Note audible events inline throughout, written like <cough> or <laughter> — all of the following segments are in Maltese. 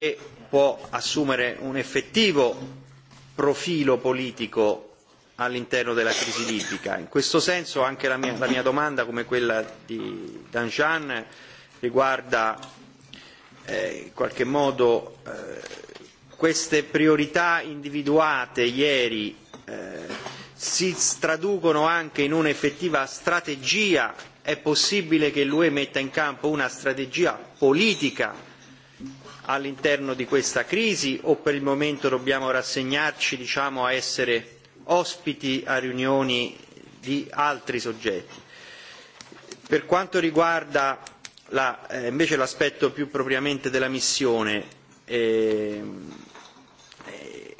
che può assumere un effettivo profilo politico all'interno della crisi libica. In questo senso anche la mia, la mia domanda, come quella di Danjan, riguarda eh, in qualche modo eh, queste priorità individuate ieri eh, si traducono anche in un'effettiva strategia. È possibile che l'UE metta in campo una strategia politica all'interno di questa crisi o per il momento dobbiamo rassegnarci diciamo, a essere ospiti a riunioni di altri soggetti. Per quanto riguarda la, eh, invece l'aspetto più propriamente della missione, eh, eh,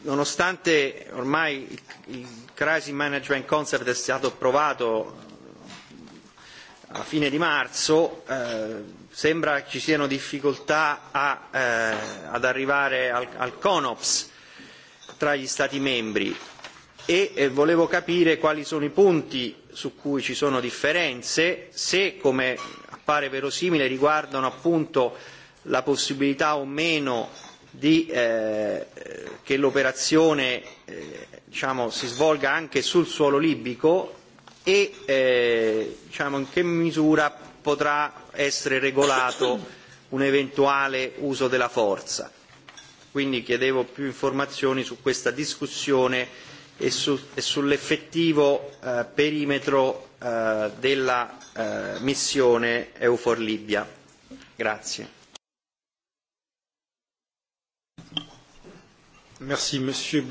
nonostante ormai il, il Crisis Management Concept è stato approvato a fine di marzo, eh, sembra ci siano difficoltà a, eh, ad arrivare al, al CONOPS tra gli Stati membri e eh, volevo capire quali sono i punti su cui ci sono differenze, se come appare verosimile riguardano appunto la possibilità o meno di, eh, che l'operazione eh, diciamo, si svolga anche sul suolo libico e eh, diciamo, in che misura potrà essere regolato un eventuale uso della forza. Quindi chiedevo più informazioni su questa discussione e, su, e sull'effettivo eh, perimetro eh, della eh, missione EUFOR Libia. Grazie. Merci, Monsieur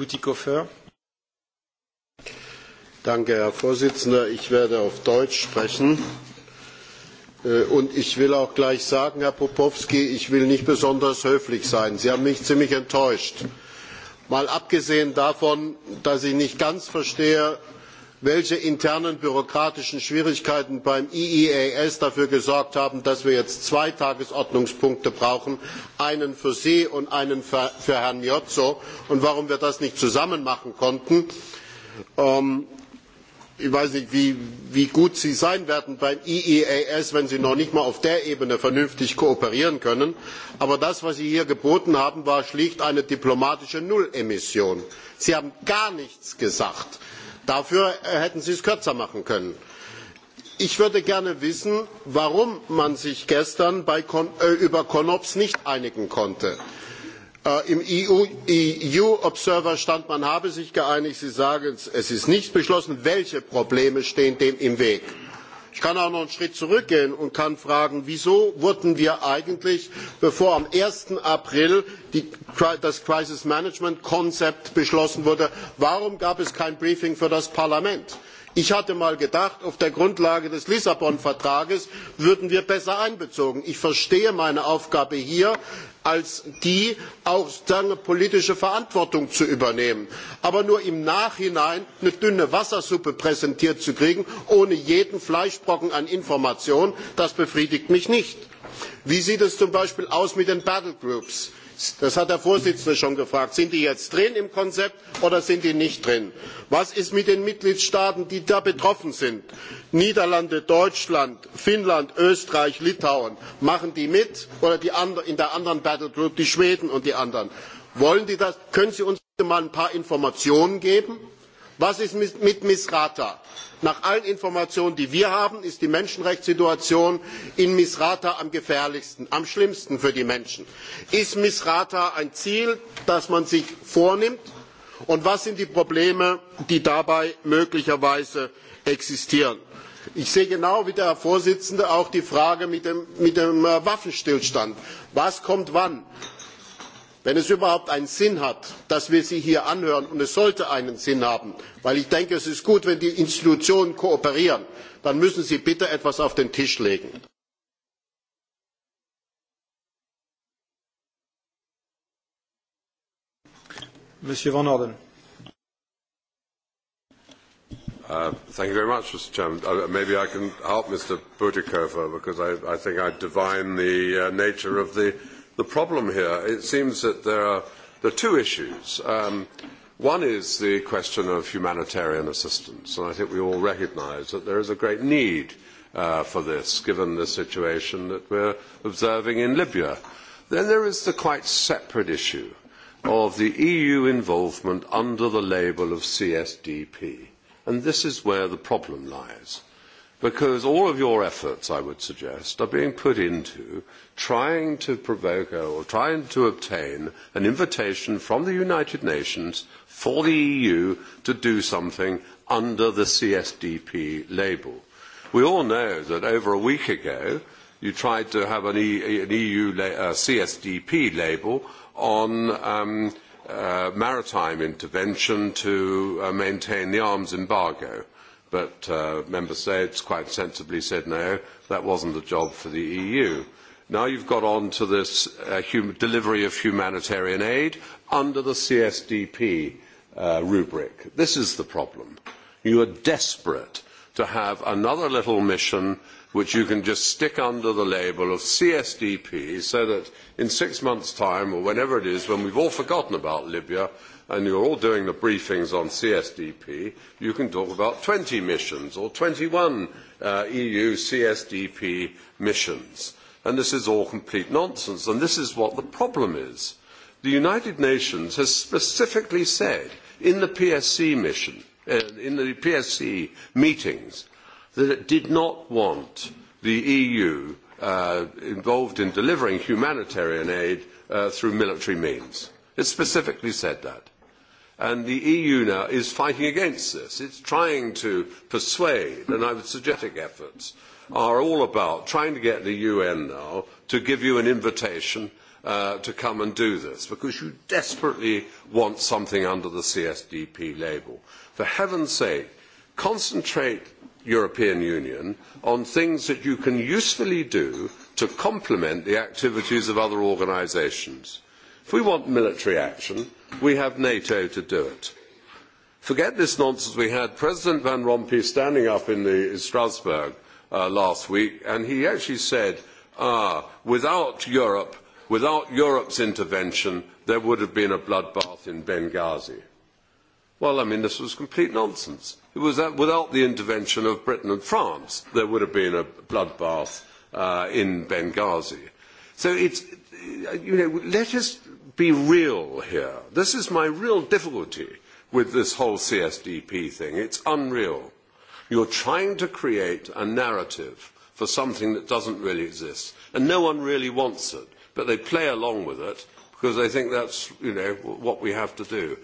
Danke, Herr Vorsitzender. Ich werde auf Deutsch sprechen. Äh, und ich will auch gleich sagen, Herr Popowski, ich will nicht besonders höflich sein. Sie haben mich ziemlich enttäuscht. Mal abgesehen davon, dass ich nicht ganz verstehe, welche internen bürokratischen Schwierigkeiten beim IEAS dafür gesorgt haben, dass wir jetzt zwei Tagesordnungspunkte brauchen, einen für Sie und einen für, Herrn Miozzo und warum wir das nicht zusammen machen konnten. Ähm, ich weiß nicht, wie, wie gut Sie sein werden beim IEAS, wenn Sie noch nicht mal auf der Ebene vernünftig kooperieren können. Aber das, was Sie hier geboten haben, war schlicht eine diplomatische Nullemission. Sie haben gar nichts gesagt. Dafür äh, hätten Sie es kürzer machen können. Ich würde gerne wissen, warum man sich gestern Kon äh, über Konops nicht einigen konnte. Äh, Im EU-Observer e stand, man habe sich geeinigt. Sie sagen, es ist nicht beschlossen. Welche Probleme stehen dem im Weg? Ich kann auch noch einen Schritt zurückgehen und kann fragen, wieso wurden wir eigentlich, bevor am 1. April die, das Crisis Management Konzept beschlossen wurde, warum gab es kein Briefing für das Parlament? Ich hatte mal gedacht, auf der Grundlage des Lissabon Vertrages würden wir besser einbezogen. Ich verstehe meine Aufgabe hier als die auch dann politische Verantwortung zu übernehmen. Aber nur im Nachhinein eine dünne Wassersuppe präsentiert zu kriegen, ohne jeden Fleischbrocken an Information, das befriedigt mich nicht. Wie sieht es zum Beispiel aus mit den Battlegroups? das hat der Vorsitzende schon gefragt, sind die jetzt drin im Konzept oder sind die nicht drin? Was ist mit den Mitgliedstaaten, die da betroffen sind? Niederlande, Deutschland, Finnland, Österreich, Litauen, machen die mit oder die in der anderen Battle Group die Schweden und die anderen? Wollen die das? Können Sie uns mal ein paar Informationen geben? Was ist mit Misrata? Nach allen Informationen, die wir haben, ist die Menschenrechtssituation in Misrata am gefährlichsten, am schlimmsten für die Menschen. Ist Misrata ein Ziel, das man sich vornimmt? Und was sind die Probleme, die dabei möglicherweise existieren? Ich sehe genau wie der Herr Vorsitzende auch die Frage mit dem, mit dem äh, Waffenstillstand. Was kommt wann? wenn es überhaupt einen sinn hat dass wir sie hier anhören und es sollte einen sinn haben weil ich denke es ist gut wenn die institutionen kooperieren dann müssen sie bitte etwas auf den tisch legen. Uh, thank you very much, Mr. Chairman. Uh, maybe I can help Mr. Butikofer because I, I think I divine the uh, nature of the the problem here, it seems that there are, there are two issues. Um, one is the question of humanitarian assistance, and I think we all recognise that there is a great need uh, for this, given the situation that we're observing in Libya. Then there is the quite separate issue of the EU involvement under the label of CSDP, and this is where the problem lies because all of your efforts, I would suggest, are being put into trying to provoke or trying to obtain an invitation from the United Nations for the EU to do something under the CSDP label. We all know that over a week ago you tried to have an, e, an EU la uh, CSDP label on um, uh, maritime intervention to uh, maintain the arms embargo but uh, member states quite sensibly said no, that wasn't a job for the EU. Now you've got on to this uh, hum delivery of humanitarian aid under the CSDP uh, rubric. This is the problem. You are desperate to have another little mission which you can just stick under the label of CSDP so that in six months' time or whenever it is when we've all forgotten about Libya, and you are all doing the briefings on CSDP, you can talk about twenty missions or twenty one uh, EU CSDP missions. And this is all complete nonsense, and this is what the problem is. The United Nations has specifically said in the PSC mission, uh, in the PSC meetings, that it did not want the EU uh, involved in delivering humanitarian aid uh, through military means. It specifically said that. And the EU now is fighting against this. It is trying to persuade, and I would suggest efforts are all about trying to get the UN now to give you an invitation uh, to come and do this, because you desperately want something under the CSDP label. For heaven's sake, concentrate European Union on things that you can usefully do to complement the activities of other organisations. If we want military action, we have NATO to do it. Forget this nonsense we had. President Van Rompuy standing up in, the, in Strasbourg uh, last week, and he actually said, ah, without Europe, without Europe's intervention, there would have been a bloodbath in Benghazi. Well, I mean, this was complete nonsense. It was that without the intervention of Britain and France, there would have been a bloodbath uh, in Benghazi. So it's, you know, let us be real here. This is my real difficulty with this whole CSDP thing. It's unreal. You're trying to create a narrative for something that doesn't really exist, and no one really wants it, but they play along with it because they think that's you know what we have to do.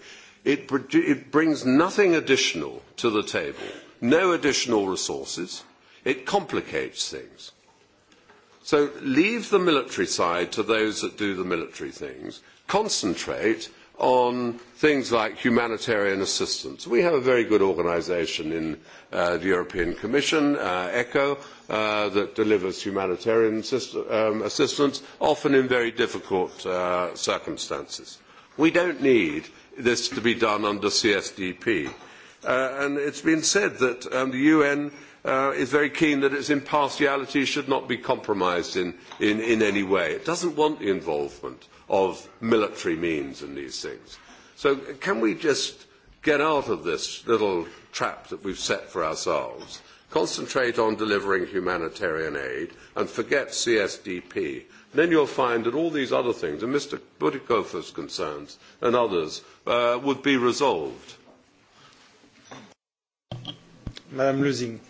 It, it brings nothing additional to the table, no additional resources. It complicates things. So leave the military side to those that do the military things concentrate on things like humanitarian assistance. We have a very good organisation in uh, the European Commission, uh, ECHO, uh, that delivers humanitarian assist um, assistance, often in very difficult uh, circumstances. We don't need this to be done under CSDP. Uh, and it's been said that um, the UN uh, is very keen that its impartiality should not be compromised in, in, in any way. It doesn't want the involvement of military means and these things. So can we just get out of this little trap that we've set for ourselves, concentrate on delivering humanitarian aid, and forget CSDP? Then you'll find that all these other things, and Mr. Butikofer's concerns and others, uh, would be resolved. Madam Lusing.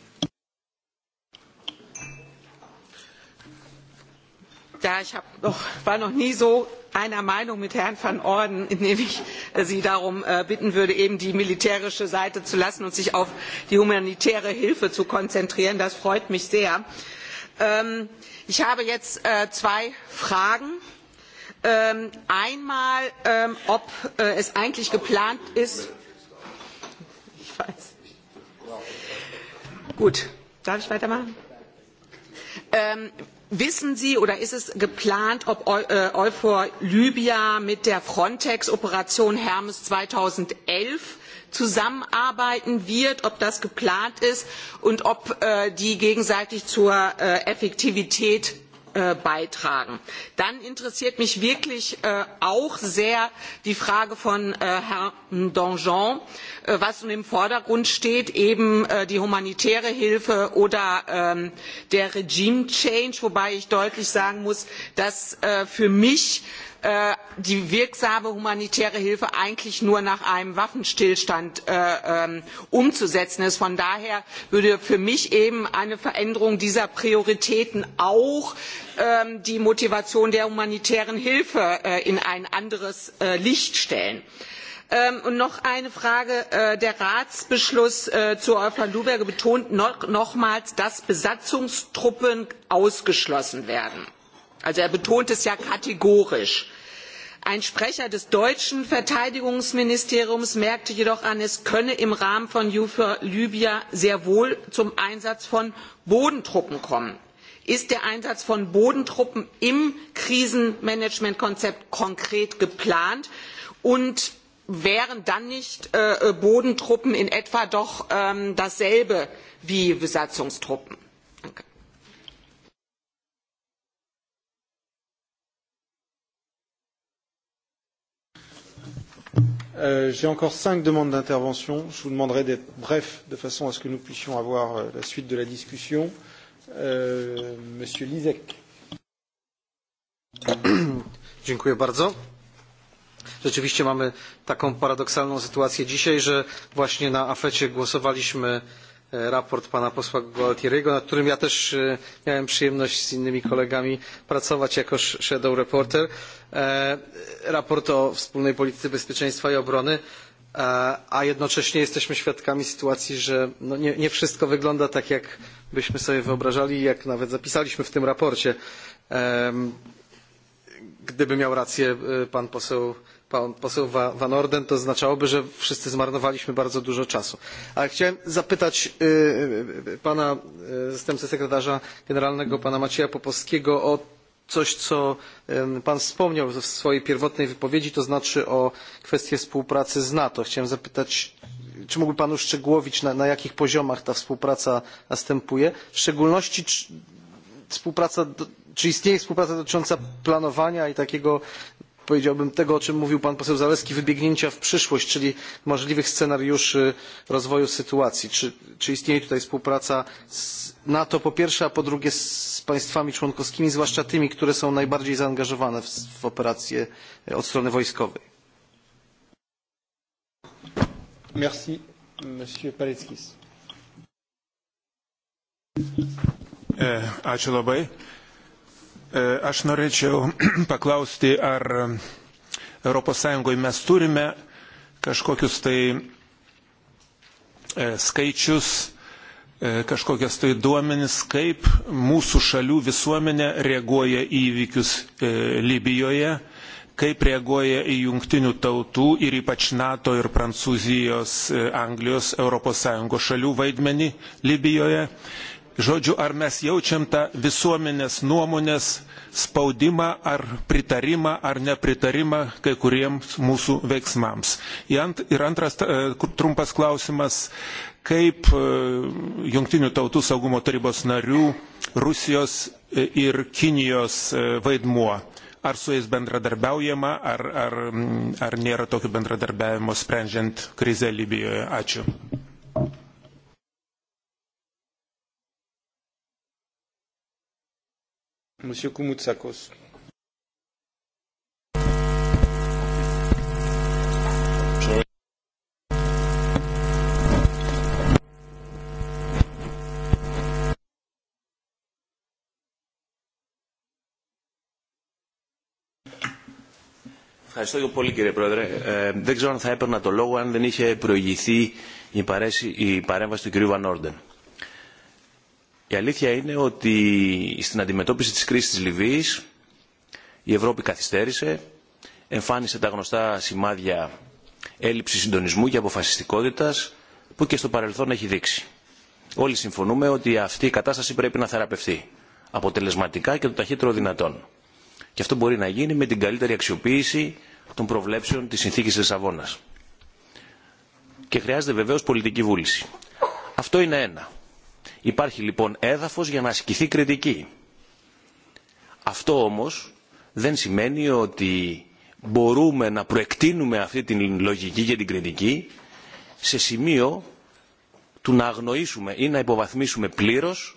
Ja, ich noch, war noch nie so einer Meinung mit Herrn van Orden, <laughs> indem ich äh, Sie darum äh, bitten würde, eben die militärische Seite zu lassen und sich auf die humanitäre Hilfe zu konzentrieren. Das freut mich sehr. Ähm, ich habe jetzt äh, zwei Fragen. Ähm, einmal, ähm, ob es eigentlich geplant ist. Ich weiß. Gut, darf ich weitermachen? Wissen Sie oder ist es geplant, ob Eufor äh, Libya mit der Frontex-Operation Hermes 2011 zusammenarbeiten wird, ob das geplant ist und ob äh, die gegenseitig zur äh, Effektivität Äh, beitragen. Dann interessiert mich wirklich äh, auch sehr die Frage von äh, Herrn Danjean, was nun im Vordergrund steht, eben die humanitäre Hilfe oder ähm, der Regime Change, wobei ich deutlich sagen muss, dass für mich Äh, die wirksame humanitäre Hilfe eigentlich nur nach einem Waffenstillstand äh, ähm, umzusetzen ist. Von daher würde für mich eben eine Veränderung dieser Prioritäten auch ähm, die Motivation der humanitären Hilfe äh, in ein anderes Licht stellen. Ähm, und noch eine Frage. Der Ratsbeschluss zu Wolfgang Luberge betont nochmals, dass Besatzungstruppen ausgeschlossen werden. Also er betont es ja kategorisch. Ein Sprecher des deutschen Verteidigungsministeriums merkte jedoch an, es könne im Rahmen von EUFOR Libya sehr wohl zum Einsatz von Bodentruppen kommen. Ist der Einsatz von Bodentruppen im Krisenmanagementkonzept konkret geplant und wären dann nicht äh, Bodentruppen in etwa doch ähm, dasselbe wie Besatzungstruppen? Euh, j'ai encore cinq demandes d'intervention. Je vous demanderai d'être bref de façon à ce que nous puissions avoir euh, la suite de la discussion. Euh, Monsieur Lisek. <coughs> Dziękuję bardzo. Rzeczywiście mamy taką paradoksalną sytuację dzisiaj, że właśnie na afecie głosowaliśmy E, raport pana posła Gualtieriego, nad którym ja też e, miałem przyjemność z innymi kolegami pracować jako shadow reporter. E, raport o wspólnej polityce bezpieczeństwa i obrony, a jednocześnie jesteśmy świadkami sytuacji, że no nie, nie wszystko wygląda tak, jak byśmy sobie wyobrażali, jak nawet zapisaliśmy w tym raporcie. Gdyby miał rację pan poseł pan poseł Van Orden, to oznaczałoby, że wszyscy zmarnowaliśmy bardzo dużo czasu. Ale chciałem zapytać pana zastępcę sekretarza generalnego, pana Macieja Popowskiego o coś, co Pan wspomniał w swojej pierwotnej wypowiedzi, to znaczy o kwestię współpracy z NATO. Chciałem zapytać, czy mógłby Pan uszczegółowić, na, na jakich poziomach ta współpraca następuje? W szczególności, czy, współpraca, czy istnieje współpraca dotycząca planowania i takiego powiedziałbym tego, o czym mówił pan poseł Zaleski, wybiegnięcia w przyszłość, czyli możliwych scenariuszy rozwoju sytuacji. Czy, czy istnieje tutaj współpraca z NATO po pierwsze, a po drugie z państwami członkowskimi, zwłaszcza tymi, które są najbardziej zaangażowane w, w operacje e, od strony wojskowej? Merci, Monsieur Paleckis. Eh, Aš norėčiau paklausti, ar Europos Sąjungoje mes turime kažkokius tai skaičius, kažkokias tai duomenis, kaip mūsų šalių visuomenė reaguoja į įvykius Libijoje, kaip reaguoja į jungtinių tautų ir ypač NATO ir Prancūzijos, Anglijos, Europos Sąjungos šalių vaidmenį Libijoje Žodžiu, ar mes jaučiam tą visuomenės nuomonės spaudimą ar pritarimą ar nepritarimą kai kuriems mūsų veiksmams. Ir antras e, trumpas klausimas, kaip e, Junktinių tautų saugumo tarybos narių Rusijos e, ir Kinijos vaidmuo. Ar su jais bendradarbiaujama, ar, ar, ar nėra tokio bendradarbiavimo sprendžiant krizę Libijoje? Ačiū. Monsieur Koumoutsakos. Ευχαριστώ πολύ κύριε Πρόεδρε. Ε, δεν ξέρω αν θα έπαιρνα το λόγο αν δεν είχε προηγηθεί η, παρέση, η παρέμβαση του κυρίου Βανόρντεν. Η αλήθεια είναι ότι στην αντιμετώπιση της κρίσης της Λιβύης η Ευρώπη καθυστέρησε, εμφάνισε τα γνωστά σημάδια έλλειψη συντονισμού και αποφασιστικότητας που και στο παρελθόν έχει δείξει. Όλοι συμφωνούμε ότι αυτή η κατάσταση πρέπει να θεραπευτεί αποτελεσματικά και το ταχύτερο δυνατόν. Και αυτό μπορεί να γίνει με την καλύτερη αξιοποίηση των προβλέψεων της συνθήκης της Σαβώνας. Και χρειάζεται βεβαίως πολιτική βούληση. Αυτό είναι ένα. Υπάρχει λοιπόν έδαφος για να ασκηθεί κριτική. Αυτό όμως δεν σημαίνει ότι μπορούμε να προεκτείνουμε αυτή την λογική και την κριτική σε σημείο του να αγνοήσουμε ή να υποβαθμίσουμε πλήρως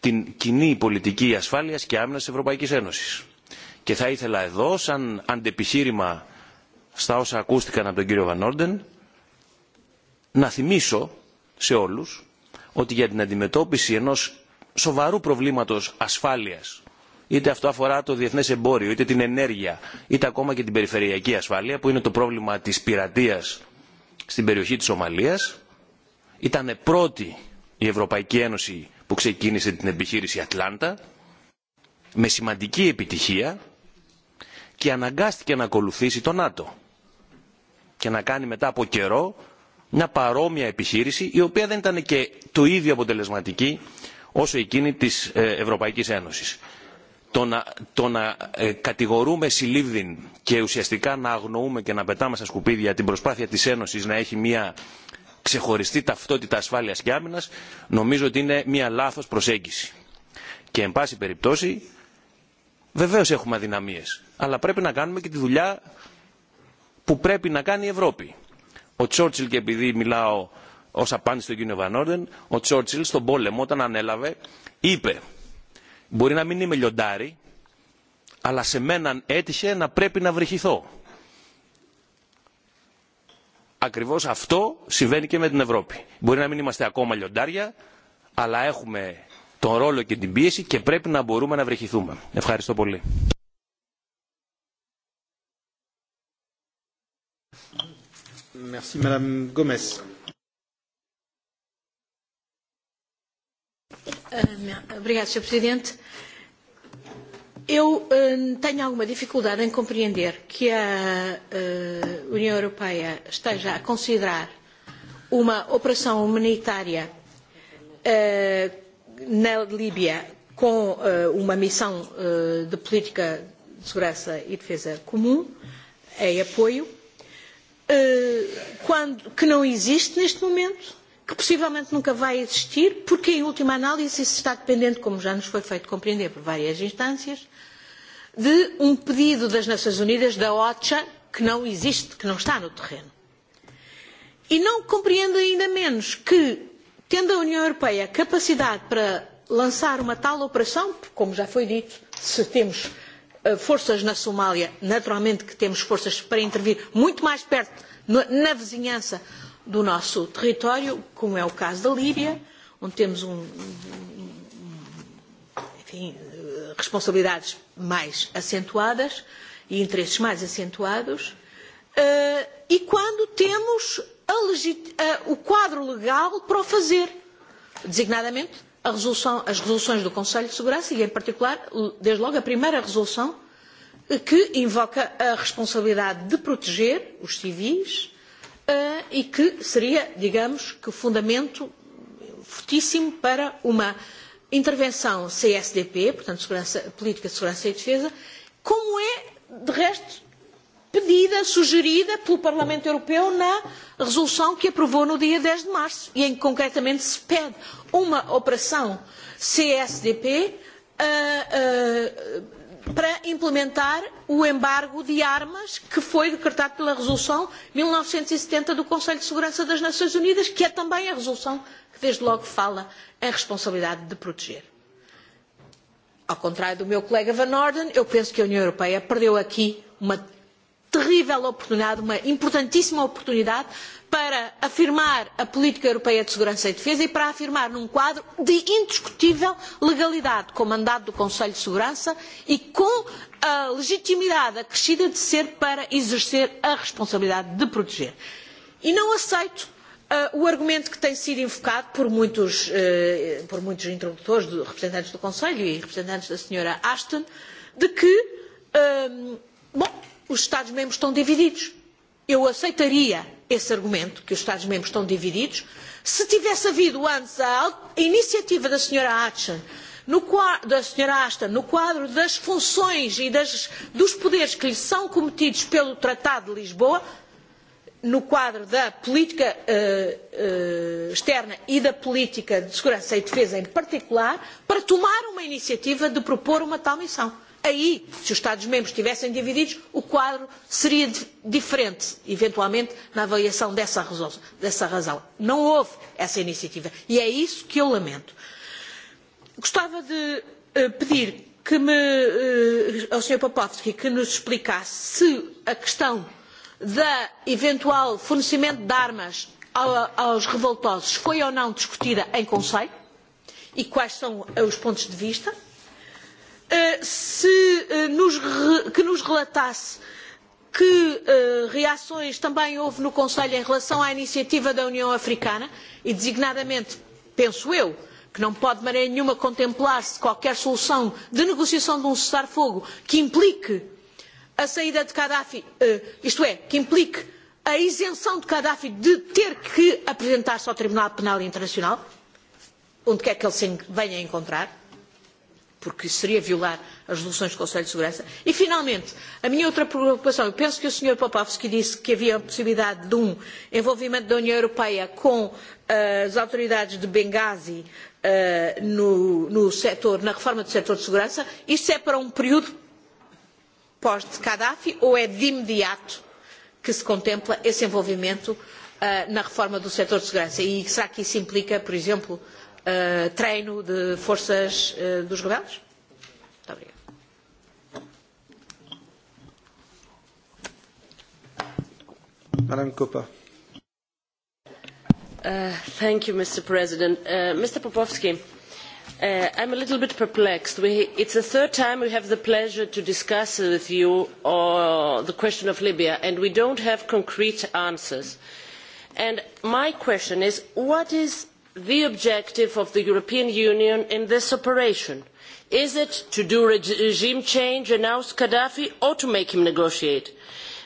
την κοινή πολιτική ασφάλειας και άμυνας της Ευρωπαϊκής Ένωσης. Και θα ήθελα εδώ, σαν αντεπιχείρημα στα όσα ακούστηκαν από τον κύριο Βανόρντεν, να θυμίσω σε όλους ότι για την αντιμετώπιση ενός σοβαρού προβλήματος ασφάλειας είτε αυτό αφορά το διεθνές εμπόριο, είτε την ενέργεια, είτε ακόμα και την περιφερειακή ασφάλεια, που είναι το πρόβλημα της πειρατείας στην περιοχή της Ομαλία, Ήταν πρώτη η Ευρωπαϊκή Ένωση που ξεκίνησε την επιχείρηση Ατλάντα, με σημαντική επιτυχία και αναγκάστηκε να ακολουθήσει το ΝΑΤΟ και να κάνει μετά από καιρό μια παρόμοια επιχείρηση η οποία δεν ήταν και το ίδιο αποτελεσματική όσο εκείνη της Ευρωπαϊκής Ένωσης. Το να, το να ε, κατηγορούμε συλλήβδιν και ουσιαστικά να αγνοούμε και να πετάμε στα σκουπίδια την προσπάθεια της Ένωσης να έχει μια ξεχωριστή ταυτότητα ασφάλειας και άμυνας νομίζω ότι είναι μια λάθος προσέγγιση. Και εν πάση περιπτώσει βεβαίως έχουμε αδυναμίες αλλά πρέπει να κάνουμε και τη δουλειά που πρέπει να κάνει η Ευρώπη Ο Τσόρτσιλ και επειδή μιλάω ω απάντηση στον κύριο Βανόρντεν, ο Τσόρτσιλ στον πόλεμο όταν ανέλαβε είπε «Μπορεί να μην είμαι λιοντάρι, αλλά σε μένα έτυχε να πρέπει να βρυχηθώ». Ακριβώ αυτό συμβαίνει και με την Ευρώπη. Μπορεί να μην είμαστε ακόμα λιοντάρια, αλλά έχουμε τον ρόλο και την πίεση και πρέπει να μπορούμε να βρεχηθούμε. Ευχαριστώ πολύ. Merci, Madame Gomez. Eh, Obrigado, Sr. Presidente. Eu eh, tenho alguma dificuldade em compreender que a eh, União Europeia esteja a considerar uma operação humanitária na Líbia com uma missão de política de segurança e defesa comum em apoio Eh, quando, que não existe neste momento, que possivelmente nunca vai existir, porque em última análise isso está dependente, como já nos foi feito compreender por várias instâncias, de um pedido das Nações Unidas, da OCHA, que não existe, que não está no terreno. E não compreendo ainda menos que, tendo a União Europeia capacidade para lançar uma tal operação, como já foi dito, se temos Eh, forças na Somália, naturalmente que temos forças para intervir muito mais perto, na vizinhança do nosso território, como é o caso da Líbia, onde temos um, um, um enfim, eh, responsabilidades mais acentuadas e interesses mais acentuados, eh, e quando temos a a, o quadro legal para o fazer, designadamente as resoluções do Conselho de Segurança e, em particular, desde logo, a primeira resolução eh, que invoca a responsabilidade de proteger os civis uh, e que seria, digamos, que fundamento fortíssimo para uma intervenção CSDP, portanto, segurança, Política de Segurança e Defesa, como é, de resto, pedida, sugerida pelo Parlamento Europeu na resolução que aprovou no dia 10 de março, e em que concretamente se pede uma operação CSDP uh, eh, uh, eh, para implementar o embargo de armas que foi decretado pela resolução 1970 e do Conselho de Segurança das Nações Unidas, que é também a resolução que desde logo fala em responsabilidade de proteger. Ao contrário do meu colega Van Orden, eu penso que a União Europeia perdeu aqui uma terrível oportunidade, uma importantíssima oportunidade para afirmar a política europeia de segurança e defesa e para afirmar num quadro de indiscutível legalidade, com mandado do Conselho de Segurança e com a legitimidade acrescida de ser para exercer a responsabilidade de proteger. E não aceito uh, o argumento que tem sido invocado por muitos, uh, por muitos introdutores, de, representantes do Conselho e representantes da senhora Ashton, de que, um, bom, os Estados-membros estão divididos. Eu aceitaria esse argumento, que os Estados-membros estão divididos, se tivesse havido antes a, iniciativa da Sra. Ashton, no, da Sra. Ashton, no quadro das funções e das, dos poderes que lhe são cometidos pelo Tratado de Lisboa, no quadro da política uh, uh, externa e da política de segurança e defesa em particular, para tomar uma iniciativa de propor uma tal missão. Aí, se os Estados-membros estivessem divididos, o quadro seria diferente, eventualmente, na avaliação dessa, dessa razão. Não houve essa iniciativa. E é isso que eu lamento. Gostava de uh, pedir que me, uh, ao Sr. Popovski que nos explicasse se a questão da eventual fornecimento de armas ao, aos revoltosos foi ou não discutida em Conselho e quais são os pontos de vista. Euh, se euh, nos, que nos relatasse que euh, reações também houve no Conselho em relação à iniciativa da União Africana e, designadamente, penso eu, que não pode de maneira nenhuma contemplar-se qualquer solução de negociação de um cessar-fogo que implique a saída de Gaddafi, eh, isto é, que implique a isenção de Gaddafi de ter que apresentar-se ao Tribunal Penal Internacional, onde quer que ele se venha a encontrar, porque seria violar as resoluções do Conselho de Segurança. E, finalmente, a minha outra preocupação, eu penso que o Sr. Popovski disse que havia a possibilidade de um envolvimento da União Europeia com uh, as autoridades de Benghazi uh, no, no setor, na reforma do setor de segurança. Isso é para um período pós-Gaddafi ou é de imediato que se contempla esse envolvimento uh, na reforma do setor de segurança? E será que isso implica, por exemplo, uh, uh, eh, treino de forças uh, dos rebeldes? Muito obrigada. Madame Copa. Uh, thank you, Mr. President. Uh, Mr. Popovsky, uh, I'm a little bit perplexed. We, it's the third time we have the pleasure to discuss with you uh, the question of Libya, and we don't have concrete answers. And my question is, what is the objective of the European Union in this operation? Is it to do regime change, announce Gaddafi, or to make him negotiate?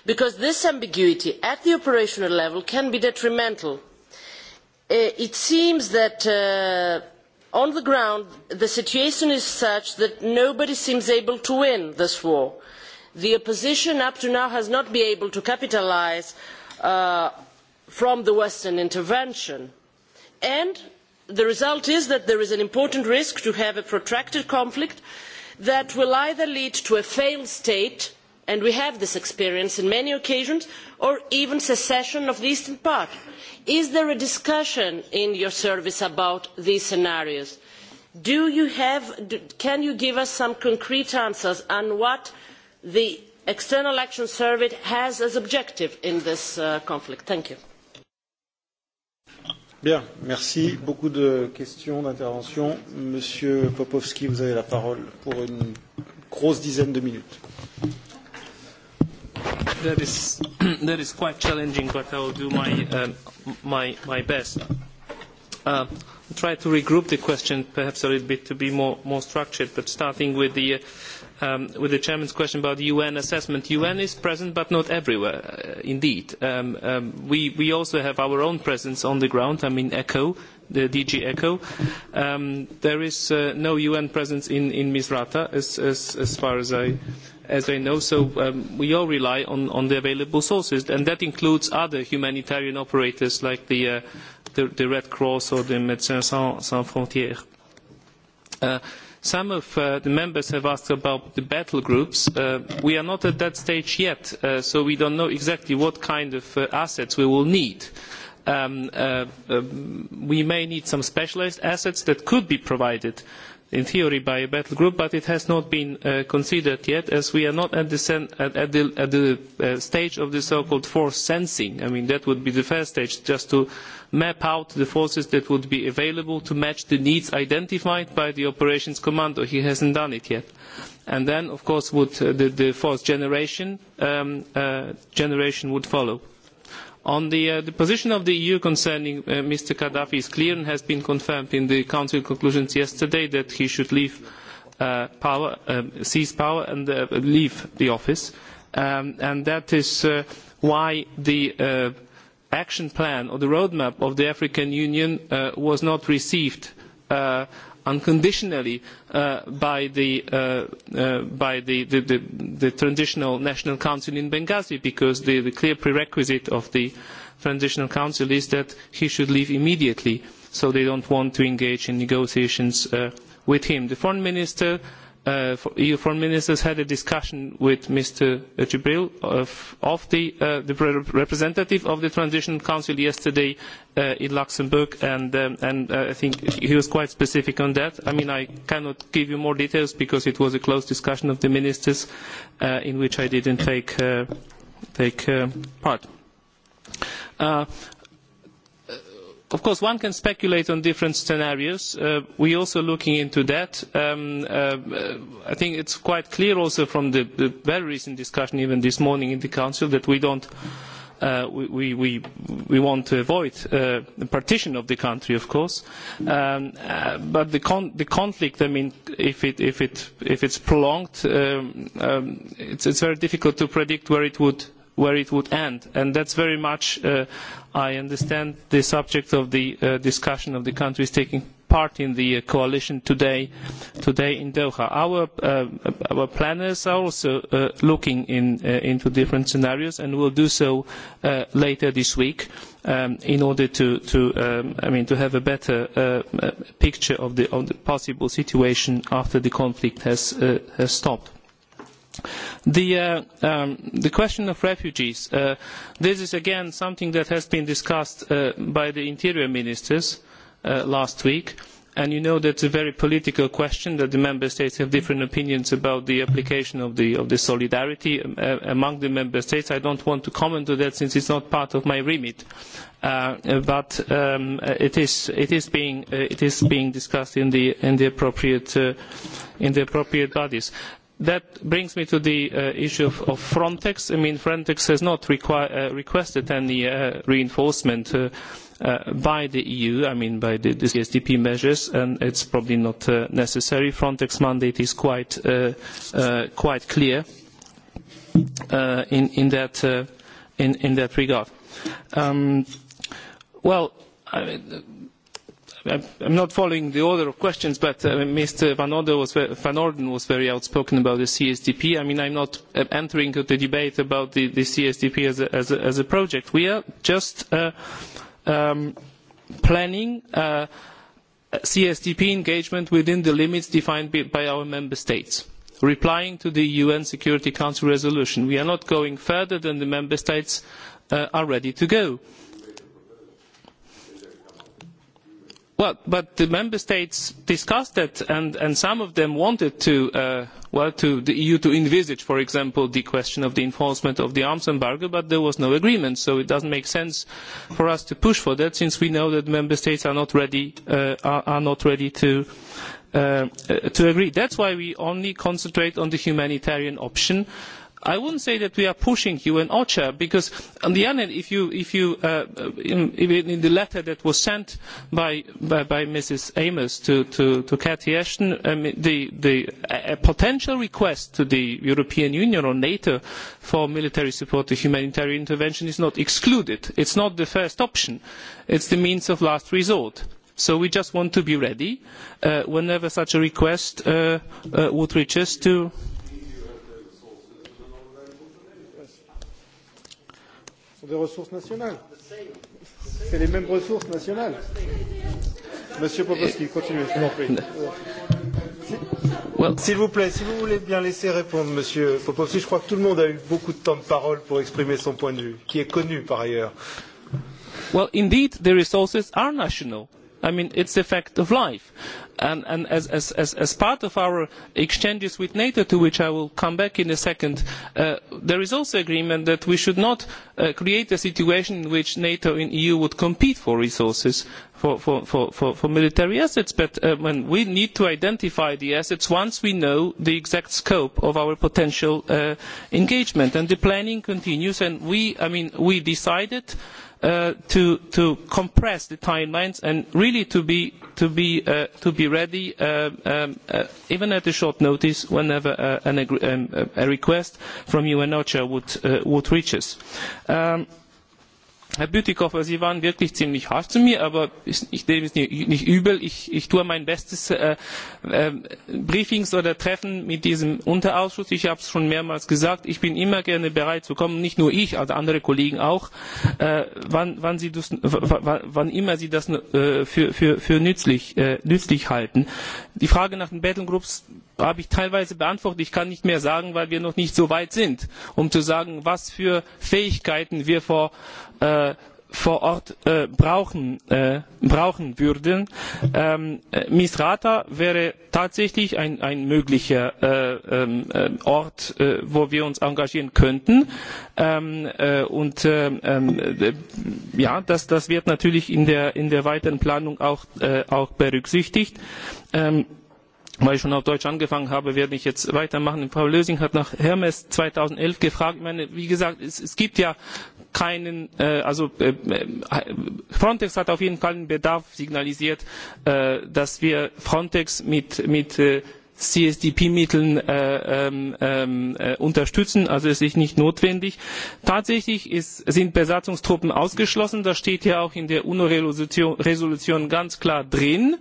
Because this ambiguity at the operational level can be detrimental. Eh, it seems that uh, on the ground, the situation is such that nobody seems able to win this war. The opposition up to now has not been able to capitalise uh, eh, from the Western intervention. Uh, and the result is that there is an important risk to have a protracted conflict that will either lead to a failed state and we have this experience on many occasions or even secession of the eastern part. is there a discussion in your service about these scenarios? You have, can you give us some concrete answers on what the external action service has as objective in this uh, conflict? thank you. Bien, merci. Beaucoup de questions, d'interventions. Monsieur Popowski, vous avez la parole pour une grosse dizaine de minutes. That is, <clears throat> that is quite challenging, but I will do my, uh, my, my best. Uh, I'll try to regroup the question perhaps a little bit to be more, more structured, but starting with the uh, um, with the chairman's question about the UN assessment, UN is present but not everywhere, uh, indeed. Um, um, we, we also have our own presence on the ground, I mean ECHO, the DG ECHO. Um, there is uh, no UN presence in, in Misrata as, as, as far as I, as I know, so um, we all rely on, on the available sources, and that includes other humanitarian operators like the, uh, the, the Red Cross or the Médecins Sans, Sans Frontières. Uh, Some of uh, the members have asked about the battle groups. Uh, we are not at that stage yet, uh, so we do not know exactly what kind of uh, assets we will need. Um, uh, um we may need some specialised assets that could be provided uh, in theory by a battle group, but it has not been uh, considered yet as we are not at the, at, at the, at the uh, stage of the so-called force sensing. I mean, that would be the first stage, just to map out the forces that would be available to match the needs identified by the operations commander. He has not done it yet. And then, of course, would, uh, the, the fourth generation, um, uh, generation would follow. On the, uh, the position of the EU concerning uh, Mr. Gaddafi is clear and has been confirmed in the Council conclusions yesterday that he should leave uh, power, uh, seize power and uh, leave the office. Um, and that is uh, why the uh, action plan or the roadmap of the African Union uh, was not received uh, unconditionally uh, by, the, uh, uh, by the, the, the, the Transitional National Council in Benghazi because the, the clear prerequisite of the Transitional Council is that he should leave immediately so they don't want to engage in negotiations uh, with him. The Foreign Minister uh, uh, EU foreign ministers had a discussion with Mr. Jibril of, of the, uh, the representative of the Transition Council yesterday uh, in Luxembourg, and, um, and uh, I think he was quite specific on that. I mean, I cannot give you more details because it was a close discussion of the ministers uh, in which I didn't take, uh, take uh, part. Uh, of course, one can speculate on different scenarios. Uh, we are also looking into that. Um, uh, I think it is quite clear also from the, the, very recent discussion, even this morning in the Council, that we don't. Uh, we, we, we want to avoid uh, the partition of the country, of course. Um, uh, but the, con the conflict, I mean, if, it, if, it, if it's prolonged, um, um, it's, it's very difficult to predict where it would where it would end. And that's very much, uh, I understand, the subject of the uh, discussion of the countries taking part in the uh, coalition today, today in Doha. Our, uh, uh, our planners are also uh, looking in, uh, into different scenarios and will do so uh, later this week um, in order to, to, um, I mean, to have a better uh, uh picture of the, of the possible situation after the conflict has, uh, has stopped. The, uh, um, the question of refugees, uh, this is again something that has been discussed uh, by the interior ministers uh, last week. And you know that is a very political question that the member states have different opinions about the application of the, of the solidarity um, uh, among the member states. I do not want to comment on that since it is not part of my remit. Uh, but um, uh, it, is, it, is being, uh, it is being discussed in the, in the appropriate, uh, in the appropriate bodies. That brings me to the uh, issue of, of, Frontex. I mean, Frontex has not uh, requested any uh, reinforcement uh, uh, by the EU, I mean, by the, the CSDP measures, and it is probably not uh, necessary. Frontex mandate is quite, quite clear in, in, that, in, in, that, regard. Um, well, I mean, I'm not following the order of questions, but uh, Mr. Van Orden, was, Van Orden was very outspoken about the CSDP. I mean, I'm not uh, entering into the debate about the, the CSDP as a, as, a, as a project. We are just uh, um, planning uh, CSDP engagement within the limits defined by our member states replying to the UN Security Council resolution. We are not going further than the member states uh, are ready to go. Well, but the member states discussed that, and, and some of them wanted to, uh, well, to the EU to envisage, for example, the question of the enforcement of the arms embargo, but there was no agreement. So it does not make sense for us to push for that, since we know that member states are not ready, uh, are, are, not ready to, uh, uh to agree. That is why we only concentrate on the humanitarian option. I would not say that we are pushing you and OCHA because on the other hand, if you, if you uh, uh in, in, the letter that was sent by, by, by Mrs. Amos to, to, to Cathy Ashton, um, the, the a potential request to the European Union or NATO for military support to humanitarian intervention is not excluded. It is not the first option. It is the means of last resort. So we just want to be ready uh, whenever such a request uh, uh would reach us to sont des ressources nationales. C'est les mêmes ressources nationales. Monsieur Popovski, continuez. vous prie. <laughs> S'il vous plaît, si vous voulez bien laisser répondre, Monsieur Popovski, je crois que tout le monde a eu beaucoup de temps de parole pour exprimer son point de vue, qui est connu par ailleurs. Well, indeed, the resources are national. I mean, it 's a fact of life. And, and as, as, as, as part of our exchanges with NATO, to which I will come back in a second, uh, there is also agreement that we should not uh, create a situation in which NATO and EU would compete for resources for, for, for, for, military assets, but uh, when we need to identify the assets once we know the exact scope of our potential uh, engagement. And the planning continues, and we, I mean, we decided uh, uh, to, to compress the timelines and really to be, to be, uh, to be ready, uh, um, uh, even at a short notice, whenever uh, an, um, a request from UNOCHA would, uh, would reach us. Um, Herr Bütikofer, Sie waren wirklich ziemlich hart zu mir, aber ich nehme es nicht, nicht übel. Ich, ich tue mein Bestes. Äh, äh, Briefings oder Treffen mit diesem Unterausschuss, ich habe es schon mehrmals gesagt, ich bin immer gerne bereit zu kommen, nicht nur ich, also andere Kollegen auch, äh, wann, wann, Sie das, wann, wann immer Sie das äh, für, für, für nützlich, äh, nützlich halten. Die Frage nach den Battlegroups habe ich teilweise beantwortet. Ich kann nicht mehr sagen, weil wir noch nicht so weit sind, um zu sagen, was für Fähigkeiten wir vor äh, vor Ort äh, brauchen, äh, brauchen würden. Ähm, äh, Misrata wäre tatsächlich ein, ein möglicher äh, ähm, äh, Ort, äh, wo wir uns engagieren könnten. Ähm, äh, und äh, äh, ja, das, das wird natürlich in der, in der weiteren Planung auch, äh, auch berücksichtigt. Ähm, weil ich schon auf Deutsch angefangen habe, werde ich jetzt weitermachen. Frau Lösing hat nach Hermes 2011 gefragt. meine, wie gesagt, es, es gibt ja keinen, äh, also äh, äh, Frontex hat auf jeden Fall einen Bedarf signalisiert, äh, dass wir Frontex mit, mit äh, CSDP-Mitteln äh, äh, äh, unterstützen. Also es ist nicht notwendig. Tatsächlich ist, sind Besatzungstruppen ausgeschlossen. Das steht ja auch in der UNO-Resolution ganz klar drin.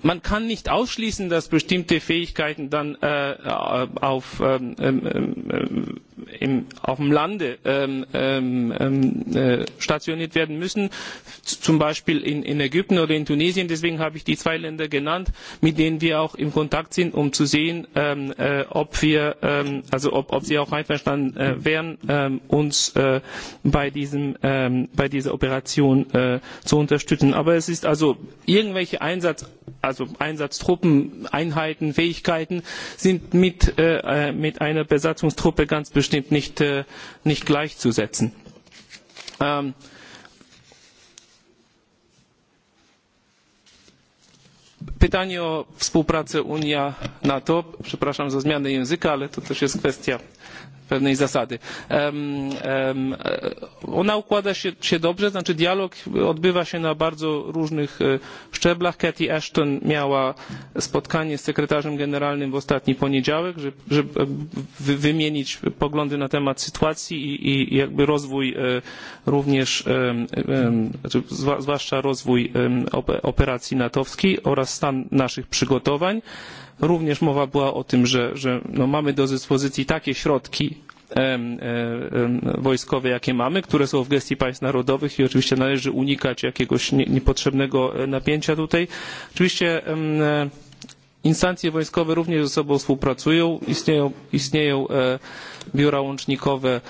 Man kann nicht ausschließen, dass bestimmte Fähigkeiten dann äh, äh auf ähm, ähm, ähm im, auf dem Lande ähm, ähm, ähm äh, stationiert werden müssen, zum Beispiel in, in Ägypten oder in Tunesien. Deswegen habe ich die zwei Länder genannt, mit denen wir auch im Kontakt sind, um zu sehen, ähm, äh, ob, wir, ähm, also ob, ob sie auch einverstanden äh, wären, ähm, uns äh, bei, diesem, ähm, bei dieser Operation äh, zu unterstützen. Aber es ist also irgendwelche Einsatz, also Einsatztruppen, Einheiten, Fähigkeiten sind mit, äh, äh mit einer Besatzungstruppe ganz bestimmt bestimmt nicht, äh, nicht gleichzusetzen. Ähm, Pytanie o współpracę Unia-NATO, przepraszam za zmianę języka, ale to też jest kwestia pewnej zasady. Um, um, ona układa się, się dobrze, znaczy dialog odbywa się na bardzo różnych e, szczeblach. Cathy Ashton miała spotkanie z sekretarzem generalnym w ostatni poniedziałek, żeby, żeby e, wymienić poglądy na temat sytuacji i, i jakby rozwój również, znaczy zwłaszcza rozwój operacji natowskiej oraz stan naszych przygotowań. Również mowa była o tym, że, że no mamy do dyspozycji takie środki wojskowe, jakie mamy, które są w gestii państw narodowych i oczywiście należy unikać jakiegoś niepotrzebnego e, napięcia tutaj. Oczywiście e, instancje wojskowe również ze sobą współpracują, istnieją, istnieją e, biura łącznikowe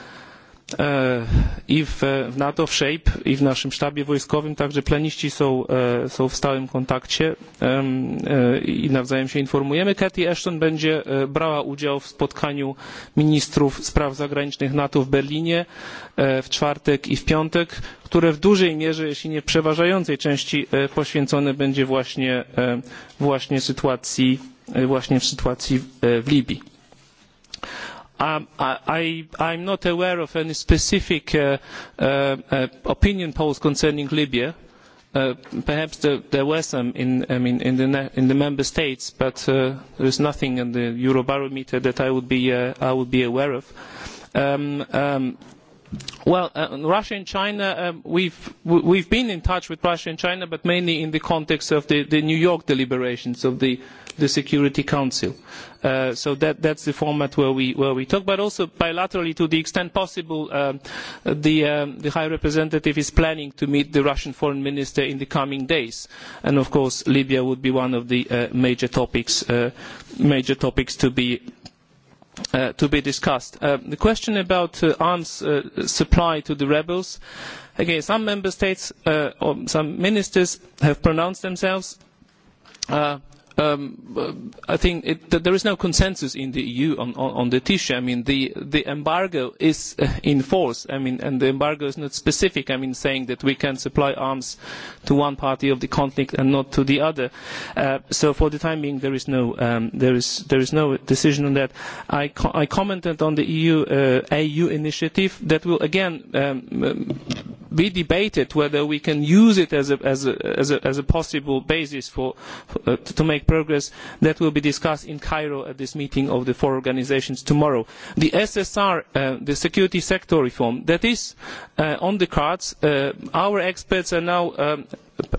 E, i w, NATO, w SHAPE i w naszym sztabie wojskowym także planiści są, e, są w stałym kontakcie e, i nawzajem się informujemy. Cathy Ashton będzie brała udział w spotkaniu ministrów spraw zagranicznych NATO w Berlinie w czwartek i w piątek, które w dużej mierze, jeśli nie przeważającej części poświęcone będzie właśnie, właśnie sytuacji, właśnie w sytuacji w Libii. Um, I, am not aware of any specific uh, uh, uh, opinion polls concerning Libya. Uh, perhaps the, there were some in, I mean, in, the, in the member states, but uh, there is nothing in the Eurobarometer that I would be, uh, I would be aware of. Um, um, Well, uh, Russia and China, um, we've, we've been in touch with Russia and China, but mainly in the context of the, the New York deliberations of the, the Security Council. Uh, so that, that's the format where we, where we talk, but also bilaterally to the extent possible, um, the, um, the High Representative is planning to meet the Russian Foreign Minister in the coming days. And of course, Libya would be one of the uh, major topics, uh, major topics to be Uh, to be discussed. Uh, the question about uh, arms uh, supply to the rebels, again, some member states uh, or some ministers have pronounced themselves. Uh, um, I think it, that there is no consensus in the EU on, on, on the issue. I mean, the, the embargo is uh, in force. I mean, and the embargo is not specific. I mean, saying that we can supply arms to one party of the conflict and not to the other. Uh, so for the time being, there is no, um, there is, there is no decision on that. I, co I commented on the EU uh, AU initiative that will again um, be debated whether we can use it as a, as a, as a, as a possible basis for, for uh, to make make progress. That will be discussed in Cairo at this meeting of the four organisations tomorrow. The SSR, uh, the security sector reform, that is uh, on the cards. Uh, our experts are now um,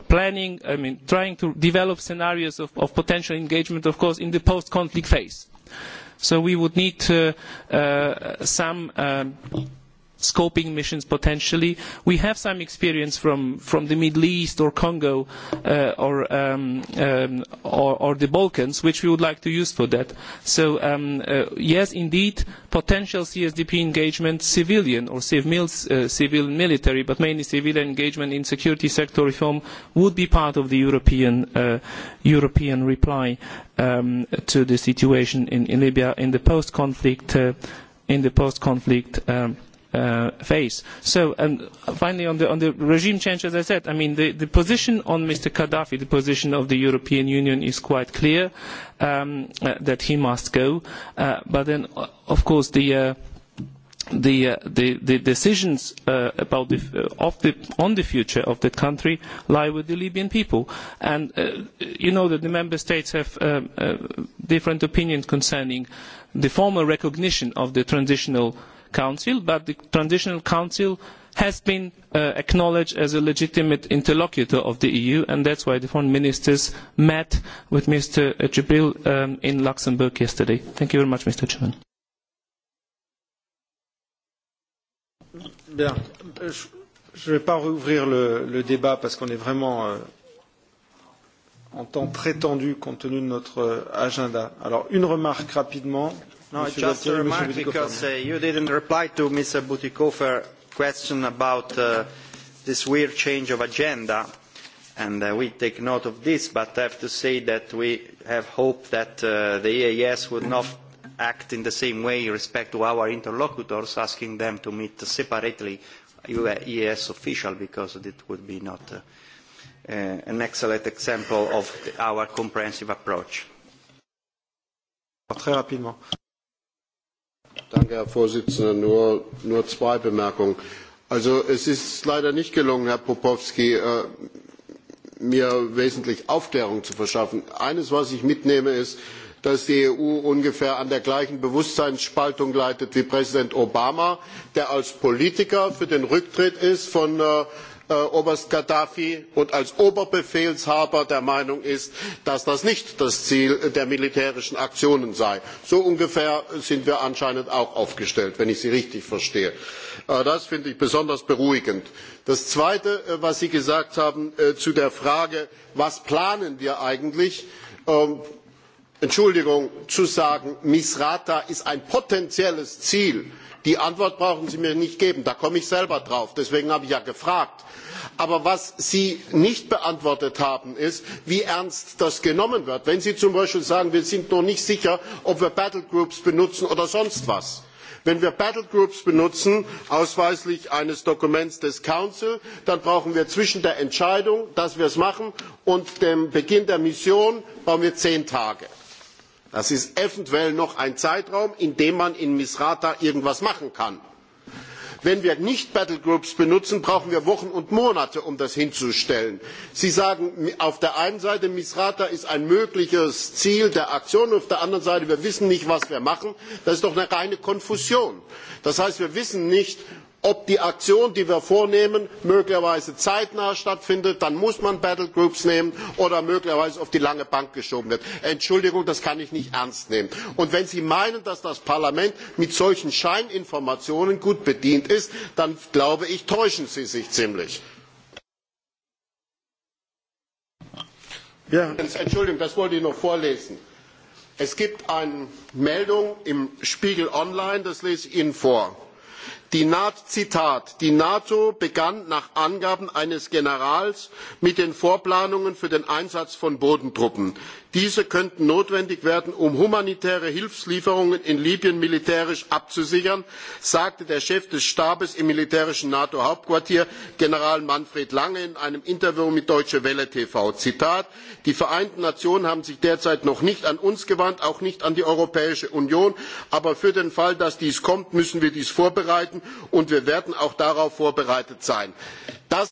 planning, I mean, trying to develop scenarios of, of potential engagement, of course, in the post-conflict phase. So we would need uh, uh, some um, scoping missions potentially. We have some experience from, from the Middle East or Congo uh, or, um, um, or, or, the Balkans, which we would like to use for that. So um, uh, yes, indeed, potential CSDP engagement, civilian or civil, uh, civil military, but mainly civilian engagement in security sector reform would be part of the European, uh, European reply um, to the situation in, in Libya in the post-conflict uh, in the post-conflict um, uh, face. So, and finally, on the, on the regime change, as I said, I mean, the, the position on Mr. Gaddafi, the position of the European Union is quite clear um, uh, that he must go. Uh, but then, uh, of course, the. Uh, the, uh, the, the decisions uh, about the, uh, of the, on the future of the country lie with the Libyan people. And uh, you know that the member states have uh, uh, different opinions concerning the formal recognition of the transitional uh, Council, but the Transitional Council has been uh, acknowledged as a legitimate interlocutor of the EU, and that is why the foreign ministers met with Mr. Jibril um, in Luxembourg yesterday. Thank you very much, Mr. Chairman. Bien. Je ne vais pas rouvrir le, le débat parce qu'on est vraiment euh, en temps compte tenu de notre euh, agenda. Alors, une remarque rapidement No, Mr. just a remark because uh, you didn't reply to Mr. Butikofer's question about uh, this weird change of agenda, and uh, we take note of this, but I have to say that we have hope that uh, the EAS would not act in the same way in respect to our interlocutors, asking them to meet separately EAS official, because it would be not uh, uh, an excellent example of our comprehensive approach. Très rapidement. Danke, Herr Vorsitzender. Nur, nur zwei Bemerkungen. Also es ist leider nicht gelungen, Herr Popowski, äh, mir wesentlich Aufklärung zu verschaffen. Eines, was ich mitnehme, ist, dass die EU ungefähr an der gleichen Bewusstseinsspaltung leidet wie Präsident Obama, der als Politiker für den Rücktritt ist von äh, äh, Oberst Gaddafi und als Oberbefehlshaber der Meinung ist, dass das nicht das Ziel der militärischen Aktionen sei. So ungefähr sind wir anscheinend auch aufgestellt, wenn ich Sie richtig verstehe. Äh, das finde ich besonders beruhigend. Das Zweite, äh, was Sie gesagt haben äh, zu der Frage, was planen wir eigentlich? Ähm, Entschuldigung, zu sagen, Misrata ist ein potenzielles Ziel. Die Antwort brauchen Sie mir nicht geben, da komme ich selber drauf. Deswegen habe ich ja gefragt. Aber was Sie nicht beantwortet haben, ist, wie ernst das genommen wird. Wenn Sie zum Beispiel sagen, wir sind noch nicht sicher, ob wir Battlegroups benutzen oder sonst was. Wenn wir Battlegroups benutzen, ausweislich eines Dokuments des Council, dann brauchen wir zwischen der Entscheidung, dass wir es machen, und dem Beginn der Mission brauchen wir zehn Tage. Das ist eventuell noch ein Zeitraum, in dem man in Misrata irgendwas machen kann. Wenn wir nicht Battlegroups benutzen, brauchen wir Wochen und Monate, um das hinzustellen. Sie sagen auf der einen Seite, Misrata ist ein mögliches Ziel der Aktion, auf der anderen Seite, wir wissen nicht, was wir machen. Das ist doch eine reine Konfusion. Das heißt, wir wissen nicht, ob die Aktion, die wir vornehmen, möglicherweise zeitnah stattfindet, dann muss man Battlegroups nehmen oder möglicherweise auf die lange Bank geschoben wird. Entschuldigung, das kann ich nicht ernst nehmen. Und wenn Sie meinen, dass das Parlament mit solchen Scheininformationen gut bedient ist, dann glaube ich, täuschen Sie sich ziemlich. Ja. Entschuldigung, das wollte ich noch vorlesen. Es gibt eine Meldung im Spiegel Online, das lese ich Ihnen vor Die NATO, Zitat, die NATO begann nach Angaben eines Generals mit den Vorplanungen für den Einsatz von Bodentruppen. Diese könnten notwendig werden, um humanitäre Hilfslieferungen in Libyen militärisch abzusichern, sagte der Chef des Stabes im militärischen NATO Hauptquartier, General Manfred Lange, in einem Interview mit Deutsche Welle TV. Zitat Die Vereinten Nationen haben sich derzeit noch nicht an uns gewandt, auch nicht an die Europäische Union, aber für den Fall, dass dies kommt, müssen wir dies vorbereiten und wir werden auch darauf vorbereitet sein. Das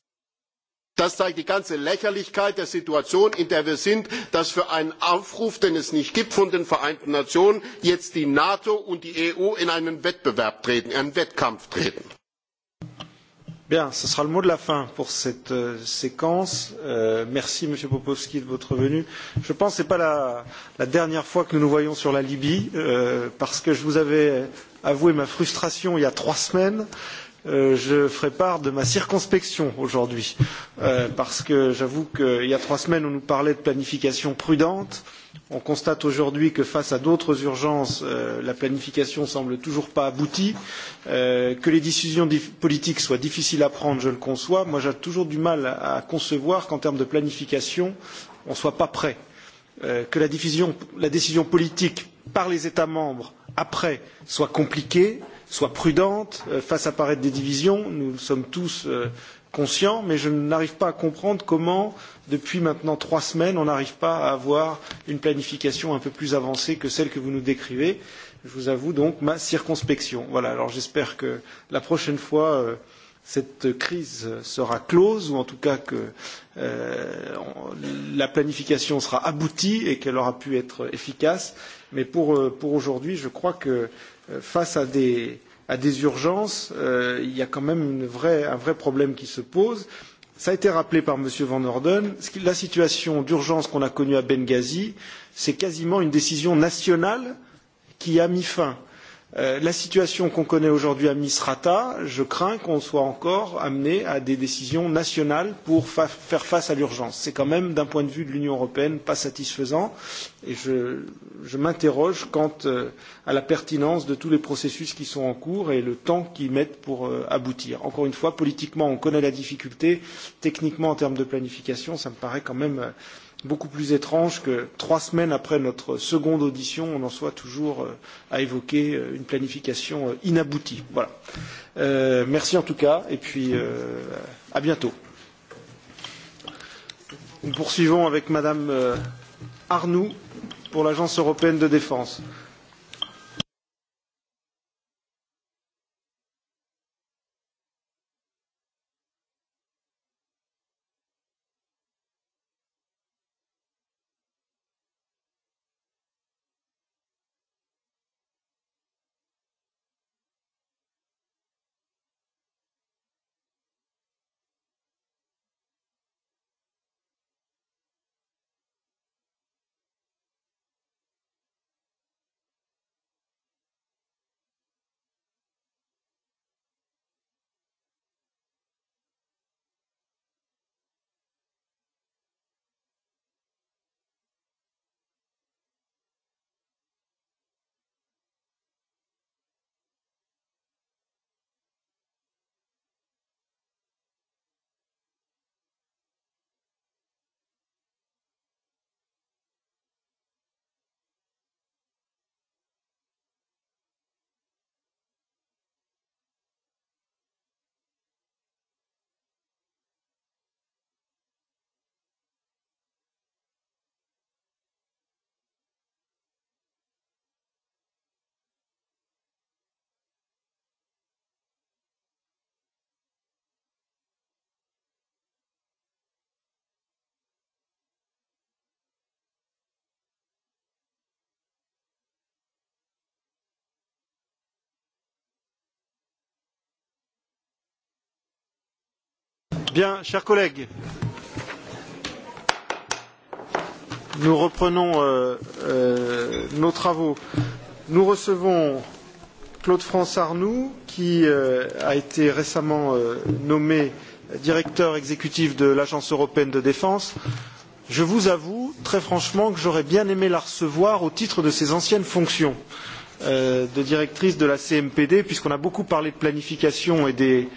Das zeigt die ganze Lächerlichkeit der Situation, in der wir sind, dass für einen Aufruf, den es nicht gibt von den Vereinten Nationen, jetzt die NATO und die EU in einen Wettbewerb treten, in einen Wettkampf treten. Bien, ce sera le mot de la fin pour cette euh, séquence. Euh, merci Monsieur Popovski de votre venue. Je pense que ce n'est pas la, la dernière fois que nous nous voyons sur la Libye, euh, parce que je vous avais avoué ma frustration il y a trois semaines Euh, je ferai part de ma circonspection aujourd'hui, euh, parce que j'avoue qu'il y a trois semaines, on nous parlait de planification prudente. On constate aujourd'hui que face à d'autres urgences, euh, la planification semble toujours pas aboutie. Euh, que les décisions politiques soient difficiles à prendre, je le conçois. Moi, j'ai toujours du mal à, concevoir qu'en termes de planification, on ne soit pas prêt. Euh, que la, diffusion, la décision politique par les États membres après soit compliquée soit prudente, euh, fasse apparaître des divisions, nous sommes tous euh, conscients, mais je n'arrive pas à comprendre comment, depuis maintenant trois semaines, on n'arrive pas à avoir une planification un peu plus avancée que celle que vous nous décrivez. Je vous avoue donc ma circonspection. Voilà, alors j'espère que la prochaine fois, euh, cette crise sera close, ou en tout cas que euh, la planification sera aboutie et qu'elle aura pu être efficace. Mais pour, pour aujourd'hui, je crois que Euh, face à des, à des urgences, euh, il y a quand même une vraie, un vrai problème qui se pose. Ça a été rappelé par M. Van Orden. La situation d'urgence qu'on a connue à Benghazi, c'est quasiment une décision nationale qui a mis fin. Euh, Euh, la situation qu'on connaît aujourd'hui à Misrata, je crains qu'on soit encore amené à des décisions nationales pour fa faire face à l'urgence. C'est quand même, d'un point de vue de l'Union européenne, pas satisfaisant et je, je m'interroge quant euh, à la pertinence de tous les processus qui sont en cours et le temps qu'ils mettent pour euh, aboutir. Encore une fois, politiquement, on connaît la difficulté. Techniquement, en termes de planification, ça me paraît quand même euh, beaucoup plus étrange que trois semaines après notre seconde audition, on en soit toujours euh, à évoquer euh, une planification euh, inaboutie. Voilà. Euh, merci en tout cas et puis euh, à bientôt. Nous poursuivons avec Madame Arnoux pour l'Agence européenne de défense. Bien, chers collègues, nous reprenons euh, euh, nos travaux. Nous recevons Claude France Arnoux, qui euh, a été récemment euh, nommé directeur exécutif de l'Agence européenne de défense. Je vous avoue, très franchement, que j'aurais bien aimé la recevoir au titre de ses anciennes fonctions euh, de directrice de la CMPD, puisqu'on a beaucoup parlé de planification et des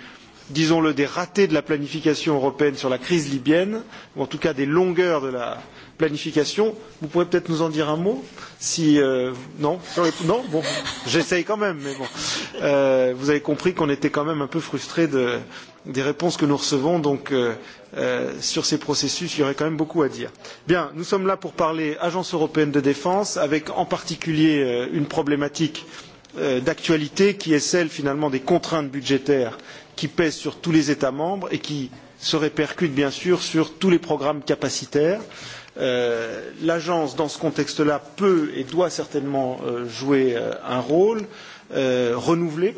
disons-le, des ratés de la planification européenne sur la crise libyenne, ou en tout cas des longueurs de la planification. Vous pourrez peut-être nous en dire un mot si, euh, Non, non bon, j'essaye quand même, mais bon. Euh, vous avez compris qu'on était quand même un peu frustrés de, des réponses que nous recevons, donc euh, euh, sur ces processus, il y aurait quand même beaucoup à dire. Bien, nous sommes là pour parler Agence européenne de défense, avec en particulier euh, une problématique euh, d'actualité qui est celle finalement des contraintes budgétaires qui pèse sur tous les États membres et qui se répercute bien sûr sur tous les programmes capacitaires. Euh, L'agence, dans ce contexte-là, peut et doit certainement euh, jouer euh, un rôle. Euh, euh,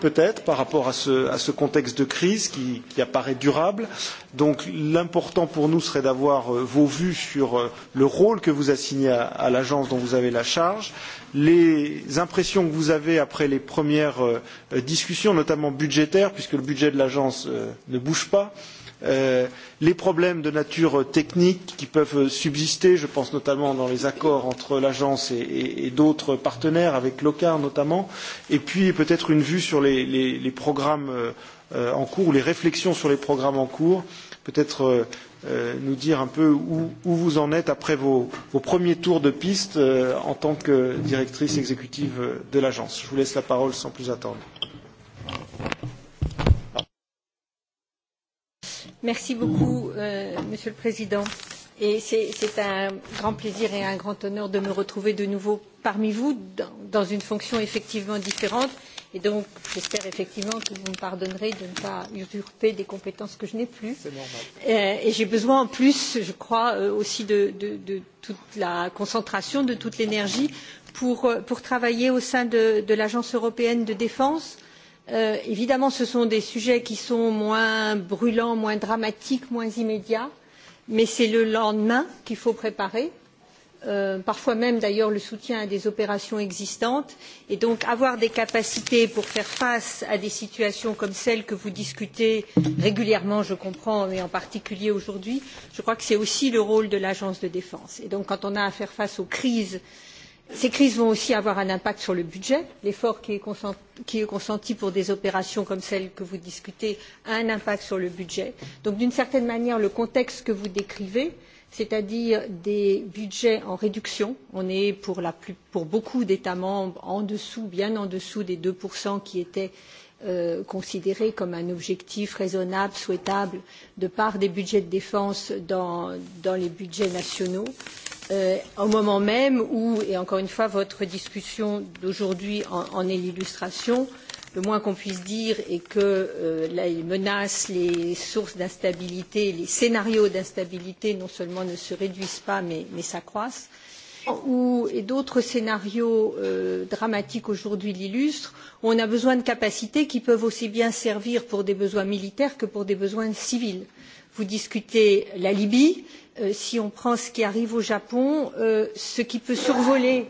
peut-être par rapport à ce, à ce contexte de crise qui, qui apparaît durable. Donc l'important pour nous serait d'avoir euh, vos vues sur euh, le rôle que vous assignez à, à l'agence dont vous avez la charge, les impressions que vous avez après les premières euh, discussions, notamment budgétaires, puisque le budget de l'agence euh, ne bouge pas. Euh, Euh, les problèmes de nature technique qui peuvent subsister, je pense notamment dans les accords entre l'agence et, et, et d'autres partenaires, avec l'OCAR notamment, et puis peut-être une vue sur les, les, les programmes euh, en cours, ou les réflexions sur les programmes en cours, peut-être euh, euh, nous dire un peu où, où vous en êtes après vos, vos premiers tours de piste euh, en tant que directrice exécutive de l'agence. Je vous laisse la parole sans plus attendre. Merci beaucoup, euh, Monsieur le Président. Et c'est un grand plaisir et un grand honneur de me retrouver de nouveau parmi vous dans, dans une fonction effectivement différente. Et donc, j'espère effectivement que vous me pardonnerez de ne pas usurper des compétences que je n'ai plus. Euh, et j'ai besoin en plus, je crois, euh, aussi de, de, de toute la concentration, de toute l'énergie pour, euh, pour travailler au sein de, de l'Agence européenne de défense Euh, évidemment, ce sont des sujets qui sont moins brûlants, moins dramatiques, moins immédiats, mais c'est le lendemain qu'il faut préparer. Euh, parfois même d'ailleurs le soutien à des opérations existantes et donc avoir des capacités pour faire face à des situations comme celles que vous discutez régulièrement je comprends mais en particulier aujourd'hui je crois que c'est aussi le rôle de l'agence de défense et donc quand on a à faire face aux crises euh, Ces crises vont aussi avoir un impact sur le budget. L'effort qui, qui est consenti pour des opérations comme celles que vous discutez a un impact sur le budget. Donc, d'une certaine manière, le contexte que vous décrivez, c'est-à-dire des budgets en réduction, on est pour, la plus, pour beaucoup d'États membres en dessous, bien en dessous des 2% qui étaient euh, considérés comme un objectif raisonnable, souhaitable, de part des budgets de défense dans, dans les budgets nationaux euh, au moment même où, et encore une fois, votre discussion d'aujourd'hui en, en est l'illustration, le moins qu'on puisse dire est que euh, les menaces, les sources d'instabilité, les scénarios d'instabilité non seulement ne se réduisent pas, mais, mais s'accroissent. et d'autres scénarios euh, dramatiques aujourd'hui l'illustrent, on a besoin de capacités qui peuvent aussi bien servir pour des besoins militaires que pour des besoins civils. Vous discutez la Libye, Euh, si on prend ce qui arrive au Japon, euh, ce qui peut survoler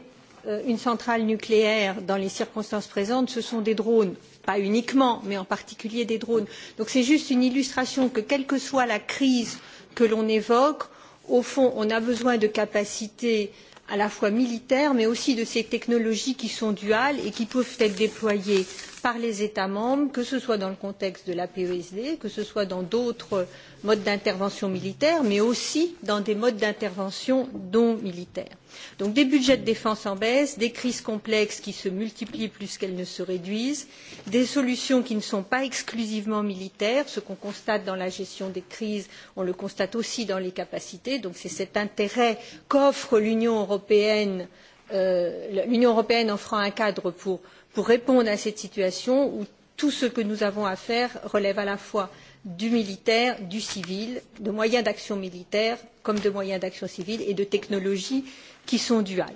euh, une centrale nucléaire dans les circonstances présentes, ce sont des drones, pas uniquement, mais en particulier des drones. Donc c'est juste une illustration que quelle que soit la crise que l'on évoque, au fond, on a besoin de capacités à la fois militaires, mais aussi de ces technologies qui sont duales et qui peuvent être déployées par les États membres, que ce soit dans le contexte de la PESD, que ce soit dans d'autres modes d'intervention militaire, mais aussi dans des modes d'intervention non militaires. Donc des budgets de défense en baisse, des crises complexes qui se multiplient plus qu'elles ne se réduisent, des solutions qui ne sont pas exclusivement militaires, ce qu'on constate dans la gestion des crises, on le constate aussi dans les capacités, donc c'est cet intérêt qu'offre l'Union européenne, euh, l'Union européenne offrant un cadre pour pour répondre à cette situation où tout ce que nous avons à faire relève à la fois du militaire, du civil, de moyens d'action militaire comme de moyens d'action civile et de technologies qui sont duales.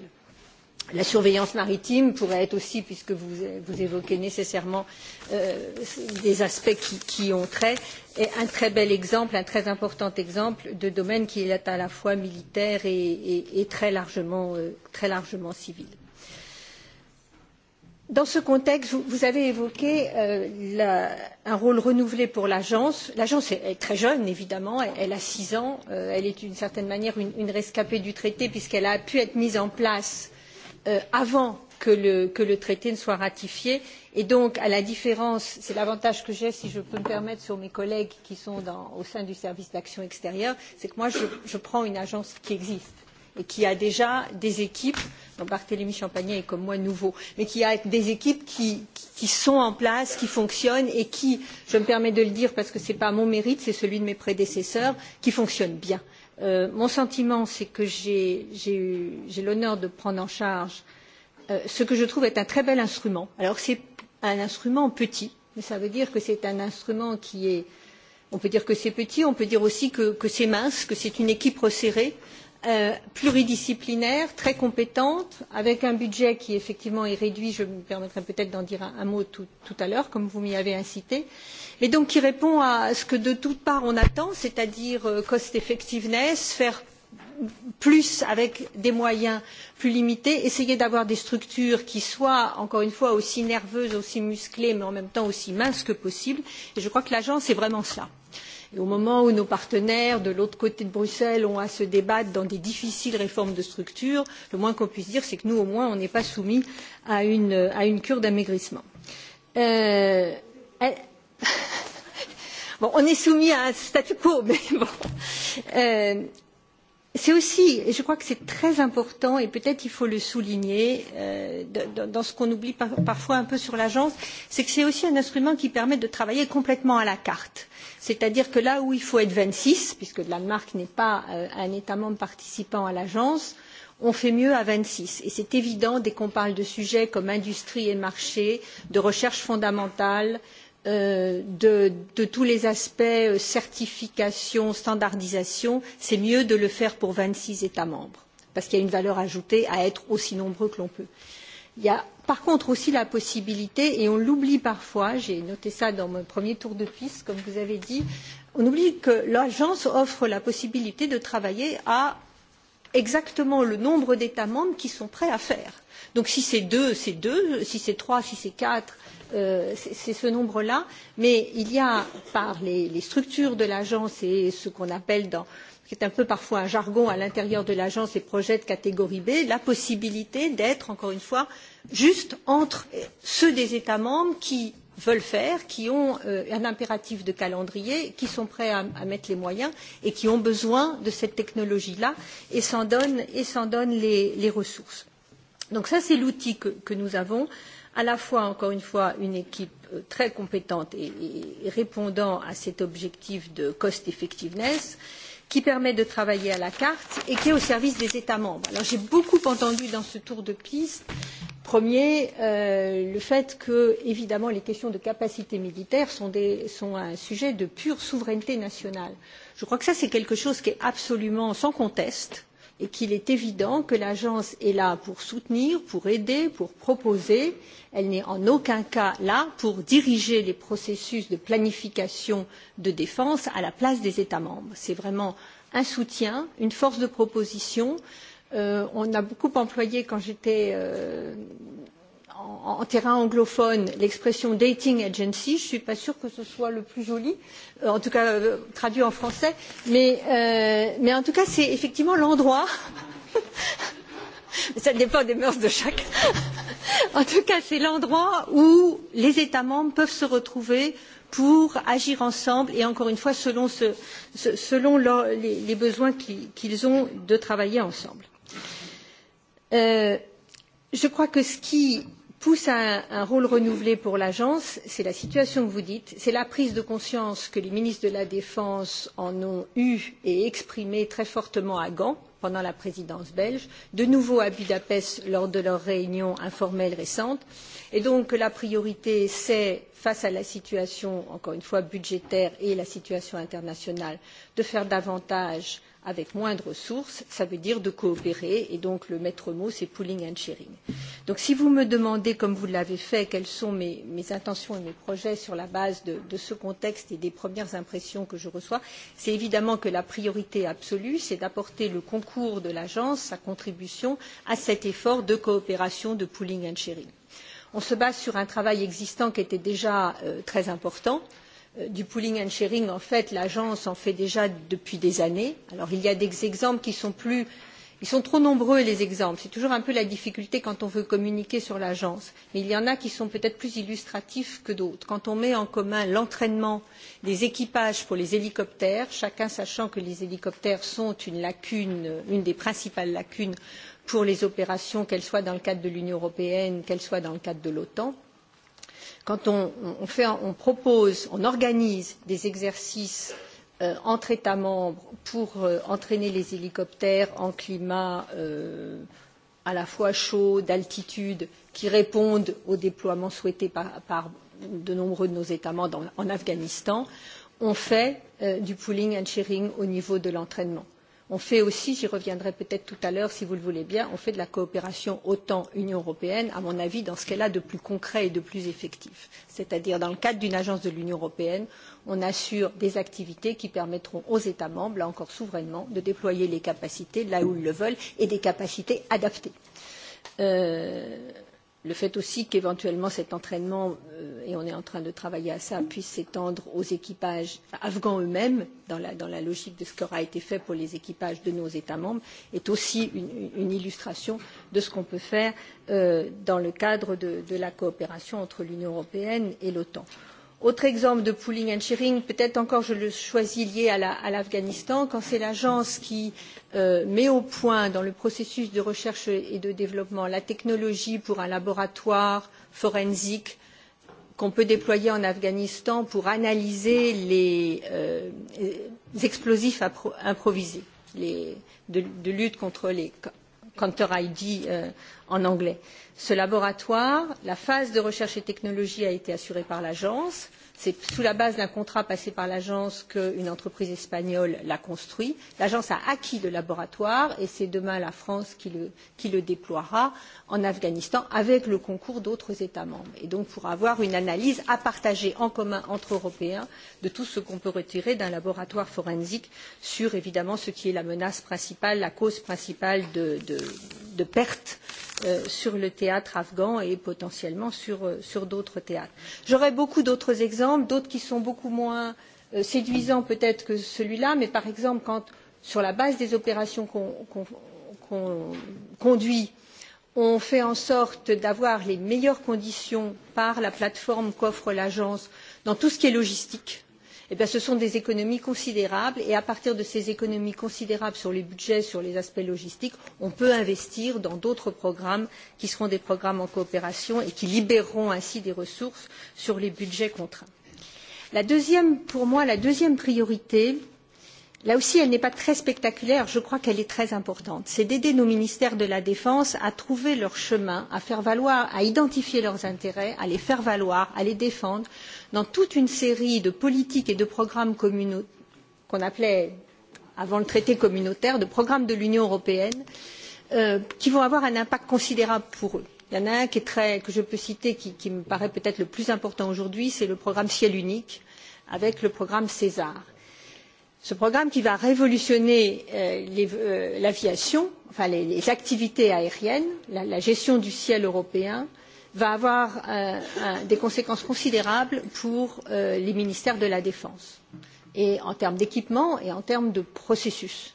La surveillance maritime pourrait être aussi, puisque vous, vous évoquez nécessairement euh, des aspects qui, qui ont trait, est un très bel exemple, un très important exemple de domaine qui est à la fois militaire et, et, et très, largement, euh, très largement civil. Dans ce contexte, vous, vous avez évoqué euh, la, un rôle renouvelé pour l'agence. L'agence est, est très jeune, évidemment, elle, elle a six ans, euh, elle est d'une certaine manière une, une rescapée du traité puisqu'elle a pu être mise en place euh, avant que le, que le traité ne soit ratifié. Et donc, à la différence, c'est l'avantage que j'ai, si je peux me permettre, sur mes collègues qui sont dans, au sein du service d'action extérieure, c'est que moi, je, je prends une agence qui existe et qui a déjà des équipes donc Barthélemy Champagnet est comme moi nouveau, mais qui a des équipes qui, qui sont en place, qui fonctionnent et qui, je me permets de le dire parce que ce n'est pas mon mérite, c'est celui de mes prédécesseurs, qui fonctionnent bien. Euh, mon sentiment, c'est que j'ai l'honneur de prendre en charge euh, ce que je trouve être un très bel instrument. Alors c'est un instrument petit, mais ça veut dire que c'est un instrument qui est, on peut dire que c'est petit, on peut dire aussi que, que c'est mince, que c'est une équipe resserrée, euh, Euh, pluridisciplinaire, très compétente, avec un budget qui effectivement est réduit, je me permettrai peut-être d'en dire un, un mot tout, tout à l'heure, comme vous m'y avez incité, et donc qui répond à ce que de toutes parts on attend, c'est-à-dire euh, cost effectiveness, faire plus avec des moyens plus limités, essayer d'avoir des structures qui soient, encore une fois, aussi nerveuses, aussi musclées, mais en même temps aussi minces que possible. Et je crois que l'agence est vraiment cela. Et au moment où nos partenaires de l'autre côté de Bruxelles ont à se débattre dans des difficiles réformes de structure, le moins qu'on puisse dire, c'est que nous, au moins, on n'est pas soumis à une, à une cure d'amaigrissement. Euh, <laughs> bon, on est soumis à un statu quo, <laughs> mais bon. Euh, c'est aussi, et je crois que c'est très important, et peut-être il faut le souligner, euh, dans, dans ce qu'on oublie par, parfois un peu sur l'agence, c'est que c'est aussi un instrument qui permet de travailler complètement à la carte C'est-à-dire que là où il faut être 26, puisque le n'est pas euh, un État membre participant à l'agence, on fait mieux à 26. Et c'est évident dès qu'on parle de sujets comme industrie et marché, de recherche fondamentale, euh, de, de tous les aspects euh, certification, standardisation, c'est mieux de le faire pour 26 États membres, parce qu'il y a une valeur ajoutée à être aussi nombreux que l'on peut. Il y a par contre aussi la possibilité, et on l'oublie parfois, j'ai noté ça dans mon premier tour de piste, comme vous avez dit, on oublie que l'agence offre la possibilité de travailler à exactement le nombre d'États membres qui sont prêts à faire. Donc si c'est deux, c'est deux, si c'est trois, si c'est quatre, euh, c'est ce nombre-là. Mais il y a, par les, les structures de l'agence et ce qu'on appelle dans qui est un peu parfois un jargon à l'intérieur de l'agence, les projets de catégorie B, la possibilité d'être, encore une fois, juste entre ceux des États membres qui veulent faire, qui ont euh, un impératif de calendrier, qui sont prêts à, à mettre les moyens et qui ont besoin de cette technologie-là et s'en donnent, et donnent les, les ressources. Donc ça, c'est l'outil que, que nous avons, à la fois, encore une fois, une équipe euh, très compétente et, et répondant à cet objectif de cost effectiveness, qui permet de travailler à la carte et qui est au service des États membres. Alors j'ai beaucoup entendu dans ce tour de piste, premier, euh, le fait que, évidemment, les questions de capacité militaire sont, des, sont un sujet de pure souveraineté nationale. Je crois que ça, c'est quelque chose qui est absolument sans conteste et qu'il est évident que l'agence est là pour soutenir, pour aider, pour proposer. Elle n'est en aucun cas là pour diriger les processus de planification de défense à la place des États membres. C'est vraiment un soutien, une force de proposition. Euh, on a beaucoup employé quand j'étais euh, en, en terrain anglophone l'expression dating agency. Je ne suis pas sûre que ce soit le plus joli, euh, en tout cas euh, traduit en français, mais, euh, mais en tout cas c'est effectivement l'endroit. <laughs> Ça dépend des mœurs de chacun. <laughs> en tout cas, c'est l'endroit où les États membres peuvent se retrouver pour agir ensemble et encore une fois selon, ce, ce, selon leur, les, les besoins qu'ils qu ont de travailler ensemble. Euh, je crois que ce qui pousse à un, rôle renouvelé pour l'agence, c'est la situation que vous dites, c'est la prise de conscience que les ministres de la Défense en ont eu et exprimée très fortement à Gand pendant la présidence belge, de nouveau à Budapest lors de leur réunion informelle récente. Et donc la priorité, c'est, face à la situation, encore une fois, budgétaire et la situation internationale, de faire davantage avec moins de ressources, ça veut dire de coopérer et donc le maître mot c'est pooling and sharing. Donc si vous me demandez, comme vous l'avez fait, quelles sont mes, mes intentions et mes projets sur la base de, de ce contexte et des premières impressions que je reçois, c'est évidemment que la priorité absolue c'est d'apporter le concours de l'agence, sa contribution à cet effort de coopération, de pooling and sharing. On se base sur un travail existant qui était déjà euh, très important Euh, du pooling and sharing, en fait, l'agence en fait déjà depuis des années. Alors, il y a des exemples qui sont plus Ils sont trop nombreux, les exemples. C'est toujours un peu la difficulté quand on veut communiquer sur l'agence. Mais il y en a qui sont peut-être plus illustratifs que d'autres. Quand on met en commun l'entraînement des équipages pour les hélicoptères, chacun sachant que les hélicoptères sont une lacune, une des principales lacunes pour les opérations, qu'elles soient dans le cadre de l'Union européenne, qu'elles soient dans le cadre de l'OTAN, Quand on, on, fait, on propose, on organise des exercices euh, entre États membres pour euh, entraîner les hélicoptères en climat euh, à la fois chaud, d'altitude, qui répondent aux déploiements souhaités par, par de nombreux de nos États membres dans, en Afghanistan, on fait euh, du pooling and sharing au niveau de l'entraînement. On fait aussi, j'y reviendrai peut-être tout à l'heure si vous le voulez bien, on fait de la coopération autant union européenne, à mon avis, dans ce qu'elle a de plus concret et de plus effectif. C'est-à-dire, dans le cadre d'une agence de l'Union européenne, on assure des activités qui permettront aux États membres, là encore souverainement, de déployer les capacités là où ils le veulent et des capacités adaptées. Euh, le fait aussi qu'éventuellement cet entraînement, euh, et on est en train de travailler à ça, puisse s'étendre aux équipages afghans eux-mêmes, dans la, dans la logique de ce qui aura été fait pour les équipages de nos États membres, est aussi une, une illustration de ce qu'on peut faire euh, dans le cadre de, de la coopération entre l'Union européenne et l'OTAN. Autre exemple de pooling and sharing, peut-être encore je le choisis lié à l'Afghanistan, la, quand c'est l'agence qui euh, met au point dans le processus de recherche et de développement la technologie pour un laboratoire forensique qu'on peut déployer en Afghanistan pour analyser les, euh, les explosifs improvisés, les, de, de lutte contre les Counter ID euh, en anglais. Ce laboratoire, la phase de recherche et technologie a été assurée par l'agence. C'est sous la base d'un contrat passé par l'agence qu'une entreprise espagnole l'a construit. L'agence a acquis le laboratoire et c'est demain la France qui le, qui le déploiera en Afghanistan avec le concours d'autres États membres. Et donc pour avoir une analyse à partager en commun entre Européens de tout ce qu'on peut retirer d'un laboratoire forensique sur évidemment ce qui est la menace principale, la cause principale de, de, de pertes Euh, sur le théâtre afghan et potentiellement sur, euh, sur d'autres théâtres. J'aurais beaucoup d'autres exemples, d'autres qui sont beaucoup moins euh, séduisants peut-être que celui-là, mais par exemple quand sur la base des opérations qu'on qu qu conduit, on fait en sorte d'avoir les meilleures conditions par la plateforme qu'offre l'agence dans tout ce qui est logistique, eh bien, ce sont des économies considérables et à partir de ces économies considérables sur les budgets, sur les aspects logistiques, on peut investir dans d'autres programmes qui seront des programmes en coopération et qui libéreront ainsi des ressources sur les budgets contraints. La deuxième, pour moi, la deuxième priorité, euh, Là aussi, elle n'est pas très spectaculaire, je crois qu'elle est très importante. C'est d'aider nos ministères de la Défense à trouver leur chemin, à faire valoir, à identifier leurs intérêts, à les faire valoir, à les défendre dans toute une série de politiques et de programmes communaux qu'on appelait avant le traité communautaire, de programmes de l'Union européenne, euh, qui vont avoir un impact considérable pour eux. Il y en a un qui est très, que je peux citer, qui, qui me paraît peut-être le plus important aujourd'hui, c'est le programme Ciel unique avec le programme César ce programme qui va révolutionner euh, euh l'aviation, euh, enfin les, les, activités aériennes, la, la, gestion du ciel européen, va avoir euh, un, des conséquences considérables pour euh, les ministères de la Défense, et en termes d'équipement et en termes de processus.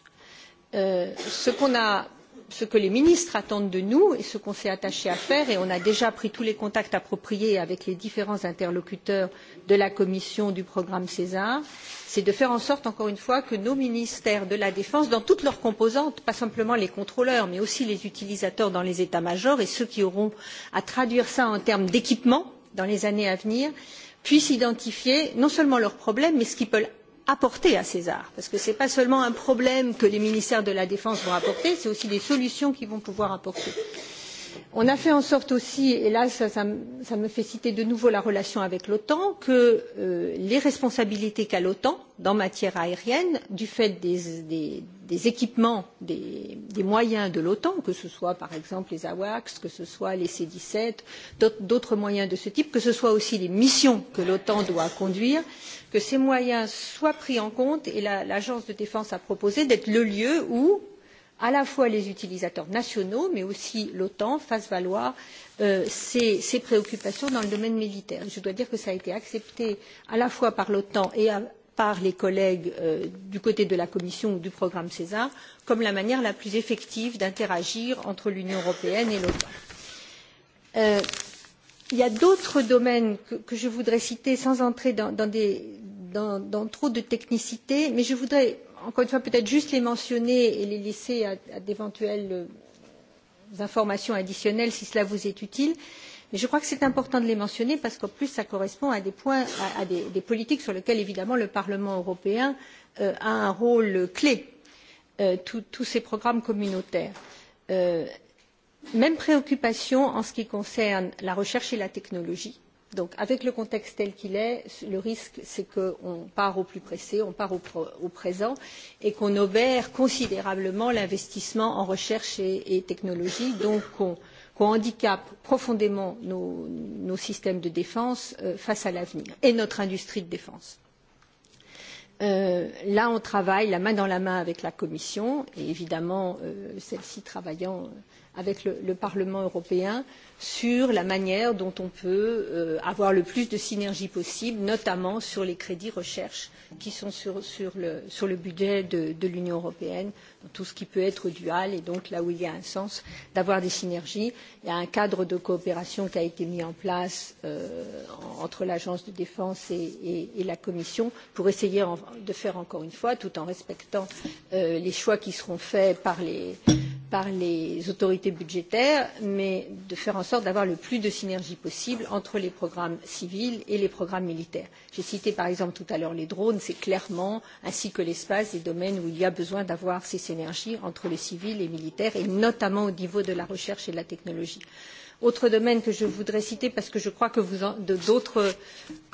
Euh, ce, a, ce que les ministres attendent de nous et ce qu'on s'est attaché à faire, et on a déjà pris tous les contacts appropriés avec les différents interlocuteurs de la Commission du programme César, c'est de faire en sorte, encore une fois, que nos ministères de la Défense, dans toutes leurs composantes, pas simplement les contrôleurs, mais aussi les utilisateurs dans les états-majors et ceux qui auront à traduire cela en termes d'équipement dans les années à venir, puissent identifier non seulement leurs problèmes, mais ce qu'ils peuvent apporter à César. Parce que ce n'est pas seulement un problème que les ministères de la Défense vont apporter, c'est aussi des solutions qu'ils vont pouvoir apporter. On a fait en sorte aussi, et là ça, ça, ça me fait citer de nouveau la relation avec l'OTAN, que euh, les responsabilités qu'a l'OTAN dans matière aérienne, du fait des, des, des équipements, des, des moyens de l'OTAN, que ce soit par exemple les AWACS, que ce soit les C-17, d'autres moyens de ce type, que ce soit aussi les missions que l'OTAN doit conduire, que ces moyens soient pris en compte et l'Agence la, de défense a proposé d'être le lieu où à la fois les utilisateurs nationaux, mais aussi l'OTAN fassent valoir euh, ses, ses préoccupations dans le domaine militaire. Je dois dire que ça a été accepté à la fois par l'OTAN et à, par les collègues euh, du côté de la Commission ou du programme César comme la manière la plus effective d'interagir entre l'Union européenne et l'OTAN. Euh, il y a d'autres domaines que, que je voudrais citer sans entrer dans, dans, des, dans, dans trop de technicité, mais je voudrais encore une fois, peut-être juste les mentionner et les laisser à, à d'éventuelles euh, informations additionnelles si cela vous est utile. Mais je crois que c'est important de les mentionner parce qu'en plus, ça correspond à des points, à, à des, des politiques sur lesquelles, évidemment, le Parlement européen euh, a un rôle clé, euh, tous ces programmes communautaires. Euh, même préoccupation en ce qui concerne la recherche et la technologie Donc, avec le contexte tel qu'il est, le risque, c'est qu'on part au plus pressé, on part au, au présent, et qu'on obère considérablement l'investissement en recherche et, et technologie, donc qu'on qu handicape profondément nos, nos systèmes de défense euh, face à l'avenir, et notre industrie de défense. Euh, là, on travaille la main dans la main avec la Commission, et évidemment, euh, celle-ci travaillant. Euh, avec le, le Parlement européen sur la manière dont on peut euh, avoir le plus de synergies possible, notamment sur les crédits recherche qui sont sur, sur, le, sur le budget de, de l'Union européenne, dans tout ce qui peut être dual et donc là où il y a un sens d'avoir des synergies. Il y a un cadre de coopération qui a été mis en place euh, entre l'Agence de défense et, et, et la Commission pour essayer en, de faire encore une fois, tout en respectant euh, les choix qui seront faits par les par les autorités budgétaires, mais de faire en sorte d'avoir le plus de synergie possible entre les programmes civils et les programmes militaires. J'ai cité par exemple tout à l'heure les drones, c'est clairement, ainsi que l'espace, des domaines où il y a besoin d'avoir ces synergies entre le civil et le militaire, et notamment au niveau de la recherche et de la technologie. Autre domaine que je voudrais citer parce que je crois que d'autres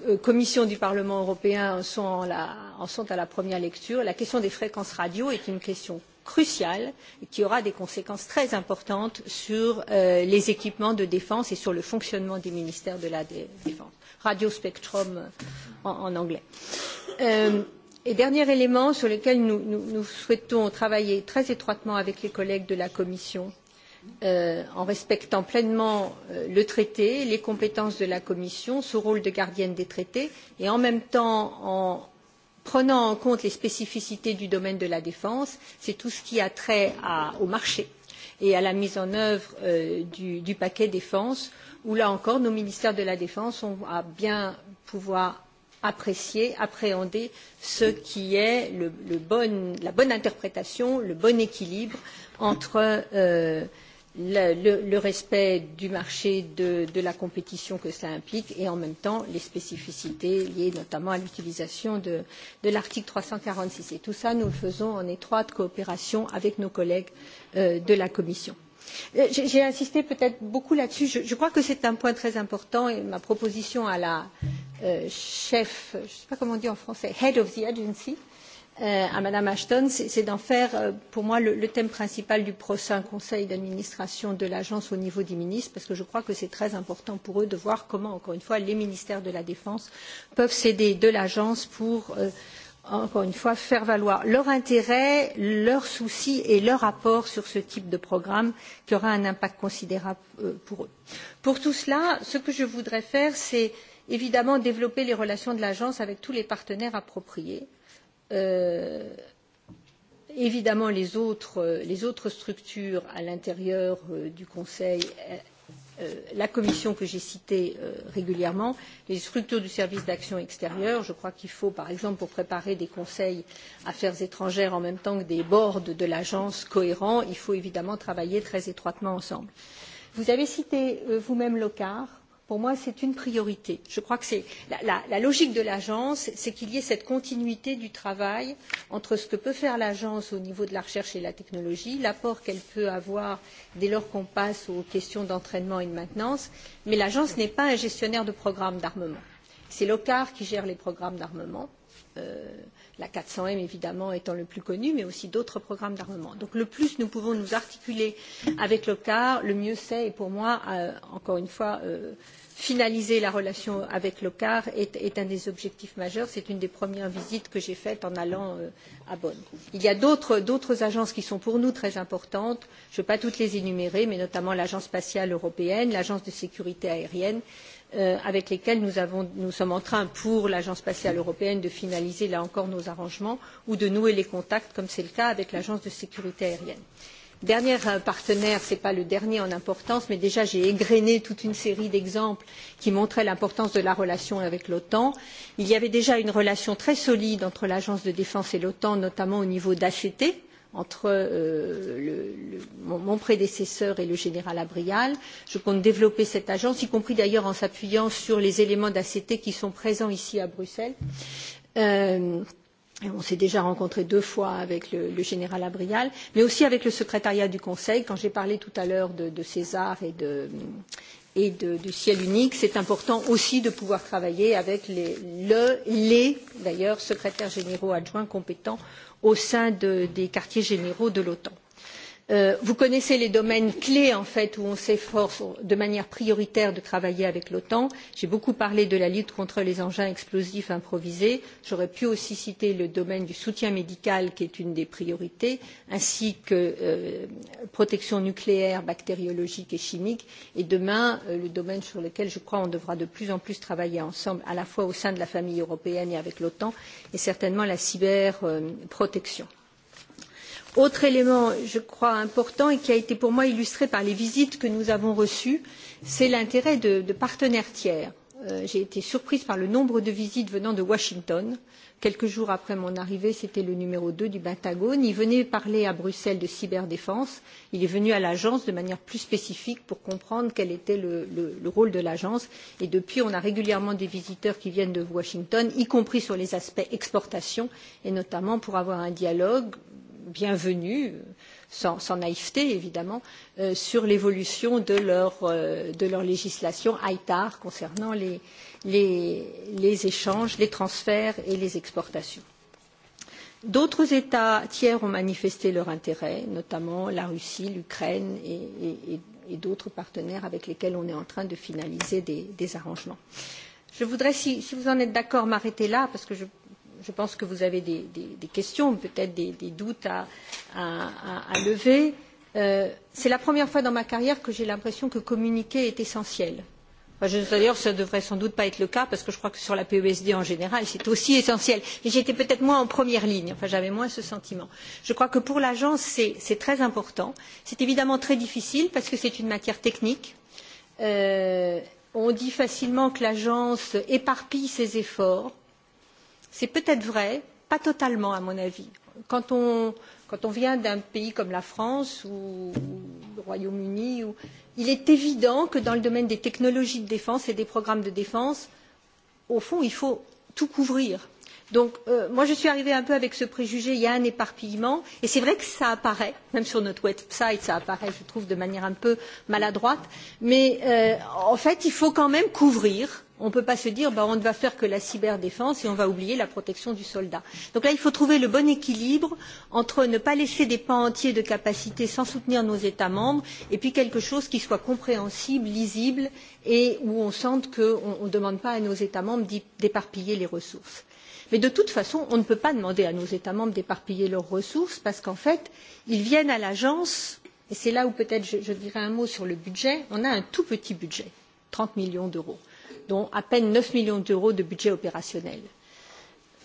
euh, commissions du Parlement européen sont, en, la, en sont à la première lecture, la question des fréquences radio est une question crucial qui aura des conséquences très importantes sur euh, les équipements de défense et sur le fonctionnement des ministères de la Défense. Radio Spectrum euh, en, en anglais. Euh, et dernier élément sur lequel nous, nous, nous souhaitons travailler très étroitement avec les collègues de la Commission, euh, en respectant pleinement euh, le traité, les compétences de la Commission, son rôle de gardienne des traités, et en même temps en prenant en compte les spécificités du domaine de la défense, c'est tout ce qui a trait à, au marché et à la mise en œuvre euh, du, du paquet défense, où là encore nos ministères de la défense ont à bien pouvoir apprécier, appréhender ce qui est le, le bon, la bonne interprétation, le bon équilibre entre euh, le, le, le respect du marché, de, de la compétition que cela implique et en même temps les spécificités liées notamment à l'utilisation de, de l'article 346. Et tout ça, nous le faisons en étroite coopération avec nos collègues euh, de la Commission. Euh, j'ai insisté peut-être beaucoup là-dessus. Je, je crois que c'est un point très important et ma proposition à la euh, chef, je ne sais pas comment on dit en français, head of the agency, euh, Euh, à Madame Ashton, c'est d'en faire euh, pour moi le, le thème principal du prochain conseil d'administration de l'agence au niveau des ministres, parce que je crois que c'est très important pour eux de voir comment, encore une fois, les ministères de la Défense peuvent s'aider de l'agence pour euh, encore une fois, faire valoir leur intérêt, leurs soucis et leur apport sur ce type de programme qui aura un impact considérable euh, pour eux. Pour tout cela, ce que je voudrais faire, c'est évidemment développer les relations de l'agence avec tous les partenaires appropriés, Euh, évidemment, les autres, euh, les autres structures à l'intérieur euh, du Conseil, euh, euh, la commission que j'ai citée euh, régulièrement, les structures du service d'action extérieure, je crois qu'il faut, par exemple, pour préparer des conseils affaires étrangères en même temps que des boards de l'agence cohérents, il faut évidemment travailler très étroitement ensemble. Vous avez cité euh, vous-même Locard pour moi, c'est une priorité. Je crois que c'est la, la, la logique de l'agence, c'est qu'il y ait cette continuité du travail entre ce que peut faire l'agence au niveau de la recherche et de la technologie, l'apport qu'elle peut avoir dès lors qu'on passe aux questions d'entraînement et de maintenance, mais l'agence n'est pas un gestionnaire de programmes d'armement. C'est l'OCAR qui gère les programmes d'armement. Euh, la 400M évidemment étant le plus connu, mais aussi d'autres programmes d'armement. Donc le plus nous pouvons nous articuler avec l'OCAR, le mieux c'est, et pour moi, euh, encore une fois, euh, finaliser la relation avec l'OCAR est, est un des objectifs majeurs. C'est une des premières visites que j'ai faites en allant euh, à Bonn. Il y a d'autres agences qui sont pour nous très importantes. Je ne vais pas toutes les énumérer, mais notamment l'Agence spatiale européenne, l'Agence de sécurité aérienne, euh, avec lesquels nous, avons, nous sommes en train, pour l'Agence spatiale européenne, de finaliser là encore nos arrangements ou de nouer les contacts, comme c'est le cas avec l'Agence de sécurité aérienne. Dernier euh, partenaire, ce n'est pas le dernier en importance, mais déjà j'ai égrené toute une série d'exemples qui montraient l'importance de la relation avec l'OTAN. Il y avait déjà une relation très solide entre l'Agence de défense et l'OTAN, notamment au niveau d'ACT, entre euh, le, le, mon, mon prédécesseur et le général Abrial. Je compte développer cette agence, y compris d'ailleurs en s'appuyant sur les éléments d'ACT qui sont présents ici à Bruxelles. Euh, on s'est déjà rencontré deux fois avec le, le général Abrial, mais aussi avec le secrétariat du Conseil, quand j'ai parlé tout à l'heure de, de César et de, et de, du ciel unique, c'est important aussi de pouvoir travailler avec les, le, les d'ailleurs secrétaires généraux adjoints compétents au sein de, des quartiers généraux de l'OTAN. Euh, vous connaissez les domaines clés en fait où on s'efforce de manière prioritaire de travailler avec l'OTAN. J'ai beaucoup parlé de la lutte contre les engins explosifs improvisés. J'aurais pu aussi citer le domaine du soutien médical qui est une des priorités, ainsi que euh, protection nucléaire, bactériologique et chimique. Et demain, euh, le domaine sur lequel je crois on devra de plus en plus travailler ensemble, à la fois au sein de la famille européenne et avec l'OTAN, est certainement la cyberprotection. Euh, Autre élément, je crois, important et qui a été pour moi illustré par les visites que nous avons reçues, c'est l'intérêt de, de partenaires tiers. Euh, J'ai été surprise par le nombre de visites venant de Washington. Quelques jours après mon arrivée, c'était le numéro 2 du Pentagone. Il venait parler à Bruxelles de cyberdéfense. Il est venu à l'agence de manière plus spécifique pour comprendre quel était le, le, le rôle de l'agence. Et depuis, on a régulièrement des visiteurs qui viennent de Washington, y compris sur les aspects exportation, et notamment pour avoir un dialogue bienvenue, sans, sans naïveté évidemment, euh, sur l'évolution de, leur, euh, de leur législation ITAR concernant les, les, les échanges, les transferts et les exportations. D'autres États tiers ont manifesté leur intérêt, notamment la Russie, l'Ukraine et, et, et d'autres partenaires avec lesquels on est en train de finaliser des, des arrangements. Je voudrais, si, si vous en êtes d'accord, m'arrêter là parce que je je pense que vous avez des, des, des questions, peut-être des, des doutes à, à, à lever. Euh, c'est la première fois dans ma carrière que j'ai l'impression que communiquer est essentiel. Enfin, D'ailleurs, ça ne devrait sans doute pas être le cas parce que je crois que sur la PESD en général, c'est aussi essentiel. Mais j'étais peut-être moins en première ligne, enfin j'avais moins ce sentiment. Je crois que pour l'agence, c'est très important. C'est évidemment très difficile parce que c'est une matière technique. Euh, on dit facilement que l'agence éparpille ses efforts C'est peut-être vrai, pas totalement à mon avis. Quand on, quand on vient d'un pays comme la France ou, ou le Royaume-Uni, ou, il est évident que dans le domaine des technologies de défense et des programmes de défense, au fond, il faut tout couvrir. Donc, euh, moi, je suis arrivée un peu avec ce préjugé, il y a un éparpillement, et c'est vrai que ça apparaît, même sur notre website, ça apparaît, je trouve, de manière un peu maladroite, mais euh, en fait, il faut quand même couvrir on ne peut pas se dire bah, on ne va faire que la cyberdéfense et on va oublier la protection du soldat. Donc là, il faut trouver le bon équilibre entre ne pas laisser des pans entiers de capacité sans soutenir nos États membres et puis quelque chose qui soit compréhensible, lisible et où on sente qu'on ne demande pas à nos États membres d'éparpiller les ressources. Mais de toute façon, on ne peut pas demander à nos États membres d'éparpiller leurs ressources parce qu'en fait, ils viennent à l'agence, et c'est là où peut-être je, je dirais un mot sur le budget, on a un tout petit budget, 30 millions d'euros dont à peine 9 millions d'euros de budget opérationnel.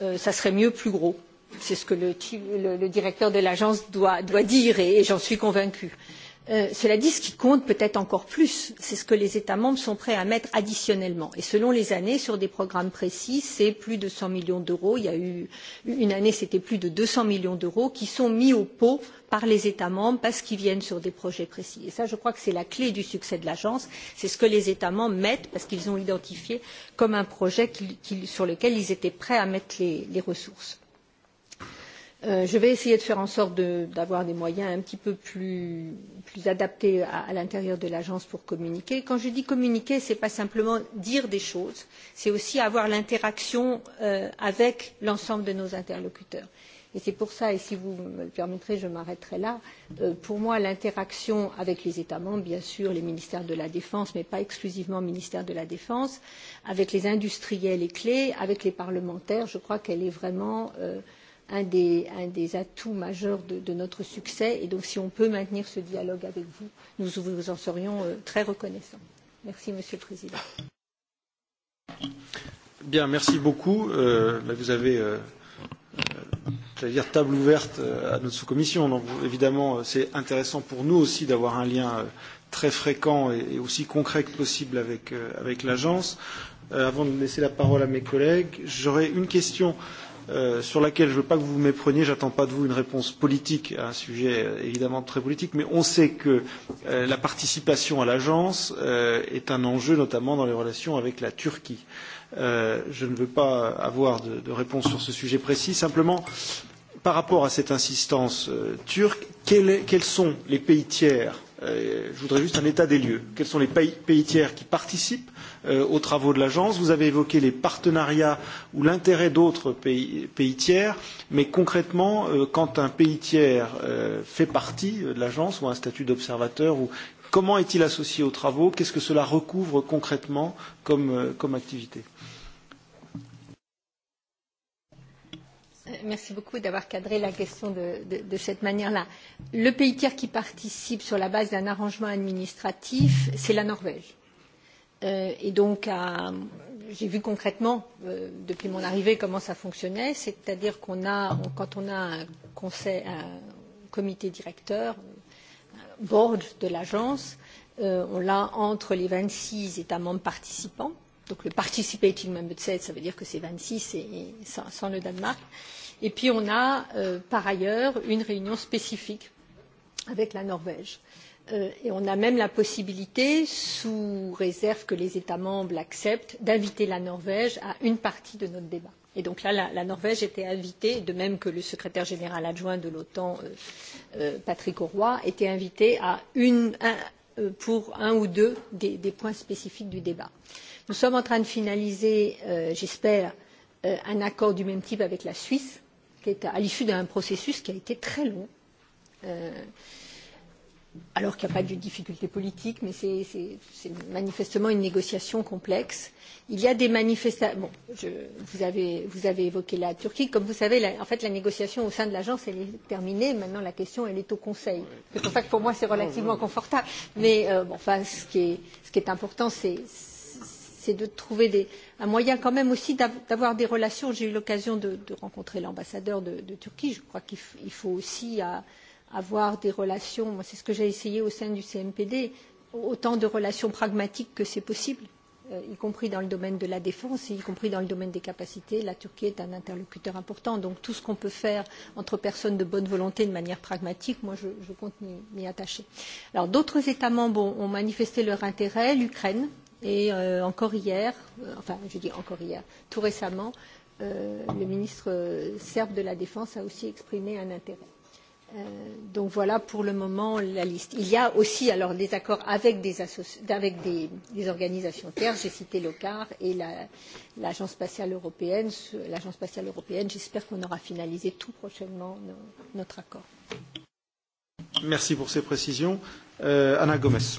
Euh, ça serait mieux plus gros. C'est ce que le, le, le directeur de l'agence doit, doit dire et, et j'en suis convaincue. Euh, Euh, cela dit, ce qui compte peut-être encore plus. C'est ce que les États membres sont prêts à mettre additionnellement. Et selon les années, sur des programmes précis, c'est plus de 100 millions d'euros. Il y a eu une année, c'était plus de 200 millions d'euros qui sont mis au pot par les États membres parce qu'ils viennent sur des projets précis. Et ça, je crois que c'est la clé du succès de l'agence. C'est ce que les États membres mettent parce qu'ils ont identifié comme un projet sur lequel ils étaient prêts à mettre les, les ressources. Euh, je vais essayer de faire en sorte d'avoir de, des moyens un petit peu plus, plus adaptés à, à l'intérieur de l'agence pour communiquer. Quand je dis communiquer, ce n'est pas simplement dire des choses, c'est aussi avoir l'interaction euh, avec l'ensemble de nos interlocuteurs. Et c'est pour ça, et si vous me le permettrez, je m'arrêterai là. Euh, pour moi, l'interaction avec les États membres, bien sûr, les ministères de la Défense, mais pas exclusivement ministère de la Défense, avec les industriels et clés, avec les parlementaires, je crois qu'elle est vraiment euh, un des, un des atouts majeurs de, de notre succès. Et donc, si on peut maintenir ce dialogue avec vous, nous vous en serions euh, très reconnaissants. Merci, Monsieur le Président. Bien, merci beaucoup. Euh, là, vous avez, euh, euh j'allais dire, table ouverte euh, à notre sous-commission. Donc, évidemment, euh, c'est intéressant pour nous aussi d'avoir un lien très fréquent et aussi concret que possible avec, avec l'agence. Euh, avant de laisser la parole à mes collègues, j'aurais une question. Euh, Euh, sur laquelle je ne veux pas que vous m'épreniez, je n'attends pas de vous une réponse politique à un sujet euh, évidemment très politique, mais on sait que euh, la participation à l'agence euh, est un enjeu notamment dans les relations avec la Turquie. Euh, je ne veux pas avoir de, de réponse sur ce sujet précis, simplement par rapport à cette insistance euh, turque, est, quels sont les pays tiers Euh, je voudrais juste un état des lieux. Quels sont les pays, pays tiers qui participent euh, aux travaux de l'agence Vous avez évoqué les partenariats ou l'intérêt d'autres pays, pays tiers, mais concrètement, euh, quand un pays tiers euh, fait partie euh, de l'agence ou a un statut d'observateur, ou comment est-il associé aux travaux Qu'est-ce que cela recouvre concrètement comme, euh, comme activité Merci beaucoup d'avoir cadré la question de, de, de cette manière-là. Le pays tiers qui participe sur la base d'un arrangement administratif, c'est la Norvège. Euh, et donc, j'ai vu concrètement, euh, depuis mon arrivée, comment ça fonctionnait. C'est-à-dire qu'on a, on, quand on a un, conseil, un comité directeur, un board de l'agence, euh, on l'a entre les 26 États membres participants Donc le participating member state, ça veut dire que c'est 26 et, et sans, sans le Danemark. Et puis on a euh, par ailleurs une réunion spécifique avec la Norvège. Euh, et on a même la possibilité, sous réserve que les États membres l'acceptent, d'inviter la Norvège à une partie de notre débat. Et donc là, la, la Norvège était invitée, de même que le secrétaire général adjoint de l'OTAN, euh, euh, Patrick Auroy, était invité à une, un, euh, pour un ou deux des, des points spécifiques du débat. Euh, Nous sommes en train de finaliser, euh, j'espère, euh, un accord du même type avec la Suisse, qui est à, à l'issue d'un processus qui a été très long. Euh, alors qu'il n'y a pas de difficultés politiques, mais c'est manifestement une négociation complexe. Il y a des manifestations. Bon, je, vous, avez, vous avez évoqué la Turquie. Comme vous savez, la, en fait, la négociation au sein de l'agence, elle est terminée. Maintenant, la question, elle est au Conseil. C'est pour ça que pour moi, c'est relativement confortable. Mais euh, bon, enfin, ce qui est, ce qui est important, c'est c'est de trouver des, un moyen quand même aussi d'avoir des relations. J'ai eu l'occasion de, de rencontrer l'ambassadeur de, de Turquie. Je crois qu'il faut aussi à, euh, avoir des relations. Moi, c'est ce que j'ai essayé au sein du CMPD, autant de relations pragmatiques que c'est possible euh, y compris dans le domaine de la défense, y compris dans le domaine des capacités. La Turquie est un interlocuteur important, donc tout ce qu'on peut faire entre personnes de bonne volonté de manière pragmatique, moi je, je compte m'y attacher. Alors d'autres États membres ont, ont manifesté leur intérêt, l'Ukraine, Et euh, encore hier, euh, enfin je dis encore hier, tout récemment, euh, le ministre euh, serbe de la Défense a aussi exprimé un intérêt. Euh, donc voilà pour le moment la liste. Il y a aussi alors des accords avec des, avec des, des organisations terres, j'ai cité l'OCAR et l'Agence la, spatiale européenne. L'Agence spatiale européenne, j'espère qu'on aura finalisé tout prochainement notre accord. Merci pour ces précisions. Euh, Anna Gomez.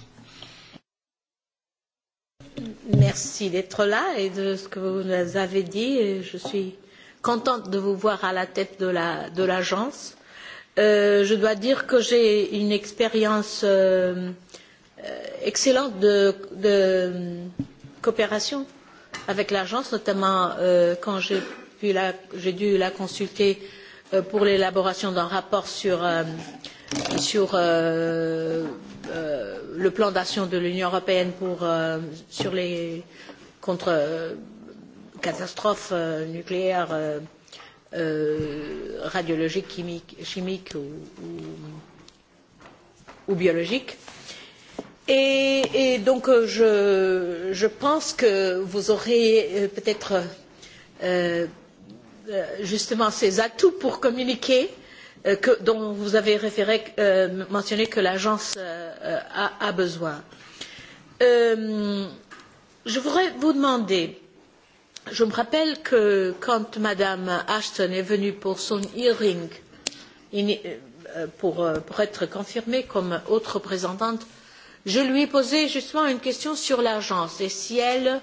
Merci d'être là et de ce que vous nous avez dit. Je suis contente de vous voir à la tête de l'agence. La, euh, je dois dire que j'ai une expérience euh, euh excellente de, de euh, coopération avec l'agence, notamment euh, quand j'ai dû la consulter euh, pour l'élaboration d'un rapport sur euh, sur euh, euh, le plan d'action de l'Union européenne pour, euh, sur les contre euh, catastrophes euh, nucléaires, euh, euh, radiologiques, chimiques, chimiques ou, ou, ou biologiques. Et, et donc euh, je, je pense que vous aurez euh, peut-être euh, euh, justement ces atouts pour communiquer Euh, que, dont vous avez référé, euh, mentionné que l'agence euh, a, a besoin. Euh, je voudrais vous demander, je me rappelle que quand Madame Ashton est venue pour son hearing, euh, pour, euh, pour être confirmée comme haute représentante, je lui ai posé justement une question sur l'agence et si elle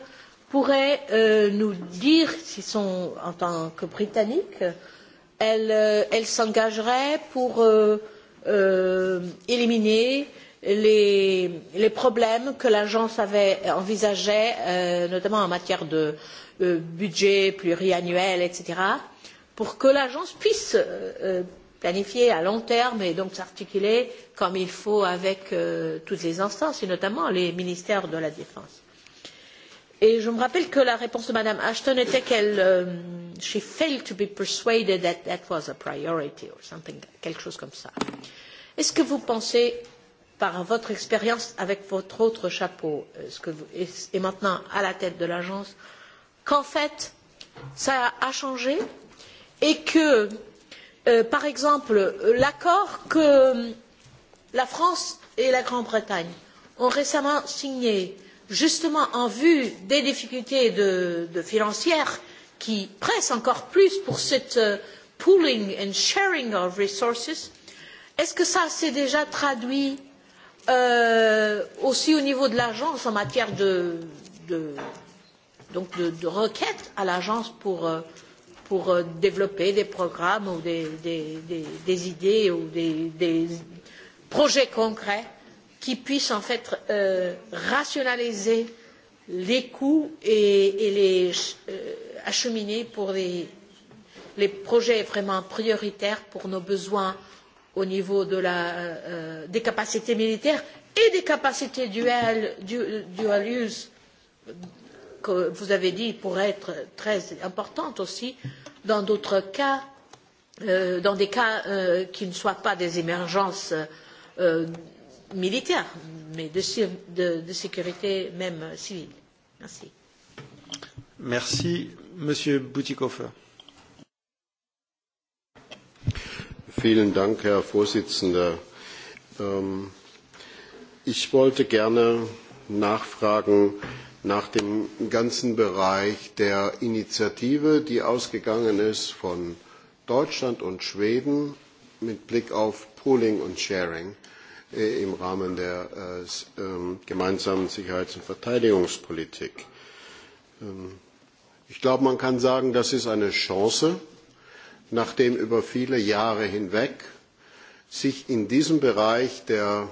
pourrait euh, nous dire, si son, en tant que Britannique, euh, elle, euh, elle s'engagerait pour euh, euh, éliminer les, les problèmes que l'agence avait envisagés, euh, notamment en matière de euh, budget pluriannuel, etc., pour que l'agence puisse euh, euh, planifier à long terme et donc s'articuler comme il faut avec euh, toutes les instances, et notamment les ministères de la Défense. Et je me rappelle que la réponse de Mme Ashton était qu'elle, euh, she failed to be persuaded that that was a priority or something, quelque chose comme ça. Est-ce que vous pensez, par votre expérience avec votre autre chapeau, euh, ce que vous, et maintenant à la tête de l'agence, qu'en fait, ça a changé et que, euh, par exemple, l'accord que euh, la France et la Grande-Bretagne ont récemment signé justement en vue des difficultés de, de financières qui pressent encore plus pour cette euh, pooling and sharing of resources, est-ce que ça s'est déjà traduit euh, aussi au niveau de l'agence en matière de, de, donc de, de requêtes à l'agence pour, euh, pour euh, développer des programmes ou des, des, des, des idées ou des, des projets concrets qui puisse en fait euh, rationaliser les coûts et, et les euh, acheminer pour les, les projets vraiment prioritaires pour nos besoins au niveau de la, euh, des capacités militaires et des capacités dual, dual, dual use que vous avez dit pourraient être très importantes aussi dans d'autres cas, euh, dans des cas euh, qui ne soient pas des émergences euh, militaire, mais de, de, de sécurité même civile. Merci. Merci, Monsieur Boutikofer. Vielen Dank, Herr Vorsitzender. Ähm, ich wollte gerne nachfragen nach dem ganzen Bereich der Initiative, die ausgegangen ist von Deutschland und Schweden mit Blick auf Pooling und Sharing. Äh, Äh, im Rahmen der äh, ähm, gemeinsamen Sicherheits- und Verteidigungspolitik. Ähm, ich glaube, man kann sagen, das ist eine Chance, nachdem über viele Jahre hinweg sich in diesem Bereich der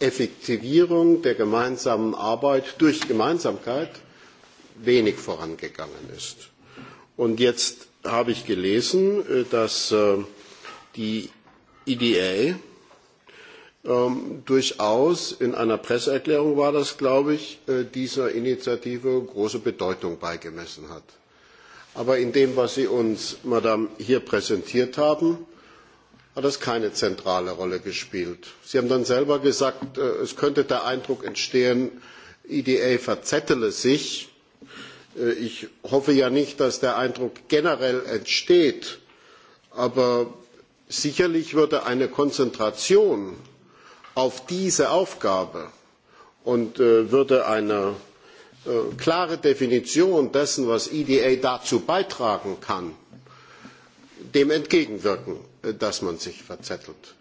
Effektivierung der gemeinsamen Arbeit durch Gemeinsamkeit wenig vorangegangen ist. Und jetzt habe ich gelesen, äh, dass äh, die EDA, ähm, durchaus in einer Presseerklärung war das, glaube ich, äh, dieser Initiative große Bedeutung beigemessen hat. Aber in dem, was Sie uns, Madame, hier präsentiert haben, hat das keine zentrale Rolle gespielt. Sie haben dann selber gesagt, äh, es könnte der Eindruck entstehen, EDA verzettele sich. Äh, ich hoffe ja nicht, dass der Eindruck generell entsteht, aber sicherlich würde eine Konzentration auf diese Aufgabe und äh, würde eine äh, klare Definition dessen, was EDA dazu beitragen kann, dem entgegenwirken, äh, dass man sich verzettelt.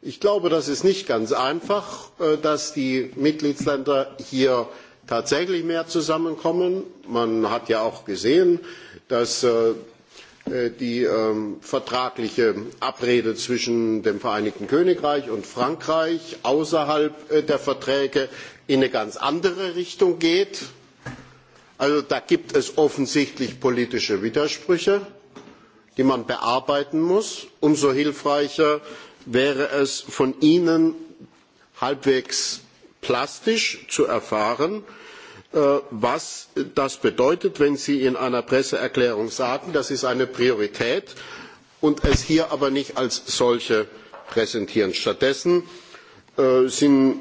Ich glaube, das ist nicht ganz einfach, äh, dass die Mitgliedstaaten hier tatsächlich mehr zusammenkommen. Man hat ja auch gesehen, dass äh, Äh, die ähm, vertragliche Abrede zwischen dem Vereinigten Königreich und Frankreich außerhalb äh, der Verträge in eine ganz andere Richtung geht. Also da gibt es offensichtlich politische Widersprüche, die man bearbeiten muss. Umso hilfreicher wäre es von Ihnen halbwegs plastisch zu erfahren, Äh, was das bedeutet, wenn Sie in einer Presseerklärung sagen, das ist eine Priorität und es hier aber nicht als solche präsentieren. Stattdessen äh, sind,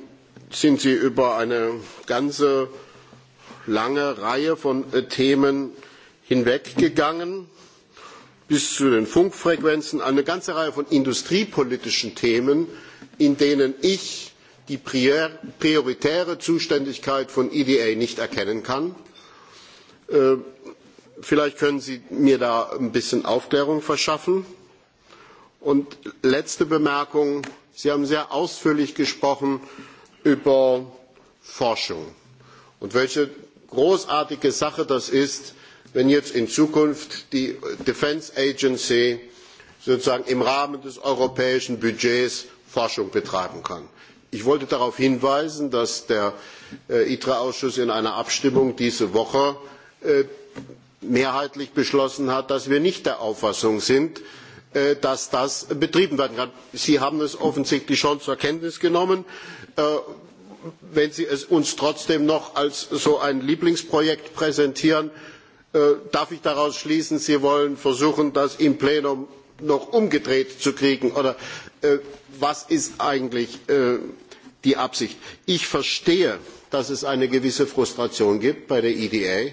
sind Sie über eine ganze lange Reihe von äh, Themen hinweggegangen bis zu den Funkfrequenzen, eine ganze Reihe von industriepolitischen Themen, in denen ich die prioritäre Zuständigkeit von EDA nicht erkennen kann. Äh, vielleicht können Sie mir da ein bisschen Aufklärung verschaffen. Und letzte Bemerkung. Sie haben sehr ausführlich gesprochen über Forschung und welche großartige Sache das ist, wenn jetzt in Zukunft die Defence Agency sozusagen im Rahmen des europäischen Budgets Forschung betreiben kann. Ich wollte darauf hinweisen, dass der äh, ITRA-Ausschuss in einer Abstimmung diese Woche äh, mehrheitlich beschlossen hat, dass wir nicht der Auffassung sind, äh, dass das betrieben werden kann. Sie haben es offensichtlich schon zur Kenntnis genommen. Wenn Sie es uns trotzdem noch als so ein Lieblingsprojekt präsentieren, darf ich daraus schließen, Sie wollen versuchen, das im Plenum noch umgedreht zu kriegen? Oder äh, was ist eigentlich äh, die Absicht? Ich verstehe, dass es eine gewisse Frustration gibt bei der EDA,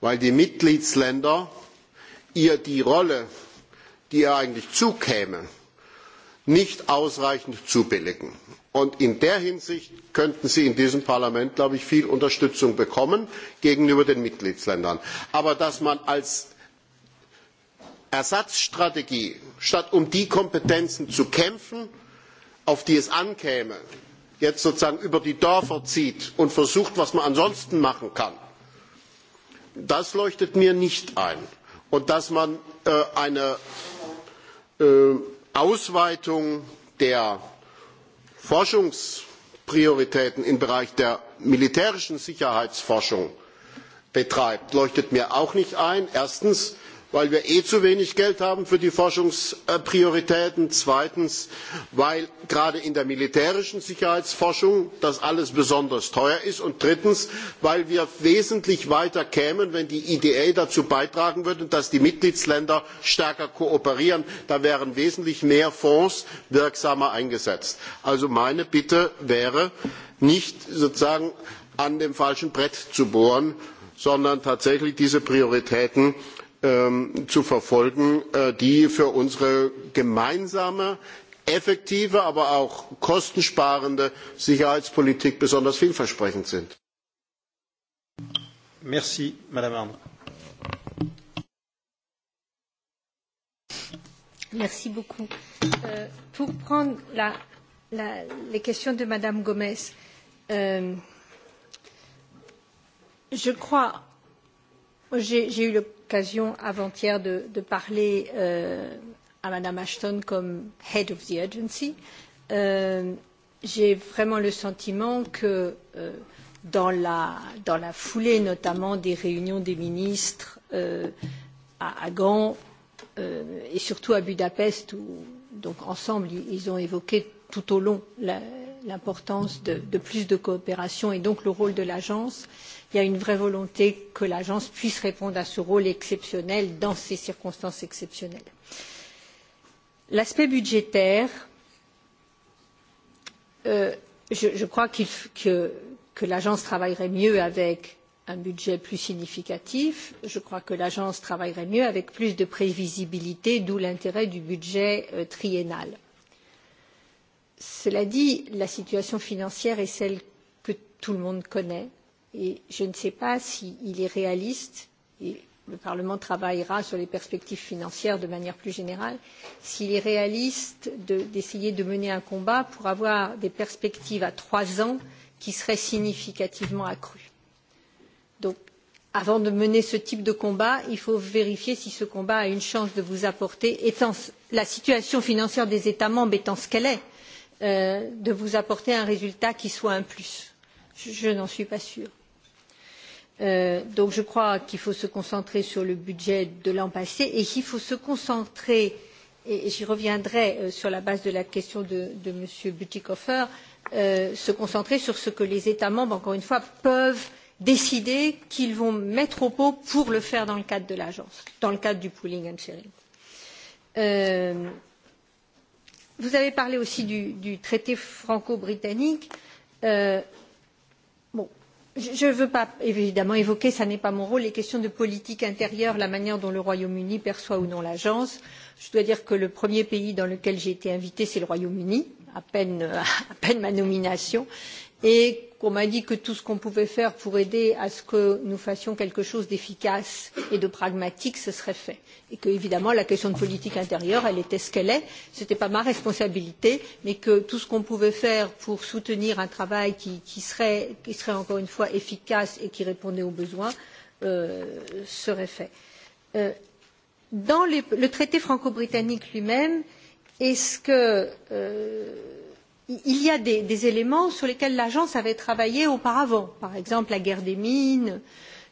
weil die Mitgliedsländer ihr die Rolle, die ihr eigentlich zukäme, nicht ausreichend zubilligen. Und in der Hinsicht könnten Sie in diesem Parlament, glaube ich, viel Unterstützung bekommen gegenüber den Mitgliedsländern. Aber dass man als Ersatzstrategie, statt um die Kompetenzen zu kämpfen, auf die es ankäme, jetzt sozusagen über die Dörfer zieht und versucht, was man ansonsten machen kann, das leuchtet mir nicht ein. Und dass man äh, eine äh, Ausweitung der Forschungsprioritäten im Bereich der militärischen Sicherheitsforschung betreibt, leuchtet mir auch nicht ein. Erstens, weil wir eh zu wenig Geld haben für die Forschungsprioritäten. Zweitens, weil gerade in der militärischen Sicherheitsforschung das alles besonders teuer ist. Und drittens, weil wir wesentlich weiter kämen, wenn die IDA e dazu beitragen würde, dass die Mitgliedstaaten stärker kooperieren. Da wären wesentlich mehr Fonds wirksamer eingesetzt. Also meine Bitte wäre, nicht sozusagen an dem falschen Brett zu bohren, sondern tatsächlich diese Prioritäten Ähm, zu verfolgen, äh, die für unsere gemeinsame, effektive, aber auch kostensparende Sicherheitspolitik besonders vielversprechend sind. Merci, Merci beaucoup. Euh, pour prendre la, la, les questions de Madame Gomez, euh, je crois, j'ai eu l'occasion avant-hier de, de parler euh, à Madame Ashton comme Head of the Agency, euh, j'ai vraiment le sentiment que euh, dans, la, dans la foulée notamment des réunions des ministres euh, à, à Gand euh, et surtout à Budapest, où donc ensemble ils ont évoqué tout au long l'importance de, de plus de coopération et donc le rôle de l'agence, euh, il y a une vraie volonté que l'agence puisse répondre à ce rôle exceptionnel dans ces circonstances exceptionnelles. L'aspect budgétaire, euh, je, je crois qu que, que l'agence travaillerait mieux avec un budget plus significatif. Je crois que l'agence travaillerait mieux avec plus de prévisibilité, d'où l'intérêt du budget euh, triennal. Cela dit, la situation financière est celle que tout le monde connaît. Et je ne sais pas s'il si est réaliste, et le Parlement travaillera sur les perspectives financières de manière plus générale, s'il est réaliste d'essayer de, de mener un combat pour avoir des perspectives à trois ans qui seraient significativement accrues. Donc, avant de mener ce type de combat, il faut vérifier si ce combat a une chance de vous apporter, étant la situation financière des États membres étant ce qu'elle est, euh, de vous apporter un résultat qui soit un plus. Je, je n'en suis pas sûre. Euh, donc je crois qu'il faut se concentrer sur le budget de l'an passé et qu'il faut se concentrer, et j'y reviendrai euh, sur la base de la question de, de M. Butikoffer, euh, se concentrer sur ce que les États membres, encore une fois, peuvent décider qu'ils vont mettre au pot pour le faire dans le cadre de l'agence, dans le cadre du pooling and sharing. Euh, vous avez parlé aussi du, du traité franco-britannique. Euh, Je ne veux pas évidemment évoquer, ce n'est pas mon rôle, les questions de politique intérieure, la manière dont le Royaume-Uni perçoit ou non l'agence. Je dois dire que le premier pays dans lequel j'ai été invitée, c'est le Royaume-Uni, à peine, <laughs> à peine ma nomination. Euh, et qu'on m'a dit que tout ce qu'on pouvait faire pour aider à ce que nous fassions quelque chose d'efficace et de pragmatique, ce serait fait. Et que, évidemment, la question de politique intérieure, elle était ce qu'elle est. Ce n'était pas ma responsabilité, mais que tout ce qu'on pouvait faire pour soutenir un travail qui, qui, serait, qui serait, encore une fois, efficace et qui répondait aux besoins, euh, serait fait. Euh, dans les, le traité franco-britannique lui-même, est-ce que... Euh, il y a des, des éléments sur lesquels l'agence avait travaillé auparavant, par exemple la guerre des mines.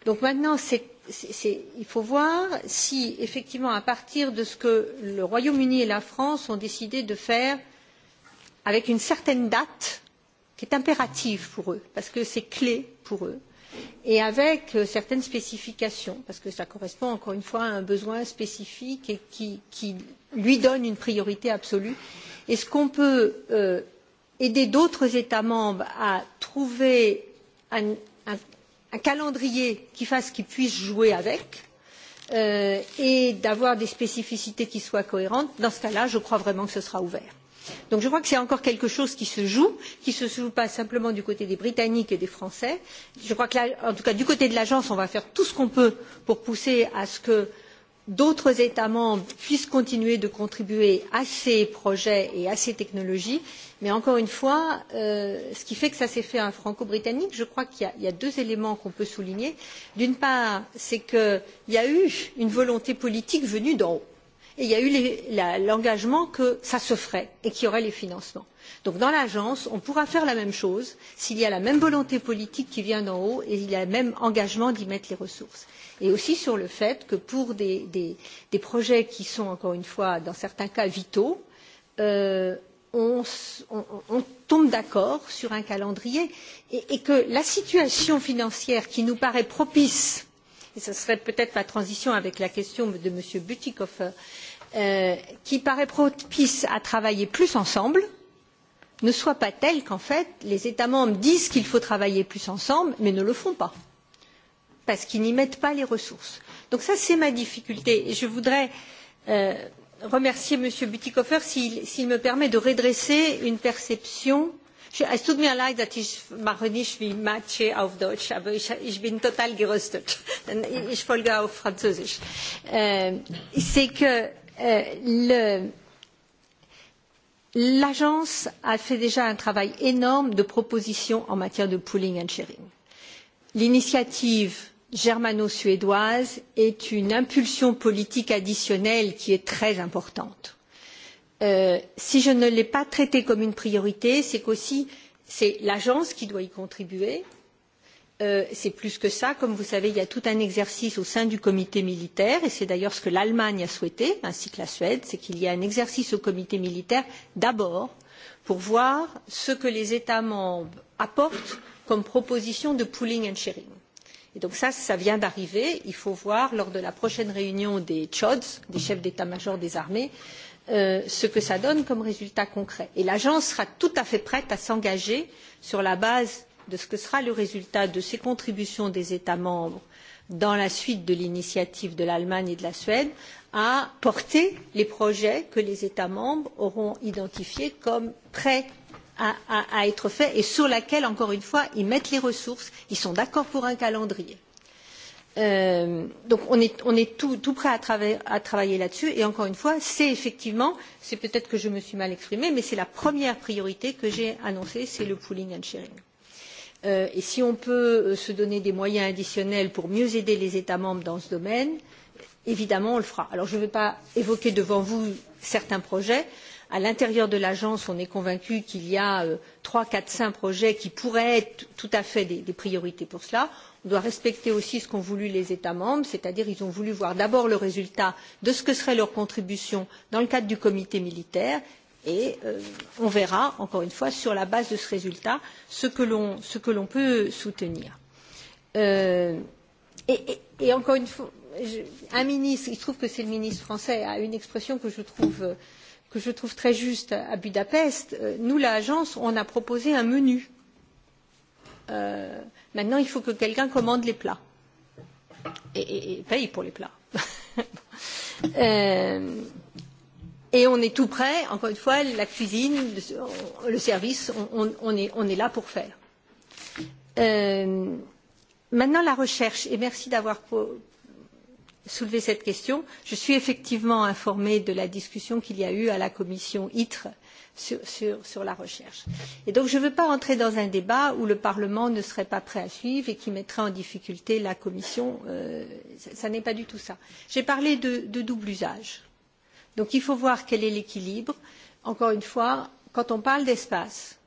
Donc maintenant, c est, il faut voir si effectivement à partir de ce que le Royaume-Uni et la France ont décidé de faire avec une certaine date qui est impérative pour eux parce que c'est clé pour eux et avec euh, certaines spécifications parce que cela correspond encore une fois à un besoin spécifique et qui, qui lui donne une priorité absolue. Est-ce qu'on peut euh, aider d'autres États membres à trouver un, un, un calendrier qui fasse qu'ils puissent jouer avec euh, et d'avoir des spécificités qui soient cohérentes, dans ce cas-là, je crois vraiment que ce sera ouvert. Donc je crois que c'est encore quelque chose qui se joue, qui ne se joue pas simplement du côté des Britanniques et des Français. Je crois que là, en tout cas, du côté de l'agence, on va faire tout ce qu'on peut pour pousser à ce que d'autres États membres puissent continuer de contribuer à ces projets et à ces technologies. Mais encore une fois, euh, ce qui fait que ça s'est fait un franco-britannique, je crois qu'il y, y, a deux éléments qu'on peut souligner. D'une part, c'est qu'il y a eu une volonté politique venue d'en haut. Et il y a eu l'engagement que ça se ferait et qu'il y aurait les financements. Donc dans l'agence, on pourra faire la même chose s'il y a la même volonté politique qui vient d'en haut et il y a le même engagement d'y mettre les ressources. Et aussi sur le fait que pour des, des, des projets qui sont, encore une fois, dans certains cas vitaux, euh, on, on, on tombe d'accord sur un calendrier et, et que la situation financière qui nous paraît propice, et ce serait peut-être la transition avec la question de M. Butikofer, euh, qui paraît propice à travailler plus ensemble, ne soit pas telle qu'en fait les États membres disent qu'il faut travailler plus ensemble mais ne le font pas parce qu'ils n'y mettent pas les ressources. Donc ça c'est ma difficulté et je voudrais euh, remercier M. Butikofer s'il me permet de redresser une perception Es tut mir leid, dass ich mache nicht wie Mathe auf Deutsch, aber ich, ich bin total gerüstet. <laughs> Ich folge auf Französisch. Ähm, c'est que euh, le, L'agence a fait déjà un travail énorme de propositions en matière de pooling and sharing. L'initiative germano-suédoise est une impulsion politique additionnelle qui est très importante. Euh, si je ne l'ai pas traitée comme une priorité, c'est qu'aussi c'est l'agence qui doit y contribuer, Euh, c'est plus que cela. Comme vous savez, il y a tout un exercice au sein du comité militaire, et c'est d'ailleurs ce que l'Allemagne a souhaité, ainsi que la Suède, c'est qu'il y ait un exercice au comité militaire d'abord pour voir ce que les États membres apportent comme proposition de pooling and sharing. Et donc ça, ça vient d'arriver. Il faut voir lors de la prochaine réunion des CHODs, des chefs d'état-major des armées, euh, ce que ça donne comme résultat concret. Et l'agence sera tout à fait prête à s'engager sur la base de ce que sera le résultat de ces contributions des États membres dans la suite de l'initiative de l'Allemagne et de la Suède à porter les projets que les États membres auront identifiés comme prêts à, à, à être faits et sur lesquels, encore une fois, ils mettent les ressources. Ils sont d'accord pour un calendrier. Euh, donc on est, on est tout, tout prêt à, trava à travailler là-dessus et encore une fois, c'est effectivement, c'est peut-être que je me suis mal exprimée, mais c'est la première priorité que j'ai annoncée, c'est le pooling and sharing. Euh, et si on peut euh, se donner des moyens additionnels pour mieux aider les États membres dans ce domaine, évidemment, on le fera. Alors, je ne vais pas évoquer devant vous certains projets. À l'intérieur de l'agence, on est convaincu qu'il y a euh, trois, quatre, cinq projets qui pourraient être tout à fait des, des priorités pour cela. On doit respecter aussi ce qu'ont voulu les États membres, c'est-à-dire qu'ils ont voulu voir d'abord le résultat de ce que serait leur contribution dans le cadre du comité militaire Et euh, on verra, encore une fois, sur la base de ce résultat, ce que l'on peut soutenir. Euh, et, et, et encore une fois, je, un ministre, il se trouve que c'est le ministre français, a une expression que je trouve, que je trouve très juste à Budapest. Euh, nous, l'agence, on a proposé un menu. Euh, maintenant, il faut que quelqu'un commande les plats et, et, et paye pour les plats. <laughs> euh, Et on est tout prêt, encore une fois, la cuisine, le service, on, on, on, est, on est là pour faire. Euh, maintenant, la recherche, et merci d'avoir soulevé cette question. Je suis effectivement informée de la discussion qu'il y a eu à la commission ITRE sur, sur, sur la recherche. Et donc, je ne veux pas entrer dans un débat où le Parlement ne serait pas prêt à suivre et qui mettrait en difficulté la commission. Euh, ça, ça n'est pas du tout ça. J'ai parlé de, de double usage Donc il faut voir quel est l'équilibre. Encore une fois, quand on parle d'espace,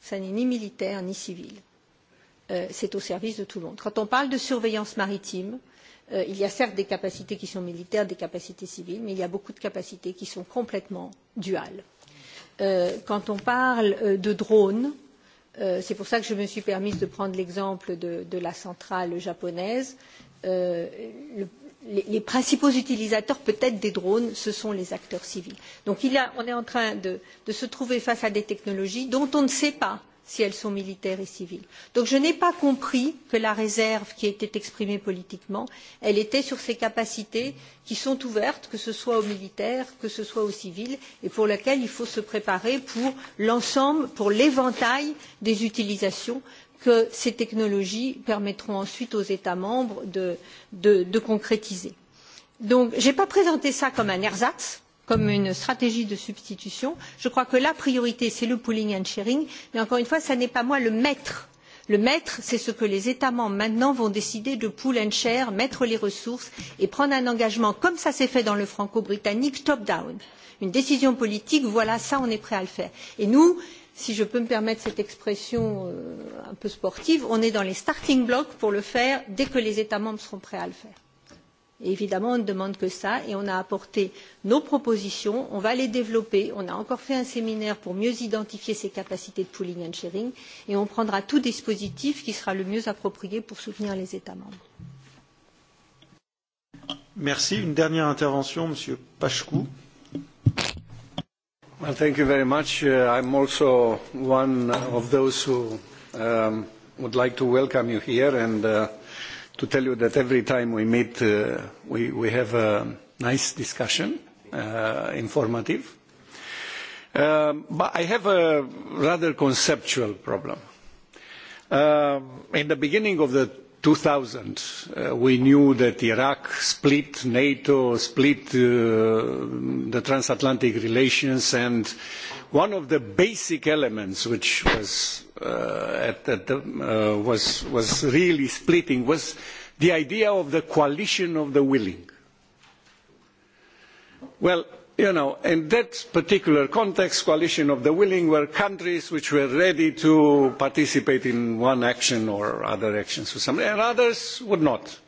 ça n'est ni militaire ni civil. Euh, c'est au service de tout le monde. Quand on parle de surveillance maritime, euh, il y a certes des capacités qui sont militaires, des capacités civiles, mais il y a beaucoup de capacités qui sont complètement duales. Euh, quand on parle euh, de drones, euh, c'est pour ça que je me suis permise de prendre l'exemple de, de la centrale japonaise. Euh, le, les, les principaux utilisateurs peut-être des drones, ce sont les acteurs civils. Donc il y a, on est en train de, de se trouver face à des technologies dont on ne sait pas si elles sont militaires et civiles. Donc je n'ai pas compris que la réserve qui était exprimée politiquement, elle était sur ces capacités qui sont ouvertes, que ce soit aux militaires, que ce soit aux civils, et pour lesquelles il faut se préparer pour l'ensemble, pour l'éventail des utilisations, que ces technologies permettront ensuite aux États membres de, de, de concrétiser. Donc, je n'ai pas présenté ça comme un ersatz, comme une stratégie de substitution. Je crois que la priorité, c'est le pooling and sharing, mais encore une fois, ce n'est pas moi le maître. Le maître, c'est ce que les États membres maintenant vont décider de pool and share, mettre les ressources et prendre un engagement comme ça s'est fait dans le franco-britannique, top-down. Une décision politique, voilà ça, on est prêt à le faire. Et nous, si je peux me permettre cette expression euh, un peu sportive, on est dans les starting blocks pour le faire dès que les États membres seront prêts à le faire. Et évidemment, on ne demande que ça et on a apporté nos propositions, on va les développer, on a encore fait un séminaire pour mieux identifier ces capacités de pooling and sharing et on prendra tout dispositif qui sera le mieux approprié pour soutenir les États membres. Merci. Une dernière intervention, Monsieur Pachkou. Well, thank you very much. Uh, I'm also one of those who um, would like to welcome you here and uh, to tell you that every time we meet, uh, we, we have a nice discussion, uh, informative. Um, but I have a rather conceptual problem. Uh, in the beginning of the 2000, uh, we knew that Iraq split NATO, split uh, the transatlantic relations, and one of the basic elements which was, uh, at, at the, uh, was, was really splitting was the idea of the coalition of the willing. Well, You know, in that particular context, coalition of the willing were countries which were ready to participate in one action or other actions or something, and others would not.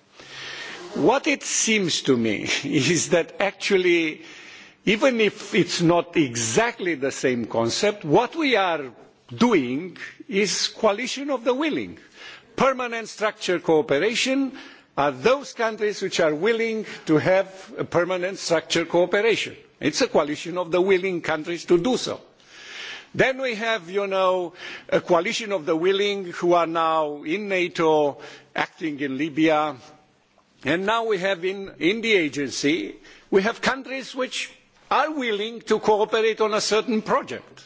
What it seems to me <laughs> is that actually, even if it's not exactly the same concept, what we are doing is coalition of the willing. Permanent structured cooperation are those countries which are willing to have a permanent structured cooperation It is a coalition of the willing countries to do so. Then we have, you know, a coalition of the willing who are now in NATO, acting in Libya. And now we have in, in the agency, we have countries which are willing to cooperate on a certain project.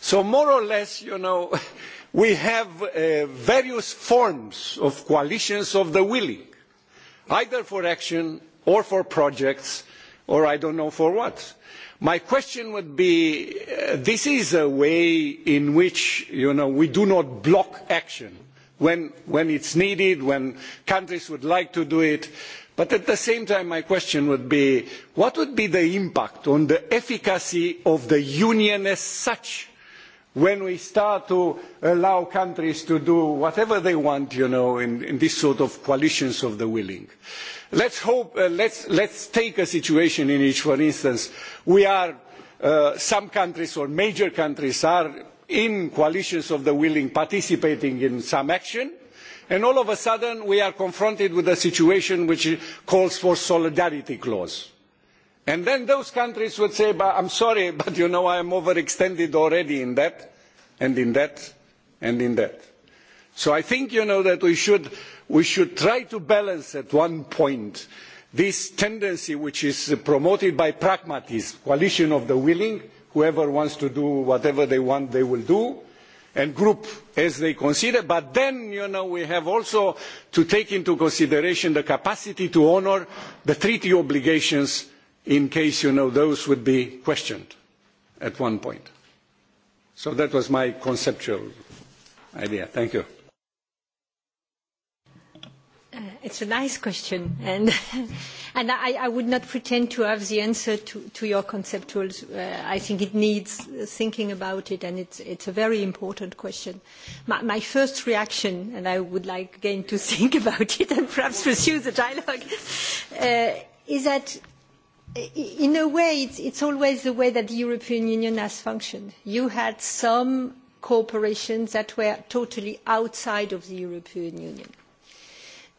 So more or less, you know, <laughs> we have uh, various forms of coalitions of the willing, either for action or for projects or I don't know for what. My question would be, uh, this is a way in which, you know, we do not block action when, when it's needed, when countries would like to do it. But at the same time, my question would be, what would be the impact on the efficacy of the union as such when we start to allow countries to do whatever they want, you know, in, in this sort of coalitions of the willing? Uh, Let's hope, uh, let's, let's take a situation in which, for instance, we are, uh, some countries or major countries are in coalitions of the willing participating in some action, and all of a sudden we are confronted with a situation which calls for solidarity clause. And then those countries would say, but I'm sorry, <laughs> but you know, I am overextended already in that, and in that, and in that. So I think, you know, that we should we should try to balance at one point this tendency which is promoted by pragmatism, coalition of the willing, whoever wants to do whatever they want, they will do, and group as they consider. But then, you know, we have also to take into consideration the capacity to honour the treaty obligations in case, you know, those would be questioned at one point. So that was my conceptual idea. Thank you. Uh, it's a nice question, and, <laughs> and I, I would not pretend to have the answer to, to your conceptuals. Uh, I think it needs thinking about it, and it's, it's a very important question. My, my first reaction, and I would like again to <laughs> think about it and perhaps pursue the dialogue, uh, is that in a way it's, it's always the way that the European Union has functioned. You had some corporations that were totally outside of the European Union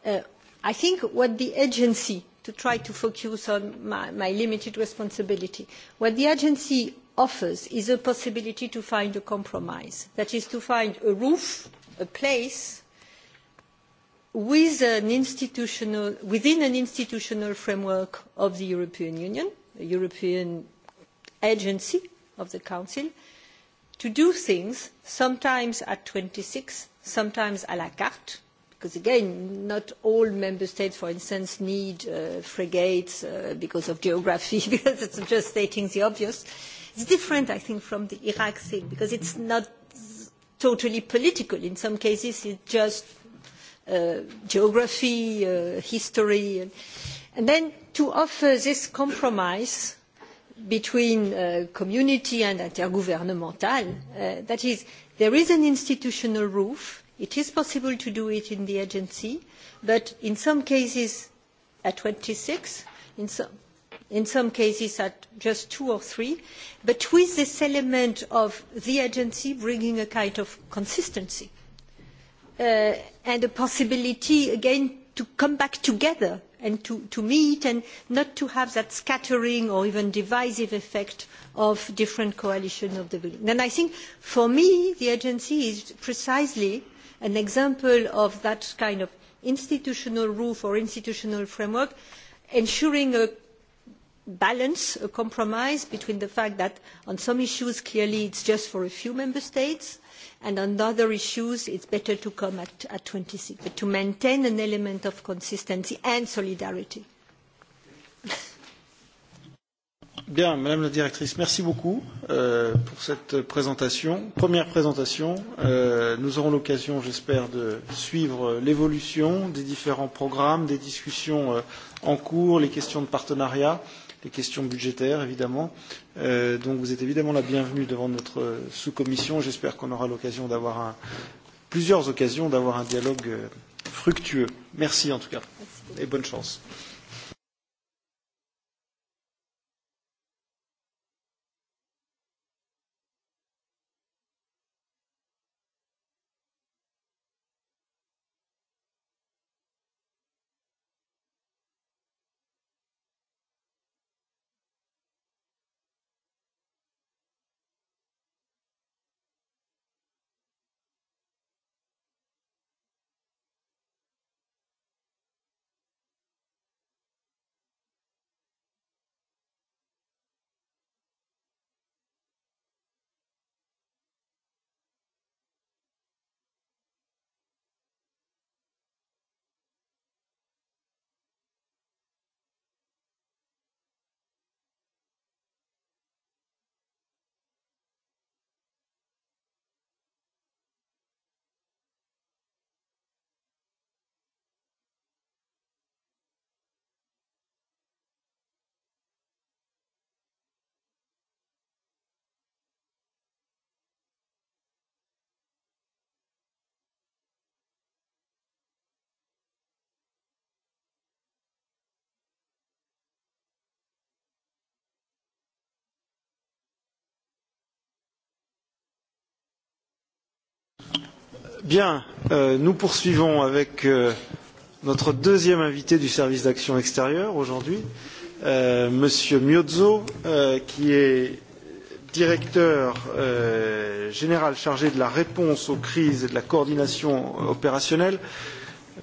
Uh, I think what the agency, to try to focus on my, my limited responsibility, what the agency offers is a possibility to find a compromise. That is to find a roof, a place, with an institutional, within an institutional framework of the European Union, a European agency of the Council, to do things sometimes at twenty six, sometimes à la carte, Because again, not all member states, for instance, need uh, frigates uh, because of geography, <laughs> because it's just stating the obvious. It's different, I think, from the Iraq thing, because it's not totally political. In some cases, it's just uh, geography, uh, history. And then to offer this compromise between uh, community and intergovernmental, uh, that is, there is an institutional roof, It is possible to do it in the agency, but in some cases at 26, in some, in some cases at just two or three, but with this element of the agency bringing a kind of consistency uh, and a possibility again to come back together and to, to meet and not to have that scattering or even divisive effect of different coalitions of the building. And I think for me the agency is precisely an example of that kind of institutional roof or institutional framework, ensuring a balance, a compromise between the fact that on some issues clearly it is just for a few member states and on other issues it is better to come at, at 26, but to maintain an element of consistency and solidarity. Bien, Madame la Directrice, merci beaucoup euh, pour cette présentation. Première présentation, euh, nous aurons l'occasion, j'espère, de suivre l'évolution des différents programmes, des discussions euh, en cours, les questions de partenariat, les questions budgétaires, évidemment. Euh, donc vous êtes évidemment la bienvenue devant notre sous-commission. J'espère qu'on aura l'occasion d'avoir un, plusieurs occasions d'avoir un dialogue euh, fructueux. Merci en tout cas merci et bonne chance. Bien, euh, nous poursuivons avec euh, notre deuxième invité du service d'action extérieure aujourd'hui, euh, Monsieur Miozzo, euh, qui est directeur euh, général chargé de la réponse aux crises et de la coordination opérationnelle.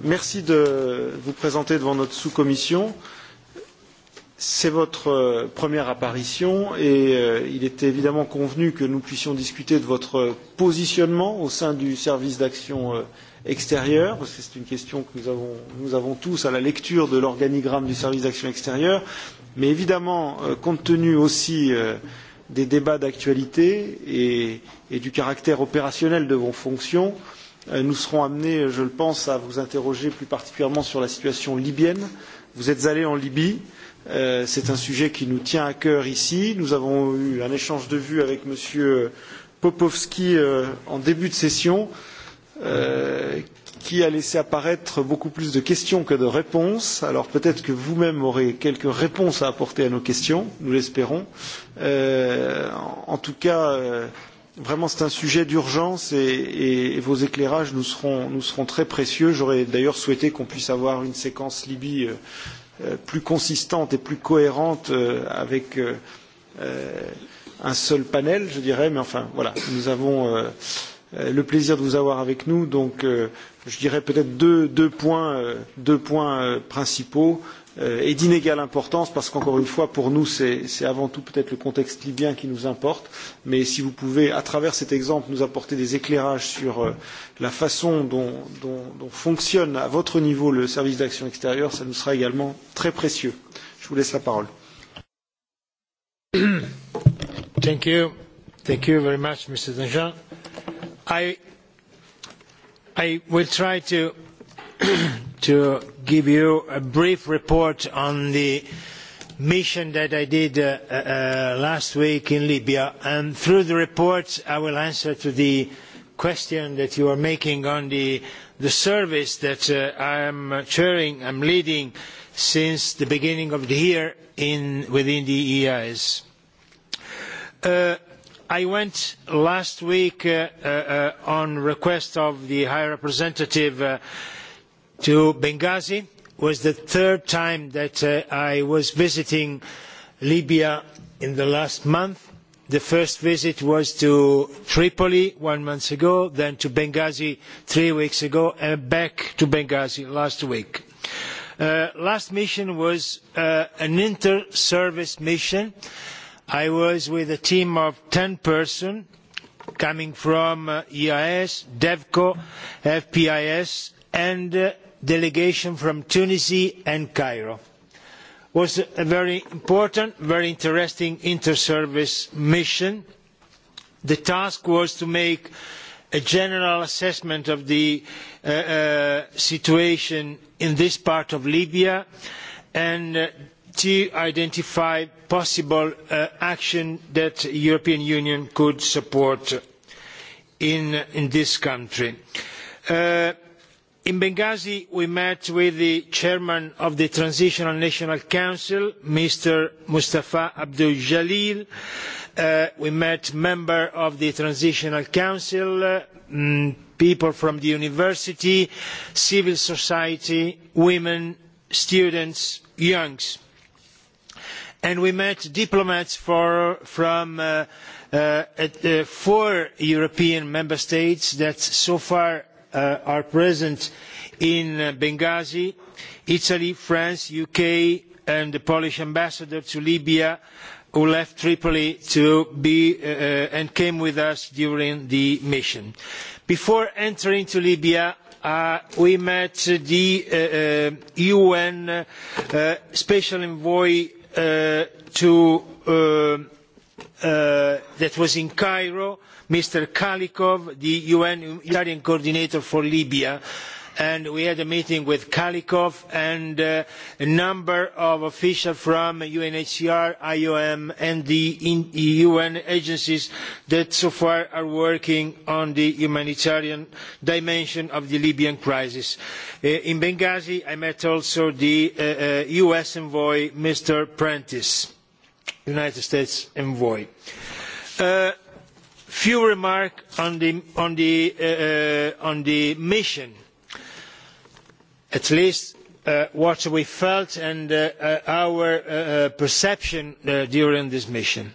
Merci de vous présenter devant notre sous-commission. Euh, C'est votre euh, première apparition et euh, il était évidemment convenu que nous puissions discuter de votre positionnement au sein du service d'action euh, extérieure, parce que c'est une question que nous avons, nous avons tous à la lecture de l'organigramme du service d'action extérieure, mais évidemment, euh, compte tenu aussi euh, des débats d'actualité et, et du caractère opérationnel de vos fonctions, euh, nous serons amenés, je le pense, à vous interroger plus particulièrement sur la situation libyenne. Vous êtes allé en Libye. Euh, c'est un sujet qui nous tient à cœur ici. Nous avons eu un échange de vues avec M. Popovski euh, en début de session, euh, qui a laissé apparaître beaucoup plus de questions que de réponses. Alors peut-être que vous-même aurez quelques réponses à apporter à nos questions, nous l'espérons. en tout cas, vraiment c'est un sujet d'urgence et, et, vos éclairages nous seront, nous seront très précieux. J'aurais d'ailleurs souhaité qu'on puisse avoir une séquence Libye Euh, plus consistante et plus cohérente euh, avec euh, un seul panel, je dirais, mais enfin voilà, nous avons le plaisir de vous avoir avec nous, donc je dirais peut-être deux, deux points, deux points principaux. Euh, Euh, est d'inégale importance parce qu'encore une fois, pour nous, c'est avant tout peut-être le contexte libyen qui nous importe. Mais si vous pouvez, à travers cet exemple, nous apporter des éclairages sur euh, la façon dont, dont, dont fonctionne à votre niveau le service d'action extérieure, ça nous sera également très précieux. Je vous laisse la parole. <coughs> Thank you. Thank you very much, Mr. Danjean. I, I will try to, <coughs> to give you a brief report on the mission that I did uh, uh, uh, last week in Libya. And through the report, I will answer to the question that you are making on the, the service that uh, I am chairing, and leading since the beginning of the year in, within the EIS. Uh, I went last week uh, uh, uh, on request of the High Representative to Benghazi was the third time that uh, I was visiting Libya in the last month. The first visit was to Tripoli one month ago, then to Benghazi three weeks ago, and back to Benghazi last week. Uh, last mission was uh, an inter-service mission. I was with a team of ten persons coming from uh, EIS, DEVCO, FPIS, and uh, delegation from Tunisia and Cairo. It was a very important, very interesting inter-service mission. The task was to make a general assessment of the uh, uh, situation in this part of Libya and uh, to identify possible uh, action that the European Union could support in, in this country. Uh, In Benghazi, we met with the chairman of the Transitional National Council, Mr. Mustafa Abdul Jalil. Uh, we met members of the Transitional Council, mm, people from the university, civil society, women, students, youngs. And we met diplomats for, from uh, uh, uh four European member states that so far uh, are present in uh, Benghazi, Italy, France, UK, and the Polish ambassador to Libya, who left Tripoli to be uh, uh, and came with us during the mission. Before entering to Libya, uh, we met the uh, UN uh, Special Envoy to Uh, that was in Cairo, Mr. Kalikov, the UN humanitarian coordinator for Libya, and we had a meeting with Kalikov and uh, a number of officials from UNHCR, IOM, and the in, UN agencies that so far are working on the humanitarian dimension of the Libyan crisis. Uh, in Benghazi, I met also the US uh, uh, envoy, Mr. Prentice United States envoy. A uh, few remarks on the, on, the, uh, uh, on the mission. At least uh, what we felt and uh, uh our perception during this mission.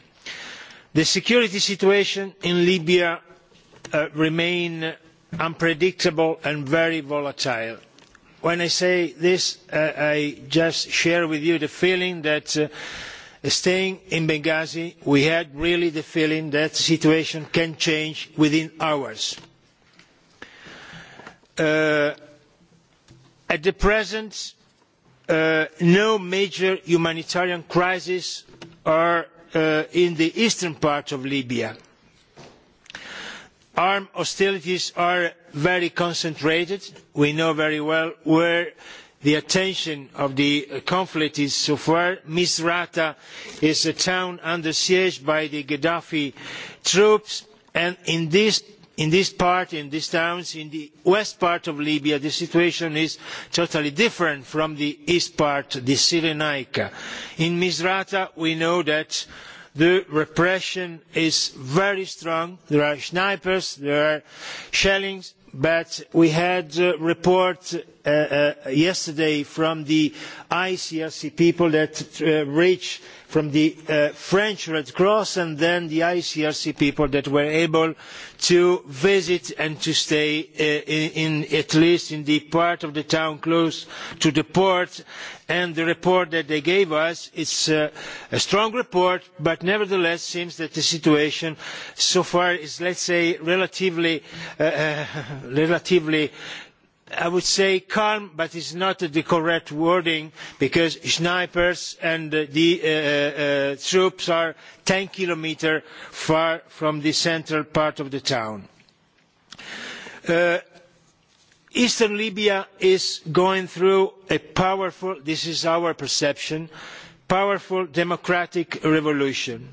The security situation in Libya remains unpredictable and very volatile. When I say this, I just share with you the feeling that Staying in Benghazi, we had really the feeling that the situation can change within hours. Uh, at the present, uh, no major humanitarian crises are uh, in the eastern part of Libya. Armed hostilities are very concentrated. We know very well where the attention of the conflict is so far. Misrata is a town under siege by the Gaddafi troops, and in this in this part, in these towns, in the west part of Libya, the situation is totally different from the east part, the Cyrenaica. In Misrata, we know that the repression is very strong. There are snipers, there are shellings, but we had a report uh, uh, yesterday from the ICRC people that uh, reached from the uh, French Red Cross and then the ICRC people that were able to visit and to stay uh, in, in, at least in the part of the town close to the port. And the report that they gave us is uh, a strong report, but nevertheless seems that the situation so far is, let's say, relatively, uh, <laughs> relatively I would say calm, but it is not the correct wording because snipers and the uh, uh, uh, troops are ten kilometres far from the central part of the town. Uh, Eastern Libya is going through a powerful, this is our perception, powerful democratic revolution.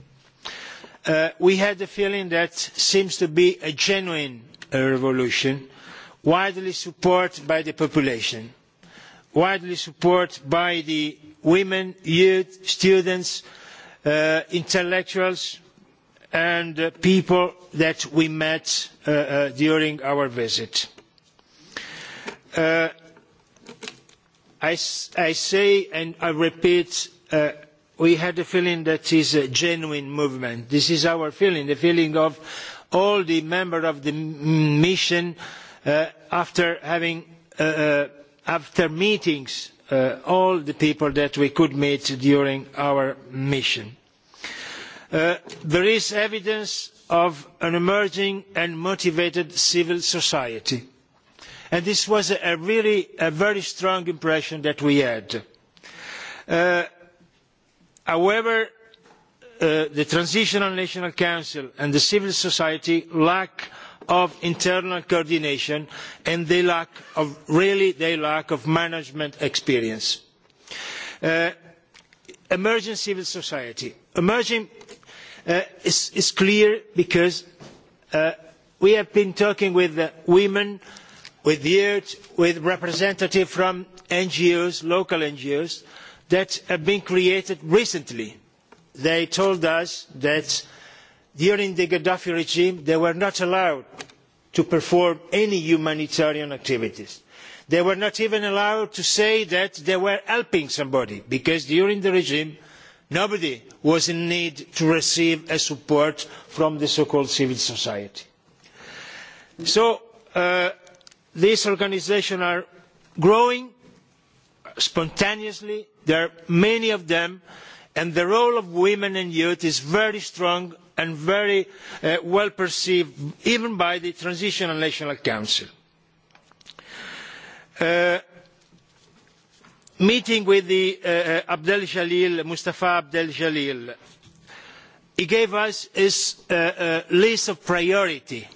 Uh, we had the feeling that seems to be a genuine revolution widely supported by the population, widely supported by the women, youth, students, uh, intellectuals, and uh, people that we met uh, uh, during our visit. Uh, I, I, say and I repeat, uh, we had the feeling that it is a genuine movement. This is our feeling, the feeling of all the members of the mission uh, Uh, after having uh, uh, after meetings all the people that we could meet during our mission. there is evidence of an emerging and motivated civil society. And this was a really a very strong impression that we had. Uh, however, uh, the Transitional National Council and the civil society lack of internal coordination and the lack of, really the lack of management experience. Uh, emerging civil society. Emerging uh, is, is clear because uh, we have been talking with women, with youth, with representatives from NGOs, local NGOs, that have been created recently. They told us that during the Gaddafi regime, they were not allowed to perform any humanitarian activities. They were not even allowed to say that they were helping somebody, because during the regime, nobody was in need to receive support from the so-called civil society. So uh, these organisations are growing spontaneously. There are many of them, and the role of women and youth is very strong and very uh, well perceived even by the Transitional National Council. Uh, meeting with the, uh, uh Abdel Jalil, Mustafa Abdel Jalil, he gave us his uh, uh, list of priority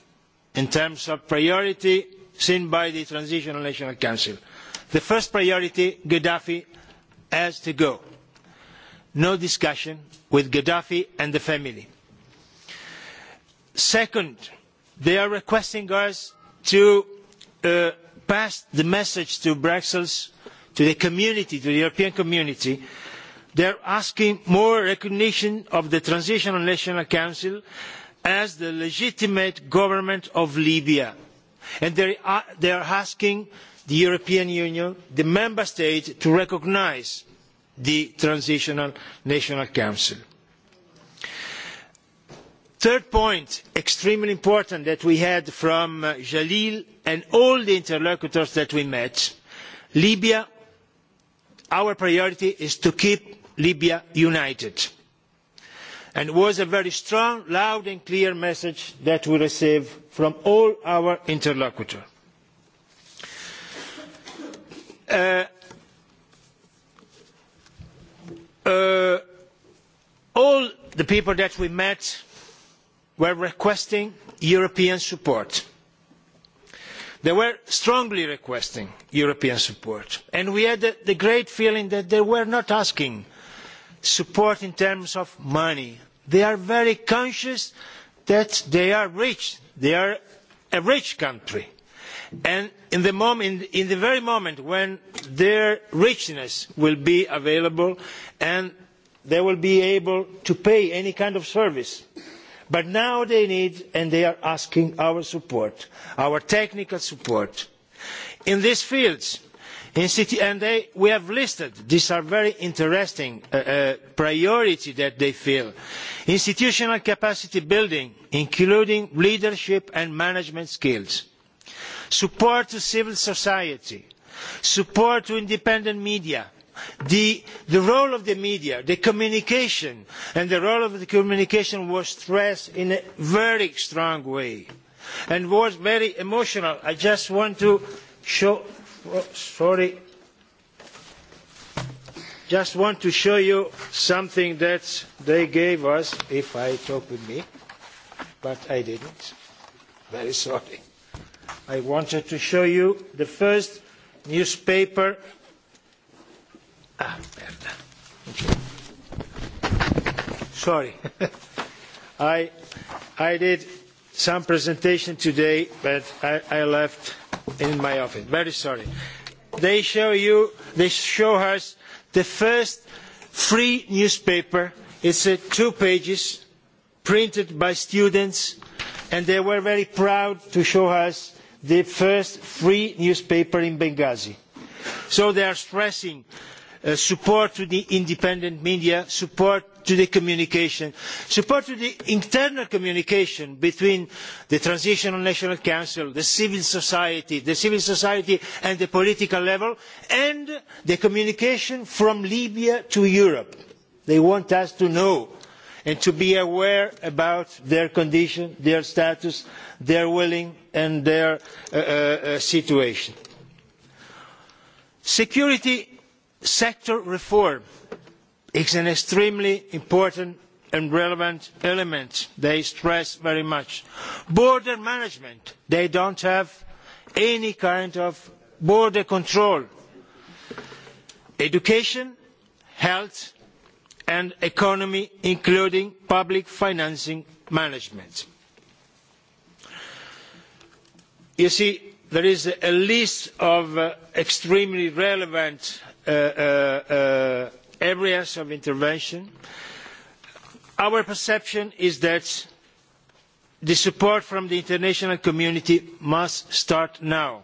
in terms of priority seen by the Transitional National Council. The first priority, Gaddafi, has to go. No discussion with Gaddafi and the family Second, they are requesting us to uh, pass the message to Brussels, to the community, to the European community. They are asking more recognition of the Transitional National Council as the legitimate government of Libya. And they are, uh, they are asking the European Union, the member states, to recognise the Transitional National Council. Third point, extremely important that we had from uh, Jalil and all the interlocutors that we met, Libya, our priority is to keep Libya united. And it was a very strong, loud and clear message that we received from all our interlocutors. Uh, uh, all the people that we met were requesting European support. They were strongly requesting European support. And we had the, the great feeling that they were not asking support in terms of money. They are very conscious that they are rich. They are a rich country. And in the, moment, in the very moment when their richness will be available and they will be able to pay any kind of service But now they need and they are asking our support, our technical support. In these fields, in city, and they, we have listed, these are very interesting uh, uh, priority that they feel. Institutional capacity building, including leadership and management skills. Support to civil society. Support to independent media The, the role of the media, the communication, and the role of the communication was stressed in a very strong way and was very emotional. I just want to show, oh, sorry, just want to show you something that they gave us, if I talk with me, but I didn't. Very sorry. I wanted to show you the first newspaper Ah, merda. Sorry. <laughs> I, I did some presentation today, but I, I left in my office. Very sorry. They show you, they show us the first free newspaper. It's a uh, two pages, printed by students, and they were very proud to show us the first free newspaper in Benghazi. So they are stressing Uh, support to the independent media, support to the communication, support to the internal communication between the Transitional National Council, the civil society, the civil society and the political level, and the communication from Libya to Europe. They want us to know and to be aware about their condition, their status, their willing and their uh, uh, uh situation. Security sector reform is an extremely important and relevant element they stress very much. border management they do not have any kind of border control. education health and economy including public financing management. you see there is a list of uh, extremely relevant Uh, uh, uh, areas of intervention. Our perception is that the support from the international community must start now.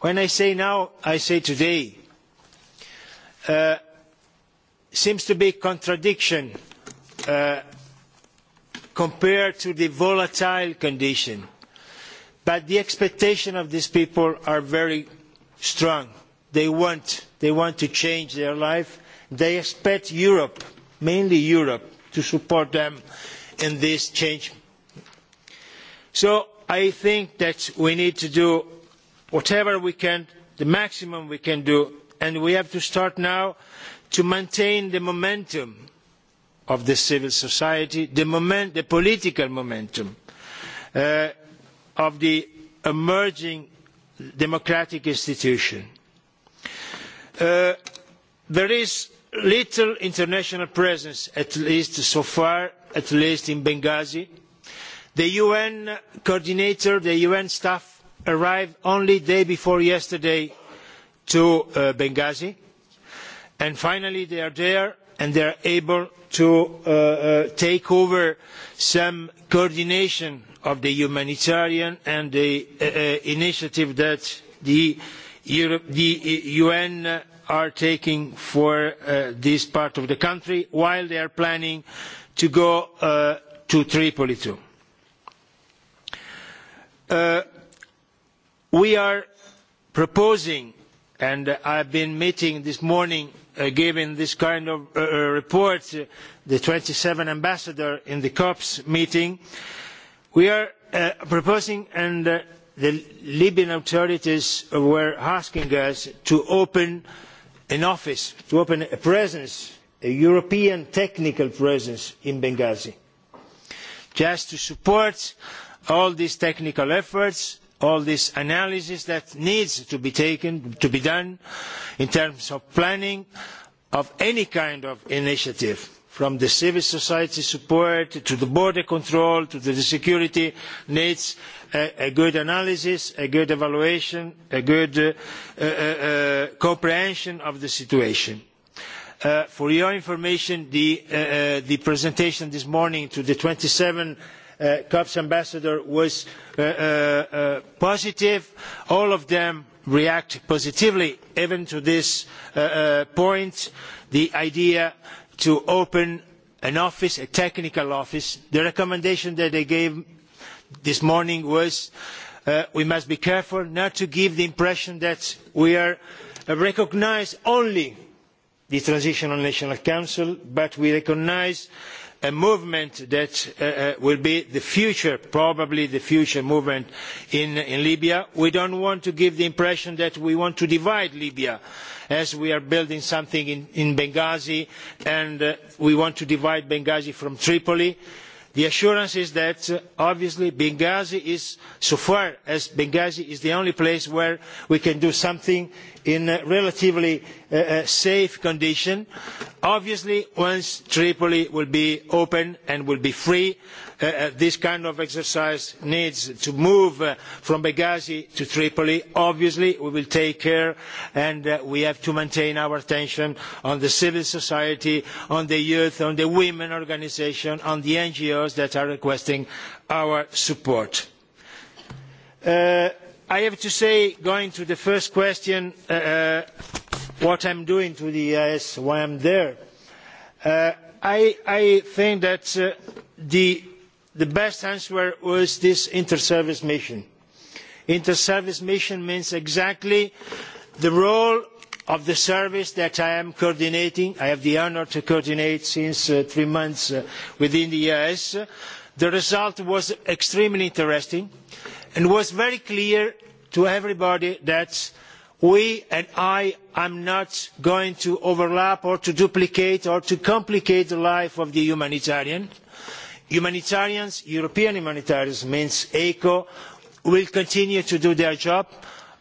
When I say now, I say today. Uh, seems to be a contradiction uh, compared to the volatile condition. But the expectations of these people are very strong. They want they want to change their life, they expect Europe, mainly Europe, to support them in this change. So I think that we need to do whatever we can, the maximum we can do, and we have to start now to maintain the momentum of the civil society, the, moment, the political momentum uh, of the emerging democratic institution. Uh, there is little international presence, at least so far, at least in Benghazi. The UN coordinator, the UN staff arrived only the day before yesterday to uh, Benghazi. And finally, they are there and they are able to uh, uh, take over some coordination of the humanitarian and the uh, uh, initiative that the Europe, the UN uh, are taking for uh, this part of the country while they are planning to go uh, to Tripoli too. Uh, we are proposing, and I have been meeting this morning, uh, giving this kind of uh, report, uh, the twenty seven ambassador in the COPS meeting, we are proposing and the Libyan authorities were asking us to open an office, to open a presence, a European technical presence in Benghazi, just to support all these technical efforts, all this analysis that needs to be taken, to be done in terms of planning of any kind of initiative from the civil society support to the border control to the security needs a, a good analysis, a good evaluation, a good uh, uh, uh, comprehension of the situation. Uh, for your information, the, uh, uh, the, presentation this morning to the twenty seven COPS ambassador was positive. All of them react positively even to this point. The idea uh, to open an office, a technical office. The recommendation that they gave this morning was uh, we must be careful not to give the impression that we are uh, only the transitional national council, but we recognise uh, a movement that uh, uh, will be the future, probably the future movement in, in Libya. We do not want to give the impression that we want to divide Libya as we are building something in, in Benghazi and uh, we want to divide Benghazi from Tripoli. The assurance is that uh, obviously Benghazi is, so far as Benghazi is the only place where we can do something in a relatively uh, uh, safe condition. Obviously, once Tripoli will be open and will be free, uh, uh, this kind of exercise needs to move uh, from Benghazi to Tripoli. Obviously, we will take care and uh, we have to maintain our attention on the civil society, on the youth, on the women organisations, on the NGOs that are requesting our support. I have to say, going to the first question, uh, uh what I'm doing to the EIS, why I'm there. Uh, I, I think that uh, the, the best answer was this inter-service mission. Inter-service mission means exactly the role of the service that I am coordinating. I have the honor to coordinate since uh, three months uh, within the EIS. The result was extremely interesting and it was very clear to everybody that we and I are not going to overlap or to duplicate or to complicate the life of the humanitarian. Humanitarians, European humanitarians means ECHO, will continue to do their job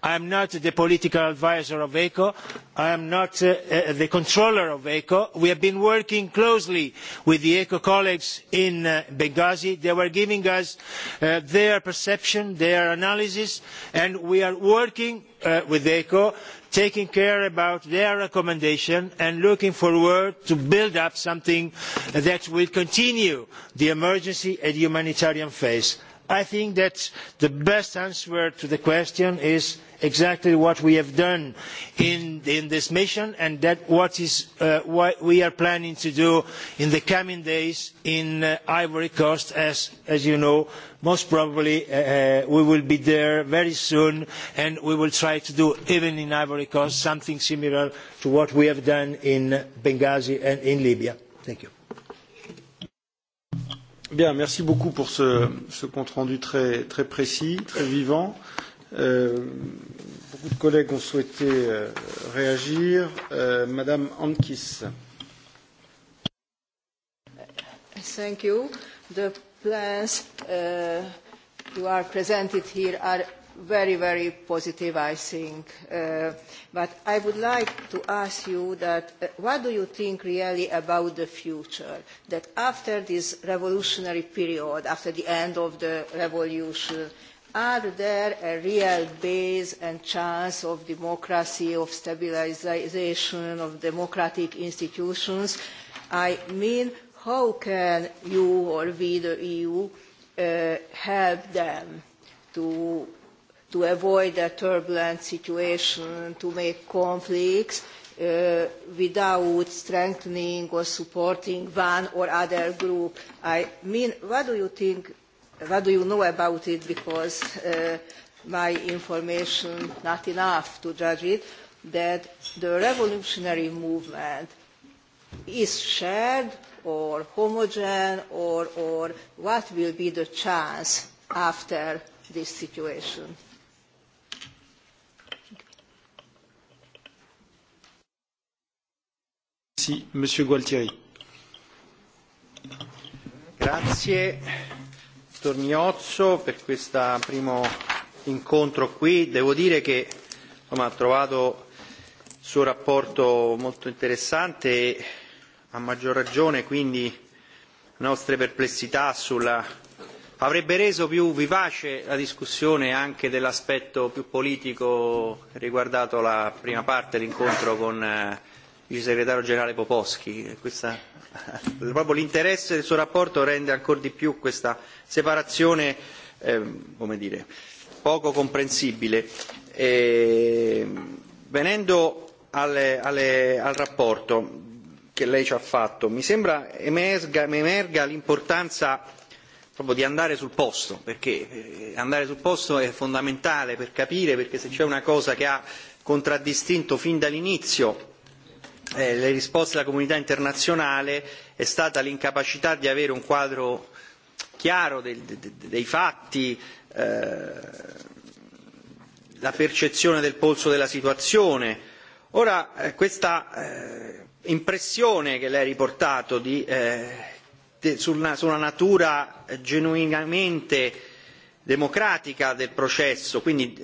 I am not the political adviser of ECO. I am not uh, uh, the controller of ECO. We have been working closely with the ECO colleagues in uh, Benghazi. They were giving us uh, their perception, their analysis, and we are working uh, with ECO, taking care about their recommendation and looking forward to build up something that will continue the emergency and humanitarian phase. I think that the best answer to the question is exactly what we have done in, in this mission and that what, is, uh, what we are planning to do in the coming days in uh, Ivory Coast. As, as you know, most probably uh, uh we will be there very soon and we will try to do, even in Ivory Coast, something similar to what we have done in Benghazi and in Libya. Thank you. Bien, merci beaucoup pour ce, ce compte-rendu très, très précis, très vivant. Euh, beaucoup de collègues ont souhaité euh, réagir. Euh, Madame Ankis. Thank you. The plans uh, you are presented here are very, very positive, I think. Uh, but I would like to ask you that uh, what do you think really about the future? That after this revolutionary period, after the end of the revolution, are there a real base and chance of democracy, of stabilization, of democratic institutions? I mean, how can you or we, the EU, uh, help them to to avoid a turbulent situation, to make conflicts uh, without strengthening or supporting one or other group. I mean, what do you think, what do you know about it? Because uh, my information not enough to judge it, that the revolutionary movement is shared or homogen or, or what will be the chance after this situation? Grazie, Monsieur Gualtieri. Grazie Torniozzo per questo primo incontro qui. Devo dire che insomma, ho trovato il suo rapporto molto interessante e a maggior ragione quindi le nostre perplessità sulla avrebbe reso più vivace la discussione anche dell'aspetto più politico riguardato la prima parte dell'incontro con eh, vice segretario generale Poposchi. E questa, <laughs> proprio l'interesse del suo rapporto rende ancora di più questa separazione eh, come dire, poco comprensibile. E, venendo alle, alle, al rapporto che lei ci ha fatto, mi sembra emerga, emerga l'importanza proprio di andare sul posto, perché eh, andare sul posto è fondamentale per capire, perché se c'è una cosa che ha contraddistinto fin dall'inizio eh, le risposte della comunità internazionale è stata l'incapacità di avere un quadro chiaro dei, dei, dei fatti, eh, la percezione del polso della situazione. Ora, eh, questa eh, impressione che lei ha riportato di, eh, de, sulla, sulla natura genuinamente democratica del processo, quindi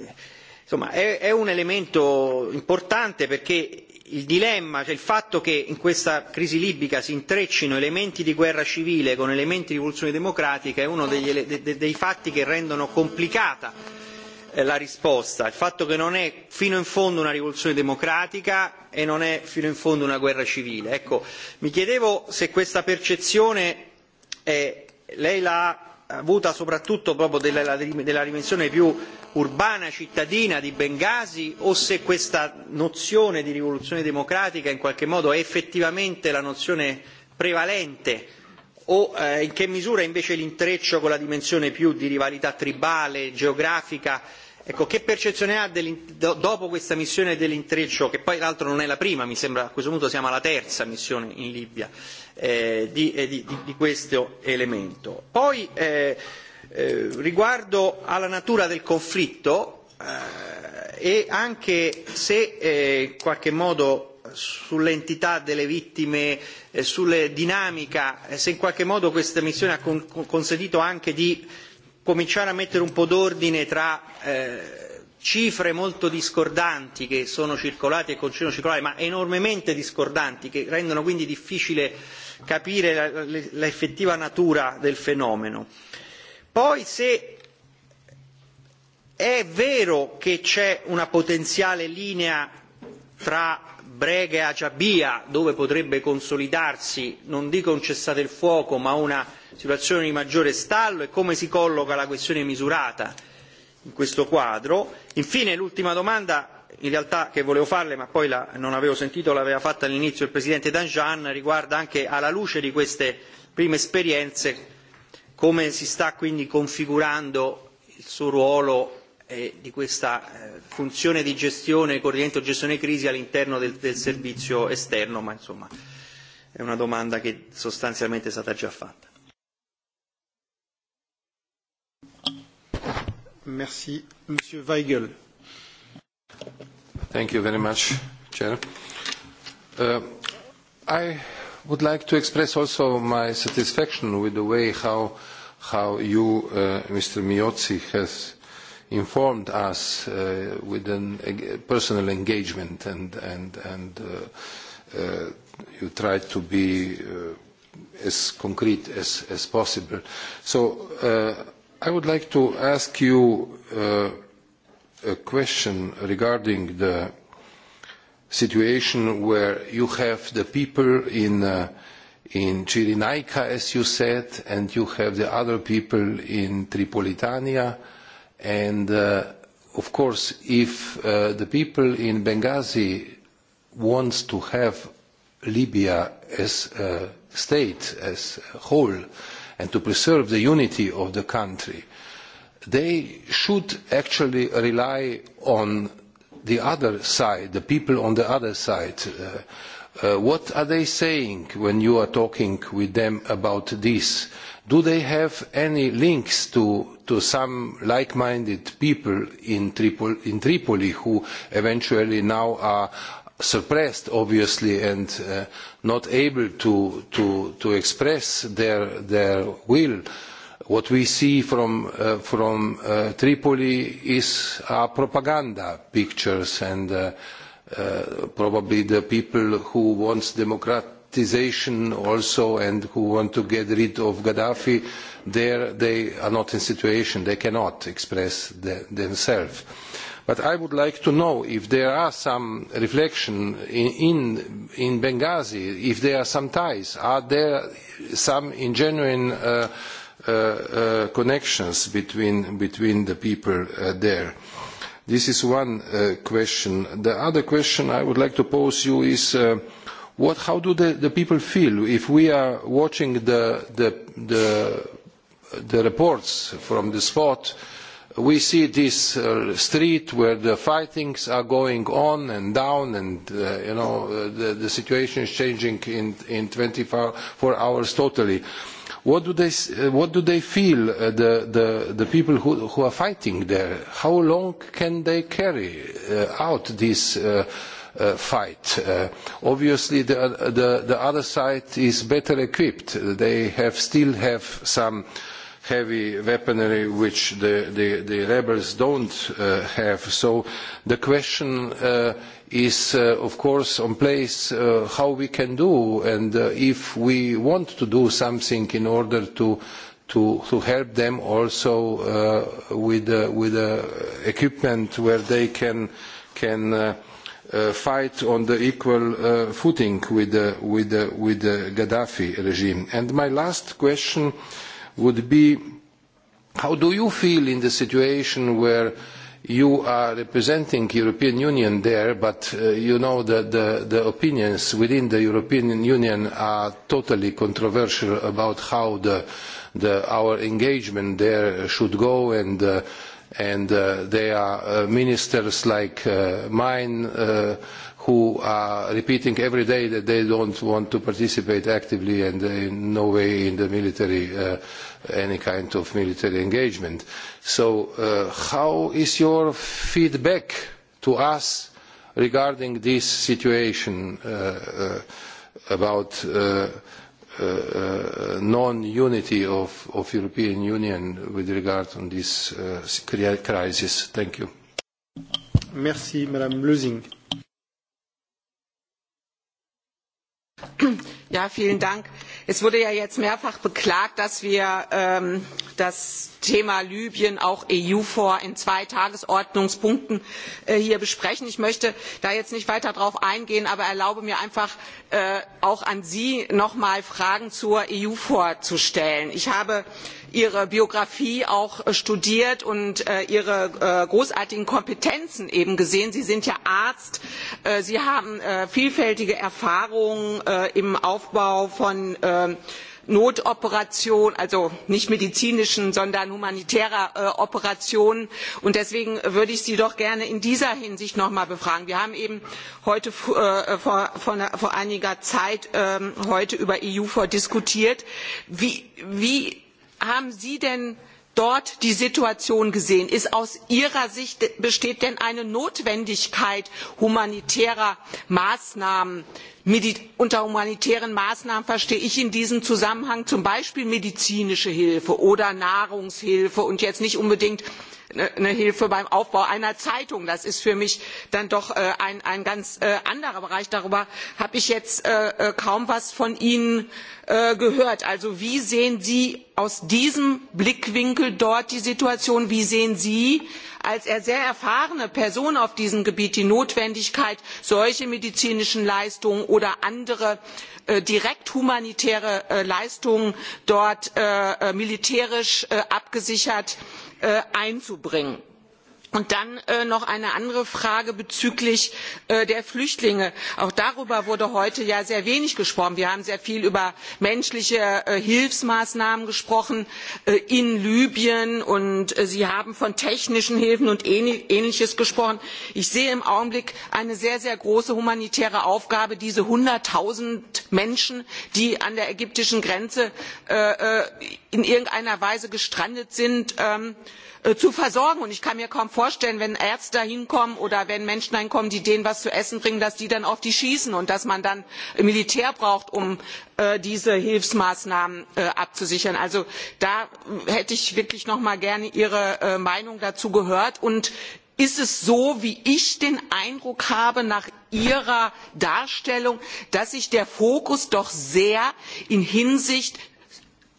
insomma, è, è un elemento importante perché il dilemma, cioè il fatto che in questa crisi libica si intreccino elementi di guerra civile con elementi di rivoluzione democratica è uno degli, de, de, dei fatti che rendono complicata eh, la risposta, il fatto che non è fino in fondo una rivoluzione democratica e non è fino in fondo una guerra civile. Ecco, mi chiedevo se questa percezione lei l'ha avuta soprattutto proprio della, della dimensione più urbana cittadina di Bengasi o se questa nozione di rivoluzione democratica in qualche modo è effettivamente la nozione prevalente o eh, in che misura invece l'intreccio con la dimensione più di rivalità tribale, geografica, ecco che percezione ha dopo questa missione dell'intreccio, che poi l'altro non è la prima, mi sembra a questo punto siamo alla terza missione in Libia, eh, di, eh, di, di, di questo elemento. Poi, eh, Eh, riguardo alla natura del conflitto eh, e anche se eh, in qualche modo sull'entità delle vittime, eh, sulle dinamica, eh, se in qualche modo questa missione ha con- consentito anche di cominciare a mettere un po' d'ordine tra eh, cifre molto discordanti che sono circolate e continuano a circolare, ma enormemente discordanti, che rendono quindi difficile capire l'effettiva natura del fenomeno. Eh, Poi se è vero che c'è una potenziale linea fra Brega e Aciabia dove potrebbe consolidarsi, non dico un cessate il fuoco, ma una situazione di maggiore stallo e come si colloca la questione misurata in questo quadro. Infine l'ultima domanda in realtà che volevo farle ma poi la, non avevo sentito l'aveva fatta all'inizio il Presidente Danjan riguarda anche alla luce di queste prime esperienze come si sta quindi configurando il suo ruolo eh, di questa eh, funzione di gestione, coordinamento gestione crisi all'interno del, del servizio esterno, ma insomma è una domanda che sostanzialmente è stata già fatta. Merci. Monsieur Weigel. Thank you very much, Chair. Uh, I would like to express also my satisfaction with the way how how you, uh, Mr. Miozzi, has informed us uh, with an, a personal engagement and, and, and uh, uh, you tried to be uh, as concrete as, as possible. So uh, I would like to ask you uh, a question regarding the situation where you have the people in uh, in Cirinaica, as you said, and you have the other people in Tripolitania. And uh, of course, if uh, the people in Benghazi wants to have Libya as a state, as a whole, and to preserve the unity of the country, they should actually rely on the other side, the people on the other side. Uh, Uh, what are they saying when you are talking with them about this? Do they have any links to, to some like-minded people in, Tripol in Tripoli who eventually now are suppressed, obviously, and uh, not able to, to, to express their, their will? What we see from, uh, from uh, Tripoli is our propaganda pictures and uh, Uh, probably the people who want democratization also and who want to get rid of Gaddafi, there they are not in situation, they cannot express the, themselves. But I would like to know if there are some reflection in, in, in Benghazi, if there are some ties, are there some genuine uh, uh, uh, connections between, between the people uh, there? This is one uh, question. The other question I would like to pose you is uh, what, how do the, the people feel if we are watching the, the, the, the reports from the spot? We see this uh, street where the fightings are going on and down and, uh, you know, uh, the, the situation is changing in, in 24 hours totally. Uh, What do they, uh, what do they feel, uh, the, the, the people who, who are fighting there? How long can they carry uh, out this uh, uh, fight? Uh, obviously, the, uh, the, the other side is better equipped. They have, still have some heavy weaponry which the, the, the rebels don't uh, have. So the question uh, is uh, of course on place uh, how we can do and uh, if we want to do something in order to to, to help them also uh, with uh, with uh, equipment where they can can uh, uh, fight on the equal uh, footing with uh, with uh, with the Gaddafi regime and my last question would be how do you feel in the situation where you are representing the European Union there, but uh, you know that the, the, opinions within the European Union are totally controversial about how the, the, our engagement there should go, and, uh, and uh, there are uh, ministers like uh, mine uh, who are repeating every day that they don't want to participate actively and uh, in no way in the military, uh, any kind of military engagement. So uh, how is your feedback to us regarding this situation uh, uh, about uh, uh, uh non-unity of, of European Union with regard to this uh, crisis? Thank you. Merci, Madame Lusing. Ja, vielen Dank. Es wurde ja jetzt mehrfach beklagt, dass wir ähm, das Thema Libyen auch EU vor in zwei Tagesordnungspunkten äh, hier besprechen. Ich möchte da jetzt nicht weiter darauf eingehen, aber erlaube mir einfach äh, auch an Sie noch mal Fragen zur EU vorzustellen. Ich habe ihre Biografie auch äh, studiert und äh, ihre äh, großartigen Kompetenzen eben gesehen. Sie sind ja Arzt, Sie haben vielfältige Erfahrungen im Aufbau von ähm, Notoperation, also nicht medizinischen, sondern humanitärer äh, Operationen. Und deswegen würde ich Sie doch gerne in dieser Hinsicht noch mal befragen. Wir haben eben heute äh, vor, vor, einiger Zeit ähm, heute über EU4 diskutiert. Wie, wie haben Sie denn dort die Situation gesehen? Ist aus Ihrer Sicht, besteht denn eine Notwendigkeit humanitärer Maßnahmen? Medi unter humanitären Maßnahmen verstehe ich in diesem Zusammenhang zum Beispiel medizinische Hilfe oder Nahrungshilfe und jetzt nicht unbedingt eine Hilfe beim Aufbau einer Zeitung. Das ist für mich dann doch äh, ein, ein ganz äh, anderer Bereich. Darüber habe ich jetzt äh, kaum etwas von Ihnen gehört. Also wie sehen Sie aus diesem Blickwinkel dort die Situation? Wie sehen Sie als er sehr erfahrene Person auf diesem Gebiet die Notwendigkeit, solche medizinischen Leistungen oder andere äh, direkt humanitäre äh, Leistungen dort äh, militärisch abgesichert Äh, einzubringen. Und dann äh, noch eine andere Frage bezüglich äh, der Flüchtlinge. Auch darüber wurde heute ja sehr wenig gesprochen. Wir haben sehr viel über menschliche äh, Hilfsmaßnahmen gesprochen äh, in Libyen und äh, Sie haben von technischen Hilfen und Ähnliches gesprochen. Ich sehe im Augenblick eine sehr, sehr große humanitäre Aufgabe, diese 100.000 Menschen, die an der ägyptischen Grenze äh, in irgendeiner Weise gestrandet sind, äh, Äh, zu versorgen. ich kann mir kaum vorstellen, wenn Ärzte hinkommen oder wenn Menschen hinkommen, die denen etwas zu essen bringen, dass die dann auf die schießen und dass man dann Militär braucht, um äh, diese Hilfsmaßnahmen äh, abzusichern. Also da hätte ich wirklich noch mal gerne Ihre Meinung dazu gehört. Und ist es so, wie ich den Eindruck habe nach Ihrer Darstellung, dass sich der Fokus doch sehr in Hinsicht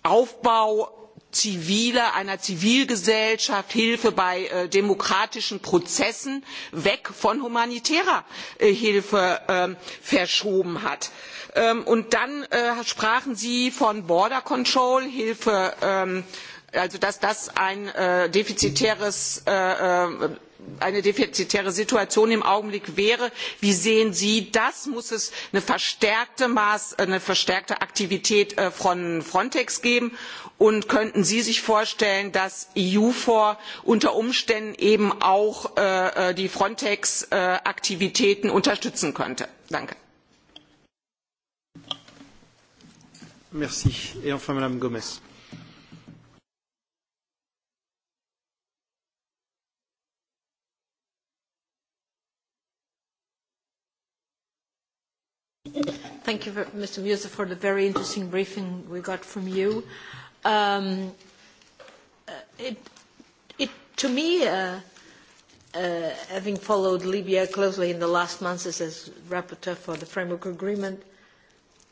Aufbau ziviler, einer Zivilgesellschaft, Hilfe bei äh, demokratischen Prozessen weg von humanitärer äh, Hilfe ähm, verschoben hat. Ähm, und dann äh, sprachen Sie von Border Control, Hilfe ähm, also dass das ein äh, defizitäres äh, äh eine defizitäre Situation im Augenblick wäre. Wie sehen Sie das? Muss es eine verstärkte, Maß, äh, eine verstärkte Aktivität äh, von Frontex geben? Und könnten Sie sich vorstellen, dass EUFOR unter Umständen eben auch äh, die Frontex-Aktivitäten unterstützen könnte? Danke. Merci. Et enfin, Madame Gomez. Thank you, Mr. Musa, for the very interesting briefing we got from you. Um, uh, it, it, to me, uh, uh, having followed Libya closely in the last months as, as rapporteur for the framework agreement,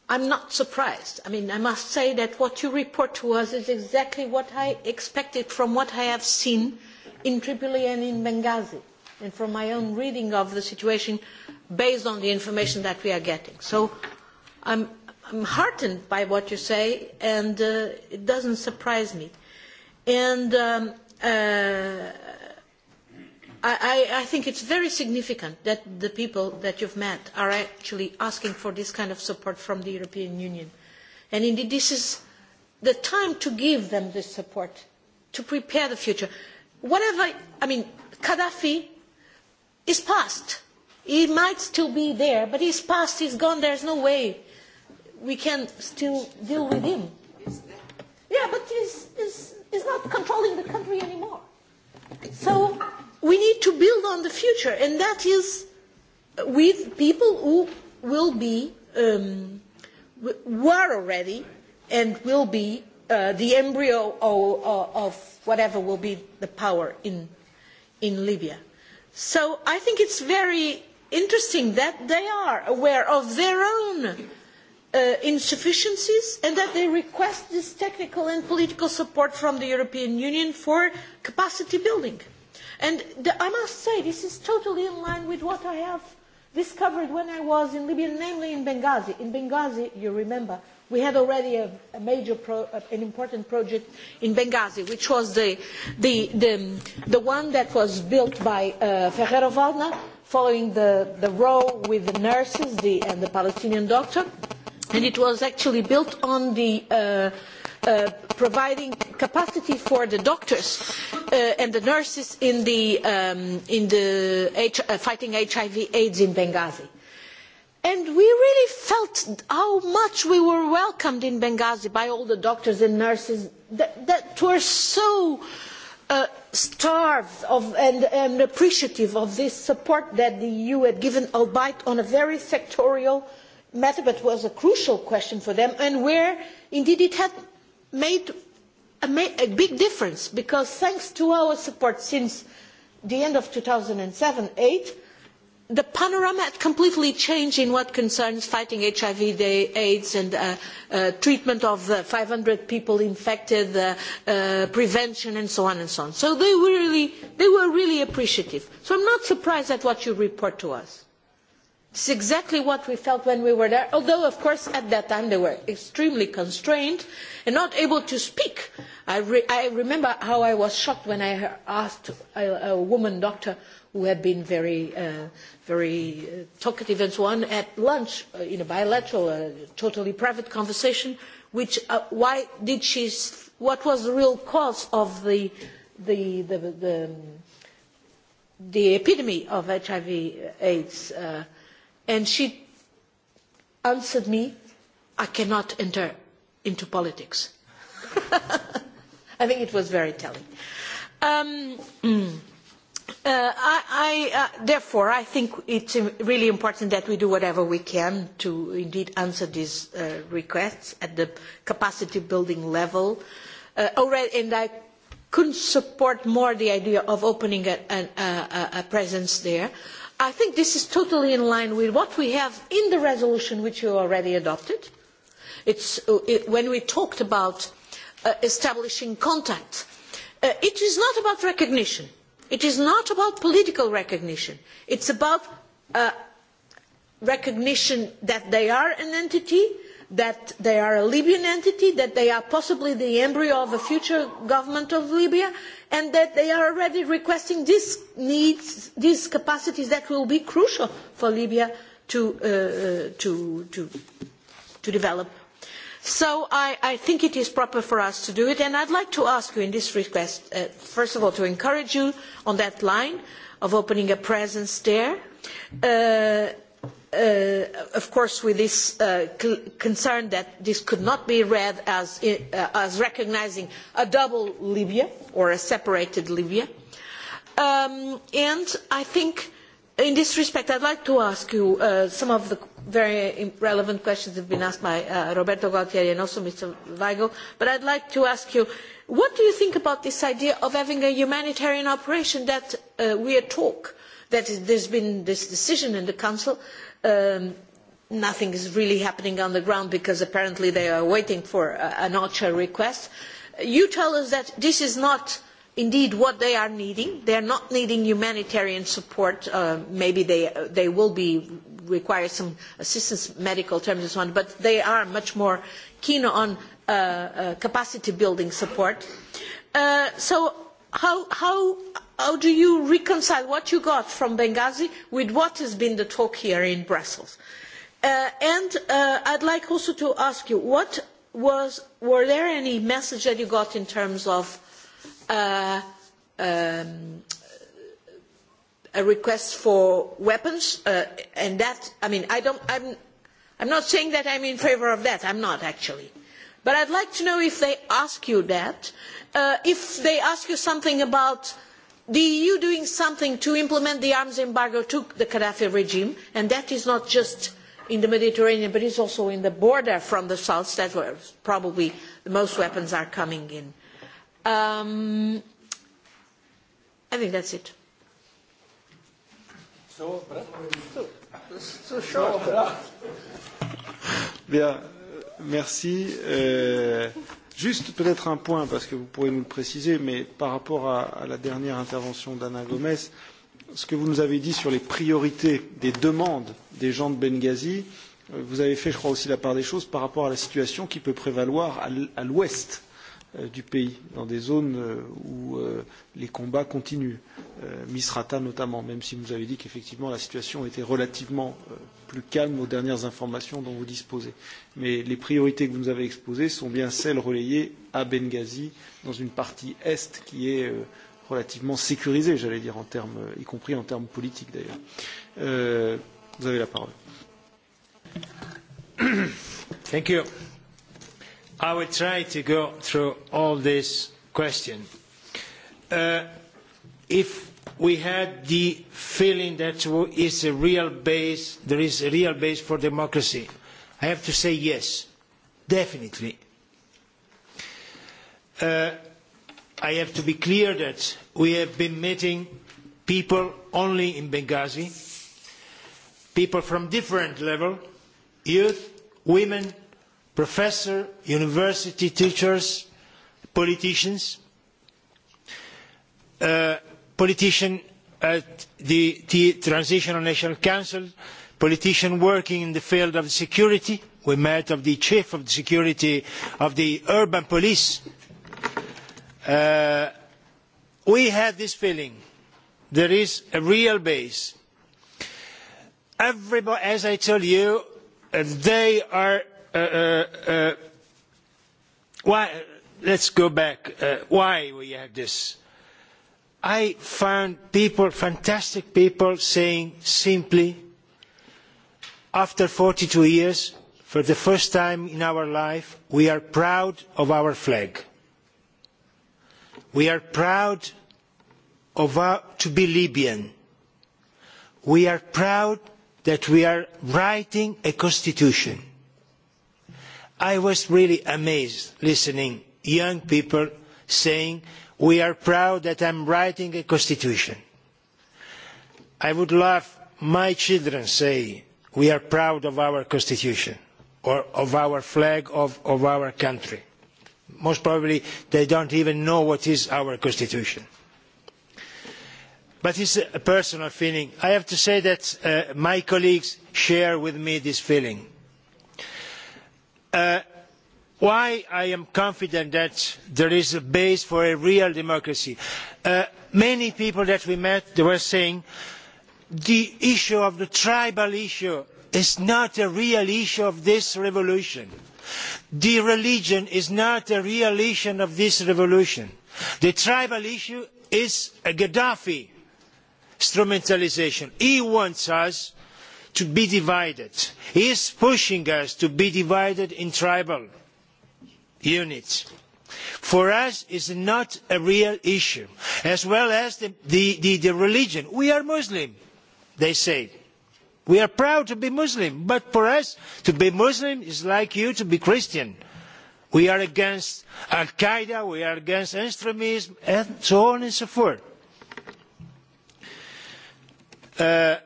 I'm not surprised. I mean, I must say that what you report to us is exactly what I expected from what I have seen in Tripoli and in Benghazi, and from my own reading of the situation based on the information that we are getting. So I'm, I'm heartened by what you say, and uh, it doesn't surprise me. And um, uh, I, I think it's very significant that the people that you've met are actually asking for this kind of support from the European Union. And indeed, this is the time to give them this support, to prepare the future. Whatever, I mean, Gaddafi is past. He might still be there, but his past is gone. There's no way we can still deal with him. Yeah, but he's, he's, he's not controlling the country anymore. So we need to build on the future, and that is with people who will be, um, were already, and will be uh, the embryo of, of whatever will be the power in, in Libya. So I think it's very interesting that they are aware of their own uh, insufficiencies and that they request this technical and political support from the European Union for capacity building. And the, I must say, this is totally in line with what I have discovered when I was in Libya, namely in Benghazi. In Benghazi, you remember, we had already a, a major, pro, an important project in Benghazi, which was the, the, the, the one that was built by uh, Ferrero Waldner following the, the row with the nurses the, and the Palestinian doctor, and it was actually built on the uh, uh, providing capacity for the doctors uh, and the nurses in the, um, in the H uh, fighting HIV AIDS in Benghazi. And we really felt how much we were welcomed in Benghazi by all the doctors and nurses that, that were so uh, starved of and, and appreciative of this support that the EU had given, albeit on a very sectorial matter, but was a crucial question for them, and where indeed it had made a, a big difference, because thanks to our support since the end of two thousand seven the panorama had completely changed in what concerns fighting HIV, AIDS, and uh, uh, treatment of five 500 people infected, uh, uh, prevention, and so on and so on. So they were, really, they were really appreciative. So I'm not surprised at what you report to us. It's exactly what we felt when we were there, although, of course, at that time they were extremely constrained and not able to speak. I, re I remember how I was shocked when I asked a, a woman doctor who had been very uh, very uh, talkative and so on at lunch uh, in a bilateral, uh, totally private conversation, which uh, why did she? What was the real cause of the the the the, the epidemic of HIV/AIDS? Uh, uh, and she answered me, "I cannot enter into politics." <laughs> I think it was very telling. Um, <clears throat> Uh, I, I, uh, therefore, I think it's uh, really important that we do whatever we can to indeed answer these uh, requests at the capacity building level. Uh, already, and I couldn't support more the idea of opening a, a, a, presence there. I think this is totally in line with what we have in the resolution which you already adopted. It's, uh, it, when we talked about uh, establishing contact, uh, it is not about recognition. It is not about political recognition. It is about uh, recognition that they are an entity, that they are a Libyan entity, that they are possibly the embryo of a future government of Libya, and that they are already requesting these needs, these capacities that will be crucial for Libya to, uh, uh to, to, to develop So I, I think it is proper for us to do it, and I would like to ask you in this request, uh, first of all, to encourage you on that line of opening a presence there. Uh, uh, of course, with this uh, concern that this could not be read as, uh, as recognising a double Libya or a separated Libya. Um, and I think in this respect, I'd like to ask you uh, some of the very relevant questions have been asked by uh, Roberto Gualtieri and also Mr. Weigel, but I'd like to ask you, what do you think about this idea of having a humanitarian operation that uh, we are talk, that is, there's been this decision in the Council, um, nothing is really happening on the ground because apparently they are waiting for uh, an OCHA request. You tell us that this is not indeed what they are needing. They are not needing humanitarian support. Uh, maybe they, they will be require some assistance, medical terms and so on, but they are much more keen on uh, uh, capacity building support. Uh, so how, how, how do you reconcile what you got from Benghazi with what has been the talk here in Brussels? Uh, and uh, I'd like also to ask you, what was, were there any message that you got in terms of um, a request for weapons, uh, and that, I mean, I don't, I'm, I'm not saying that I'm in favor of that, I'm not actually. But I'd like to know if they ask you that, uh, if they ask you something about the EU doing something to implement the arms embargo to the Gaddafi regime, and that is not just in the Mediterranean, but it's also in the border from the south, that's where probably the most weapons are coming in. Um, I think that's it. So, so, so short. Bien, merci. Euh, juste peut-être un point, parce que vous pourrez nous le préciser, mais par rapport à, à la dernière intervention d'Anna Gomez, ce que vous nous avez dit sur les priorités des demandes des gens de Benghazi, euh, vous avez fait, je crois, aussi la part des choses par rapport à la situation qui peut prévaloir à l'ouest Euh, du pays, dans des zones euh, où euh, les combats continuent, Misrata notamment, même si vous avez dit qu'effectivement la situation était relativement plus calme aux dernières informations dont vous disposez. Mais les priorités que vous nous avez exposées sont bien celles relayées à Benghazi, dans une partie est qui est relativement sécurisée, j'allais dire, en termes, y compris en termes politiques d'ailleurs. Euh, vous avez la parole. Thank you. I will try to go through all these questions. Uh, if we had the feeling that is a real base, there is a real base for democracy, I have to say yes, definitely. Uh, I have to be clear that we have been meeting people only in Benghazi, people from different levels, youth, women, professors, university teachers, politicians, uh, politician at the, the Transitional National Council, politician working in the field of security. We met of the chief of the security of the urban police. Uh, we had this feeling there is a real base. Everybody, as I tell you, uh, they are Uh, uh, uh, why, let's go back, uh, why we have this. I found people, fantastic people, saying simply, after forty two years, for the first time in our life, we are proud of our flag. We are proud of our, to be Libyan. We are proud that we are writing a constitution I was really amazed listening to young people saying, we are proud that I am writing a constitution. I would love my children say, we are proud of our constitution or of our flag of, of our country. Most probably they don't even know what is our constitution. But it's a personal feeling. I have to say that uh, my colleagues share with me this feeling Uh, why I am confident that there is a base for a real democracy. Uh, many people that we met were saying the issue of the tribal issue is not a real issue of this revolution. The religion is not a real issue of this revolution. The tribal issue is a Gaddafi instrumentalisation. He wants us to be divided. He is pushing us to be divided in tribal units. For us, it is not a real issue, as well as the, the, the, the religion. We are Muslim, they say. We are proud to be Muslim, but for us, to be Muslim is like you to be Christian. We are against Al Qaeda, we are against extremism, and so on and so forth. Uh,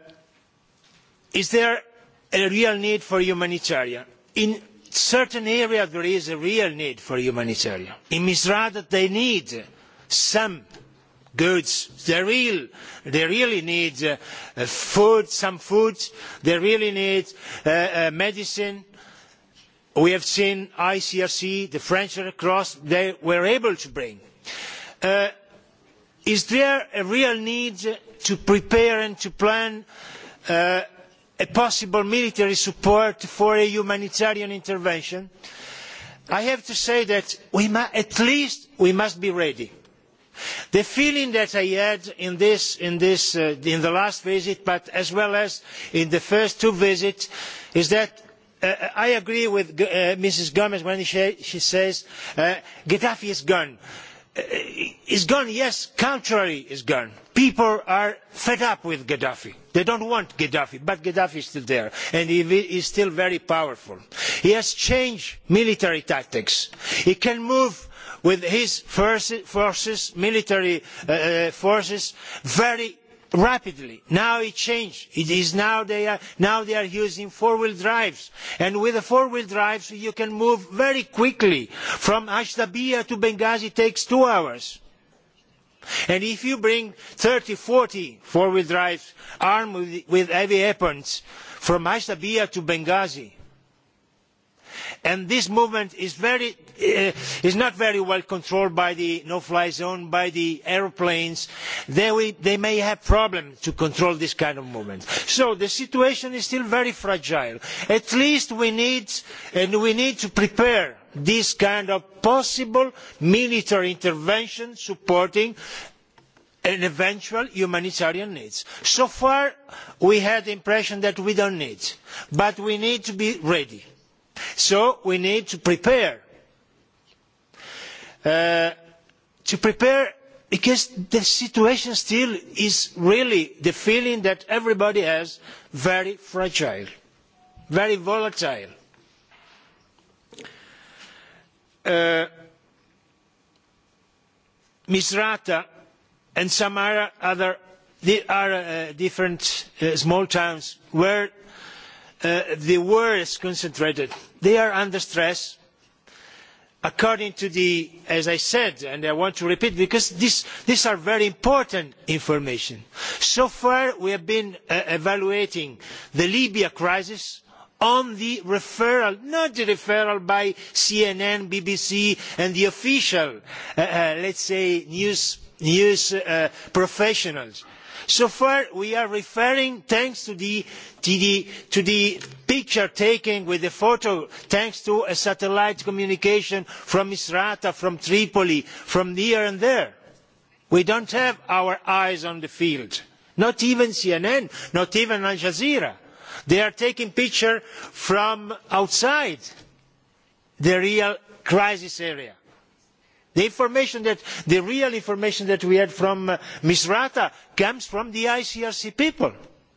Is there a real need for humanitarian? In certain areas there is a real need for humanitarian. In Misrata they need some goods. They, real, they really need uh, food, some food. They really need uh, uh, medicine. We have seen ICRC, the French Red Cross, they were able to bring. Uh, is there a real need to prepare and to plan uh, a possible military support for a humanitarian intervention, I have to say that we must, at least we must be ready. The feeling that I had in, this, in, this, uh, in the last visit, but as well as in the first two visits, is that uh, I agree with uh, Mrs. Gomez when she, she says uh, Gaddafi is gone. Eh, is gone, yes, contrary is gone. People are fed up with Gaddafi. They don't want Gaddafi, but Gaddafi is still there, and he is still very powerful. He has changed military tactics. He can move with his forces, military uh, uh forces, very rapidly. Now it changed. It is now they are, now they are using four-wheel drives. And with the four-wheel drives, you can move very quickly. From Ashtabia to Benghazi takes two hours. And if you bring 30, 40 four-wheel drives armed with, with heavy weapons from Ashtabia to Benghazi, and this movement is, very, uh, is not very well controlled by the no fly zone by the aeroplanes they, they may have problems to control this kind of movement so the situation is still very fragile at least we need and we need to prepare this kind of possible military intervention supporting an eventual humanitarian needs. So far, we had the impression that we do not need, but we need to be ready. So we need to prepare. Uh, to prepare because the situation still is really the feeling that everybody has very fragile, very volatile. Uh, Misrata and some other there are uh, different uh, small towns where uh, the war is concentrated. They are under stress according to the, as I said, and I want to repeat because this, these are very important information. So far we have been uh, evaluating the Libya crisis on the referral, not the referral by CNN, BBC and the official, uh, uh, let's say, news, news uh, professionals So far, we are referring, thanks to the, to the, to the picture taken with the photo, thanks to a satellite communication from Misrata, from Tripoli, from here and there. We don't have our eyes on the field. Not even CNN, not even Al Jazeera. They are taking pictures from outside the real crisis area. The information that, the real information that we had from uh, Misrata comes from the ICRC people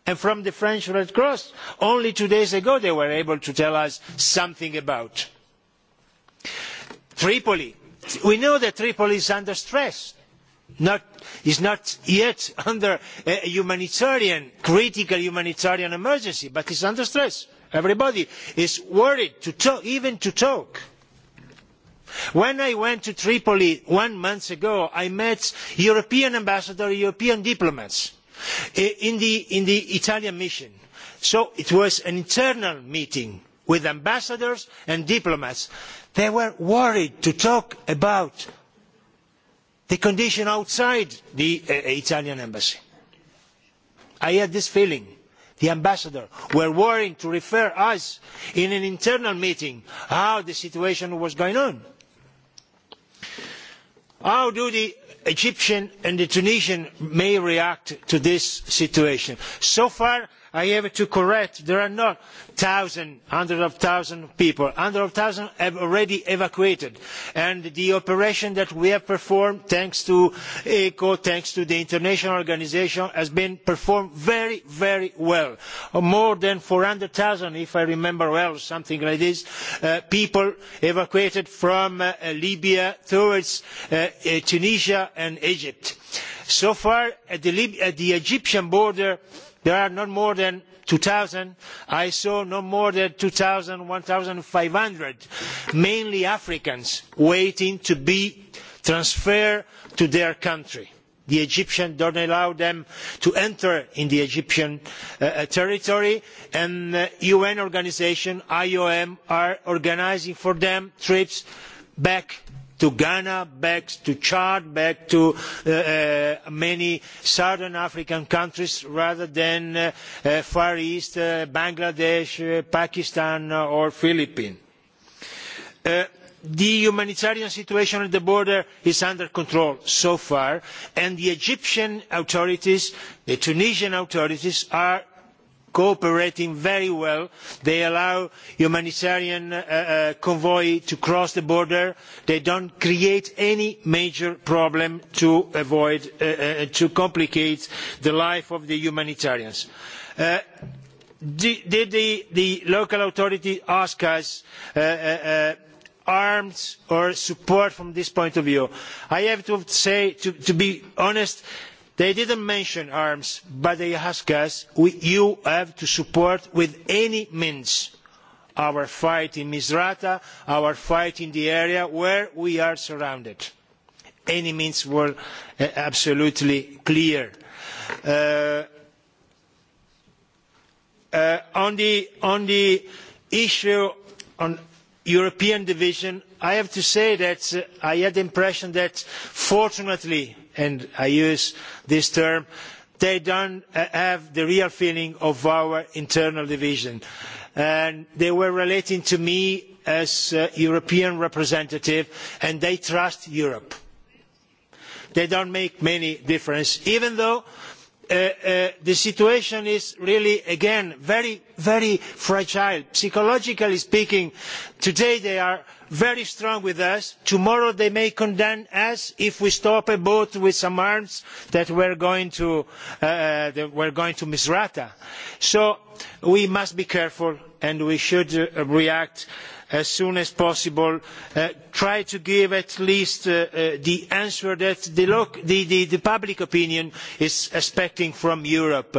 and from the French Red Cross. Only two days ago they were able to tell us something about. Tripoli. We know that Tripoli is under stress. Not, is not yet <laughs> under a humanitarian, critical humanitarian emergency, but is under stress. Everybody is worried to talk, even to talk. When I went to Tripoli one month ago, I met European ambassadors, European diplomats eh, in the, in the Italian mission. So it was an internal meeting with ambassadors and diplomats. They were worried to talk about the condition outside the uh, Italian embassy. I had this feeling. The ambassador were worried to refer us in an internal meeting how the situation was going on. How do the Egyptian and the Tunisian may react to this situation? So far, I have to correct, there are not thousands, hundreds of thousands of people. Hundreds of thousands have already evacuated. And the operation that we have performed, thanks to ECHO, thanks to the international organisation, has been performed very, very well. More than four hundred 400,000, if I remember well, something like this, uh, people evacuated from uh, uh Libya towards uh, uh, Tunisia and Egypt. So far, at the, Lib at the Egyptian border, There are not more than 2,000. I saw no more than 2,000, 1,500, mainly Africans, waiting to be transferred to their country. The Egyptians don't allow them to enter in the Egyptian uh, uh territory, and uh, UN organisations, IOM, are organising for them trips back to Ghana, back to Chad, back to uh, uh, many southern African countries rather than uh, uh, Far East, uh, Bangladesh, uh, Pakistan uh, or Philippines. Uh, the humanitarian situation at the border is under control so far and the Egyptian authorities, the Tunisian authorities are cooperating very well. They allow humanitarian uh, uh, convoy to cross the border. They do not create any major problem to avoid, uh, uh, to complicate the life of the humanitarians. Uh, did, did the, the local authority ask us uh, uh, uh, arms or support from this point of view? I have to say, to, to be honest, uh, They did not mention arms, but they asked us, we, you have to support with any means our fight in Misrata, our fight in the area where we are surrounded. Any means were uh, absolutely clear. Uh, uh, on, the, on the issue on European division, I have to say that uh, I had the impression that fortunately and I use this term, they don't have the real feeling of our internal division. And they were relating to me as a European representative, and they trust Europe. They don't make many difference, even though Uh, uh, the situation is really again very very fragile psychologically speaking today they are very strong with us tomorrow they may condemn us if we stop a boat with some arms that were going to uh, that were going to misrata so we must be careful and we should uh, react uh, as soon as possible, uh, try to give at least uh, uh, the answer that the, loc the, the, the public opinion is expecting from Europe.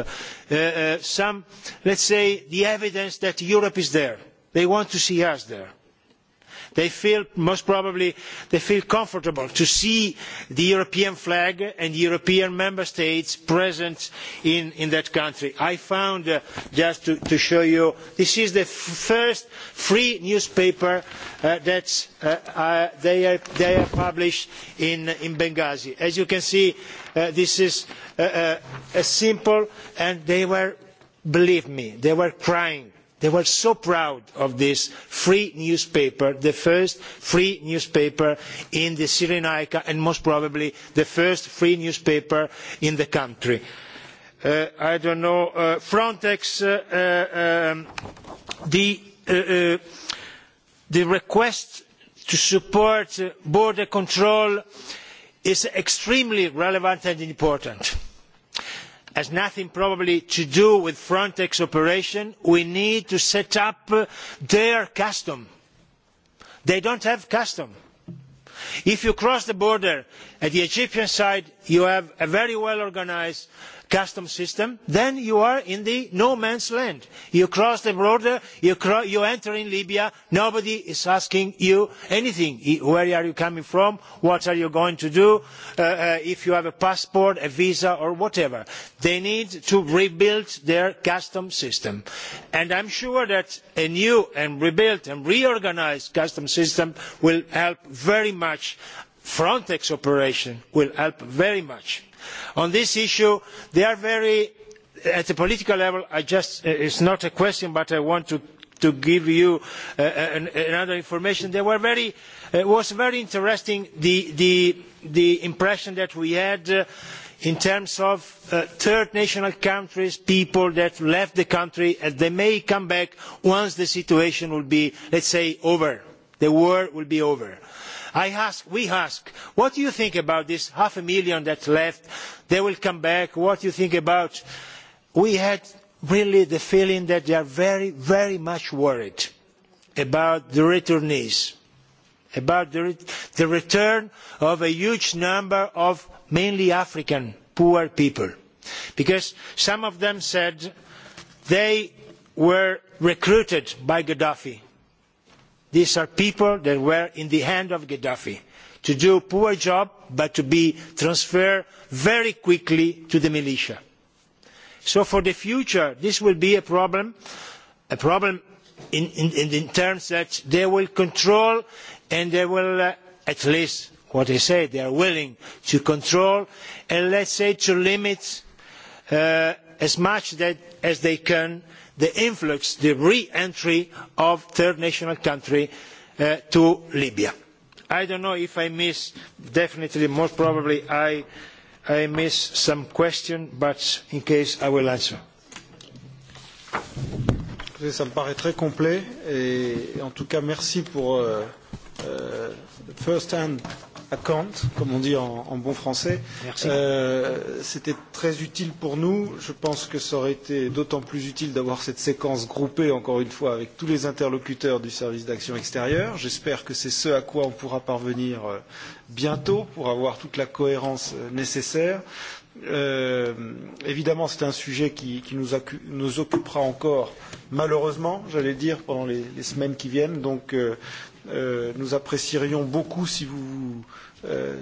Uh, uh, some, let's say, the evidence that Europe is there. They want to see us there They feel most probably they feel comfortable to see the European flag and European member states present in, in that country. I found, uh, just to, to show you, this is the first free newspaper uh, that uh, uh, they, are, they are published in, in Benghazi. As you can see, uh, this is uh, uh, simple and they were, believe me, they were crying They were so proud of this free newspaper, the first free newspaper in the Cyrenaica and most probably the first free newspaper in the country. Uh, I don't know, uh, Frontex, uh, uh um, the, uh, uh, the, request to support border control is extremely relevant and important has nothing probably to do with Frontex operation. We need to set up uh, their custom. They do not have custom. If you cross the border at the Egyptian side, you have a very well organised customs system, then you are in the no man's land. You cross the border, you, cro you enter in Libya, nobody is asking you anything. Where are you coming from? What are you going to do? Uh, uh, if you have a passport, a visa or whatever. They need to rebuild their customs system. And am sure that a new and rebuilt and reorganised customs system will help very much. Frontex operation will help very much. On this issue, they are very, at the political level, I just, uh, it's not a question, but I want to to give you uh, uh an, another information. They were very, uh, it was very interesting the, the, the impression that we had uh, in terms of uh, third national countries, people that left the country and they may come back once the situation will be, let's say, over. The war will be over. Ask, we ask, what do you think about this half a million that left? They will come back. What do you think about? We had really the feeling that they are very, very much worried about the returnees, about the, re the return of a huge number of mainly African poor people. Because some of them said they were recruited by Gaddafi These are people that were in the hand of Gaddafi to do a poor job but to be transferred very quickly to the militia. So for the future, this will be a problem, a problem in, in, in terms that they will control and they will, uh, at least what they say, they are willing to control and let's say to limit uh, as much that, as they can the influx, the re-entry of third national country uh, to Libya. I don't know if I missed, definitely, most probably I, I missed some question, but in case I will answer. Ça me paraît très complet et en tout cas merci pour euh, euh, first hand à Kant, comme on dit en, en bon français. Euh, C'était très utile pour nous. Je pense que ça aurait été d'autant plus utile d'avoir cette séquence groupée, encore une fois, avec tous les interlocuteurs du service d'action extérieure. J'espère que c'est ce à quoi on pourra parvenir euh, bientôt pour avoir toute la cohérence euh, nécessaire. Euh, évidemment, c'est un sujet qui, qui nous, nous occupera encore, malheureusement, j'allais dire, pendant les, les semaines qui viennent. Donc, euh, Euh, nous apprécierions beaucoup si vous euh,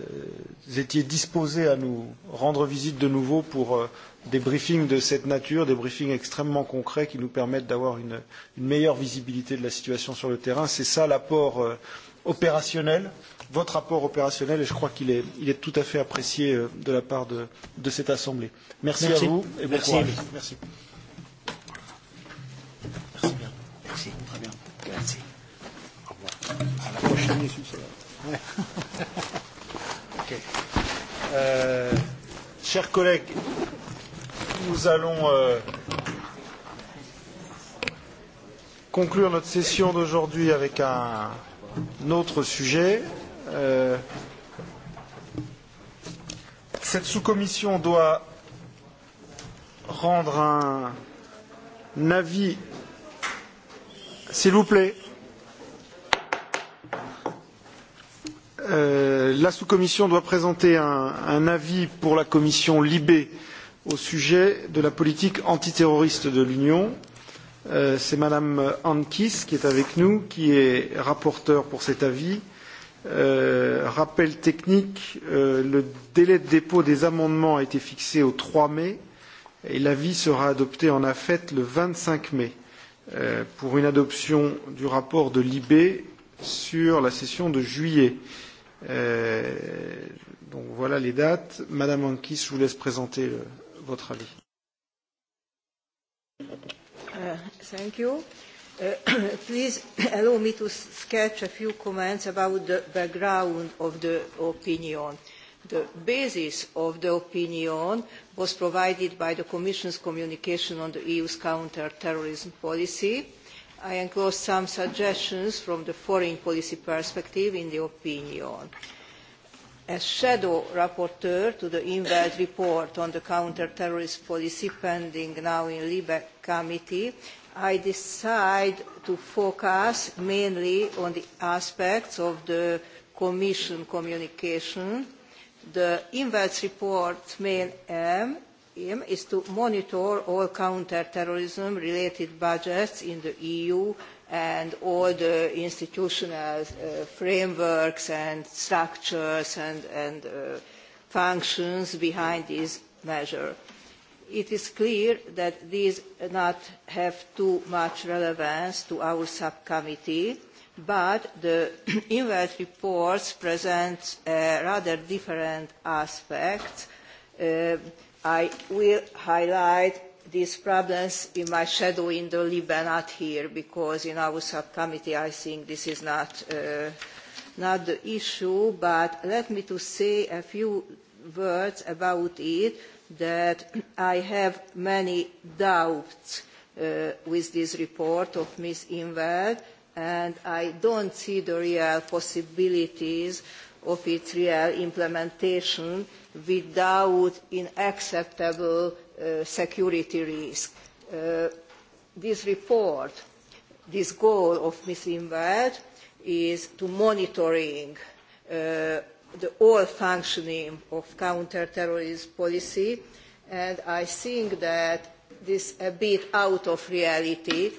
étiez disposé à nous rendre visite de nouveau pour euh, des briefings de cette nature, des briefings extrêmement concrets qui nous permettent d'avoir une, une meilleure visibilité de la situation sur le terrain. C'est ça l'apport euh, opérationnel, votre apport opérationnel, et je crois qu'il est, il est tout à fait apprécié euh, de la part de, de cette Assemblée. Merci, Merci. à vous et bon Merci. courage. Merci. Euh, chers collègues, nous allons euh, conclure notre session d'aujourd'hui avec un, autre sujet. Euh, cette sous-commission doit rendre un avis, s'il vous plaît. Euh, la sous-commission doit présenter un, un avis pour la commission Libé au sujet de la politique antiterroriste de l'Union. Euh, C'est Madame Ankis qui est avec nous, qui est rapporteure pour cet avis. Euh, rappel technique, euh, le délai de dépôt des amendements a été fixé au 3 mai et l'avis sera adopté en AFET le 25 mai euh, pour une adoption du rapport de l'IB sur la session de juillet. Euh, Euh, donc voilà les dates. Madame Ankis, je vous laisse présenter le, euh, votre avis. Uh, thank you. Uh, <coughs> please <coughs> allow me to sketch a few comments about the background of the opinion. The basis of the opinion was provided by the Commission's communication on the EU's counter-terrorism policy I enclose some suggestions from the foreign policy perspective in the opinion. As shadow rapporteur to the INVELD report on the counter-terrorist policy pending now in LIBE committee, I decide to focus mainly on the aspects of the Commission communication. The Inveld report main aim aim is to monitor all counter-terrorism related budgets in the EU and all the institutional uh, frameworks and structures and, and uh, functions behind this measure. It is clear that these not have too much relevance to our subcommittee, but the <clears throat> INVELT reports present uh, rather different aspects uh, I will highlight these problems in my shadow in the LIBE, not here, because in our subcommittee I think this is not, uh, not the issue, but let me to say a few words about it that I have many doubts uh, with this report of Ms. Inveld, and I don't see the real possibilities of its real implementation without acceptable uh, security risk. Uh, this report, this goal of Ms Invert is to monitoring uh, the all functioning of counterterrorism policy and I think that this is a bit out of reality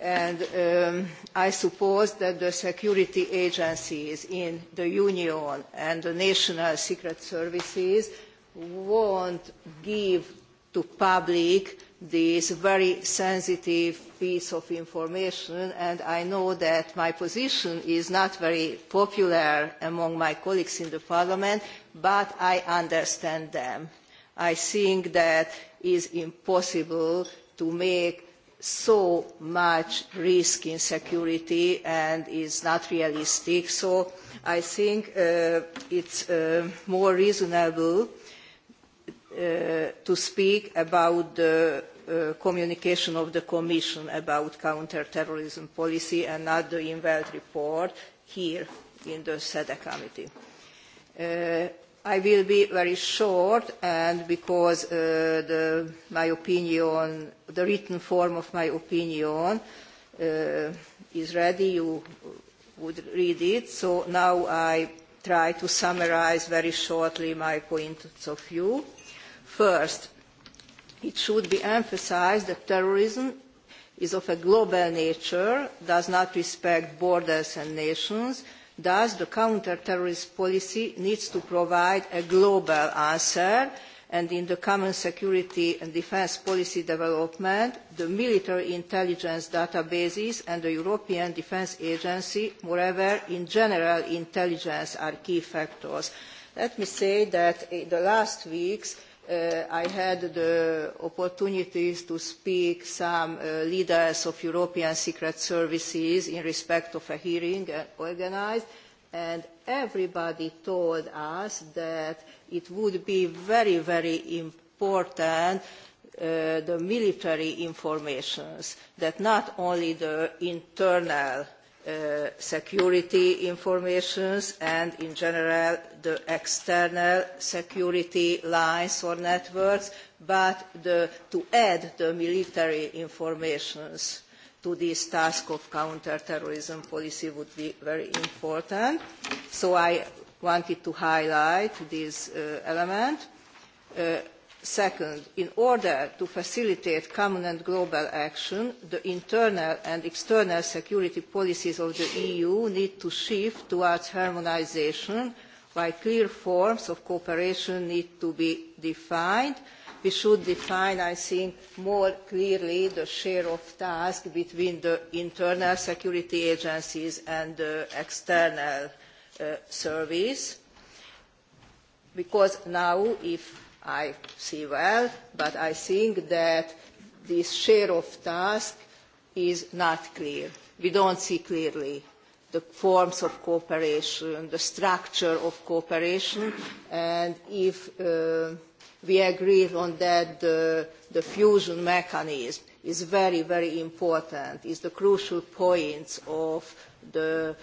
and um, I suppose that the security agencies in the Union and the national secret services won't give to public this very sensitive piece of information and I know that my position is not very popular among my colleagues in the parliament but I understand them. I think that it is impossible to make so much risk in security and is not realistic. So I think uh, it's uh, more reasonable uh, to speak about the uh, communication of the Commission about counterterrorism policy and not the INVELD report here in the SEDA committee. Uh, I will be very short and because uh, the, my opinion, the written form of my opinion uh, is ready, you would read it. So now I try to summarize very shortly my points of view. First, it should be emphasized that terrorism is of a global nature, does not respect borders and nations, Thus, the counter-terrorist policy needs to provide a global answer and in the common security and defence policy development, the military intelligence databases and the European Defence Agency, moreover, in general intelligence are key factors. Let me say that in the last weeks, uh, I had the opportunities to speak some uh, leaders of European secret services in respect of a hearing organised, uh, organized and everybody told us that it would be very, very important uh, the military informations, that not only the internal Uh, security information and in general the external security lines or networks, but the, to add the military information to this task of counterterrorism policy would be very important. So I wanted to highlight this uh, element. Uh, Second, in order to facilitate common and global action, the internal and external security policies of the EU need to shift towards harmonisation, while clear forms of cooperation need to be defined. We should define, I think, more clearly the share of tasks between the internal security agencies and the external uh, service, because now if I see well, but I think that this share of task is not clear. We don't see clearly the forms of cooperation, the structure of cooperation, and if uh, we agree on that, the, the fusion mechanism is very, very important, is the crucial point of the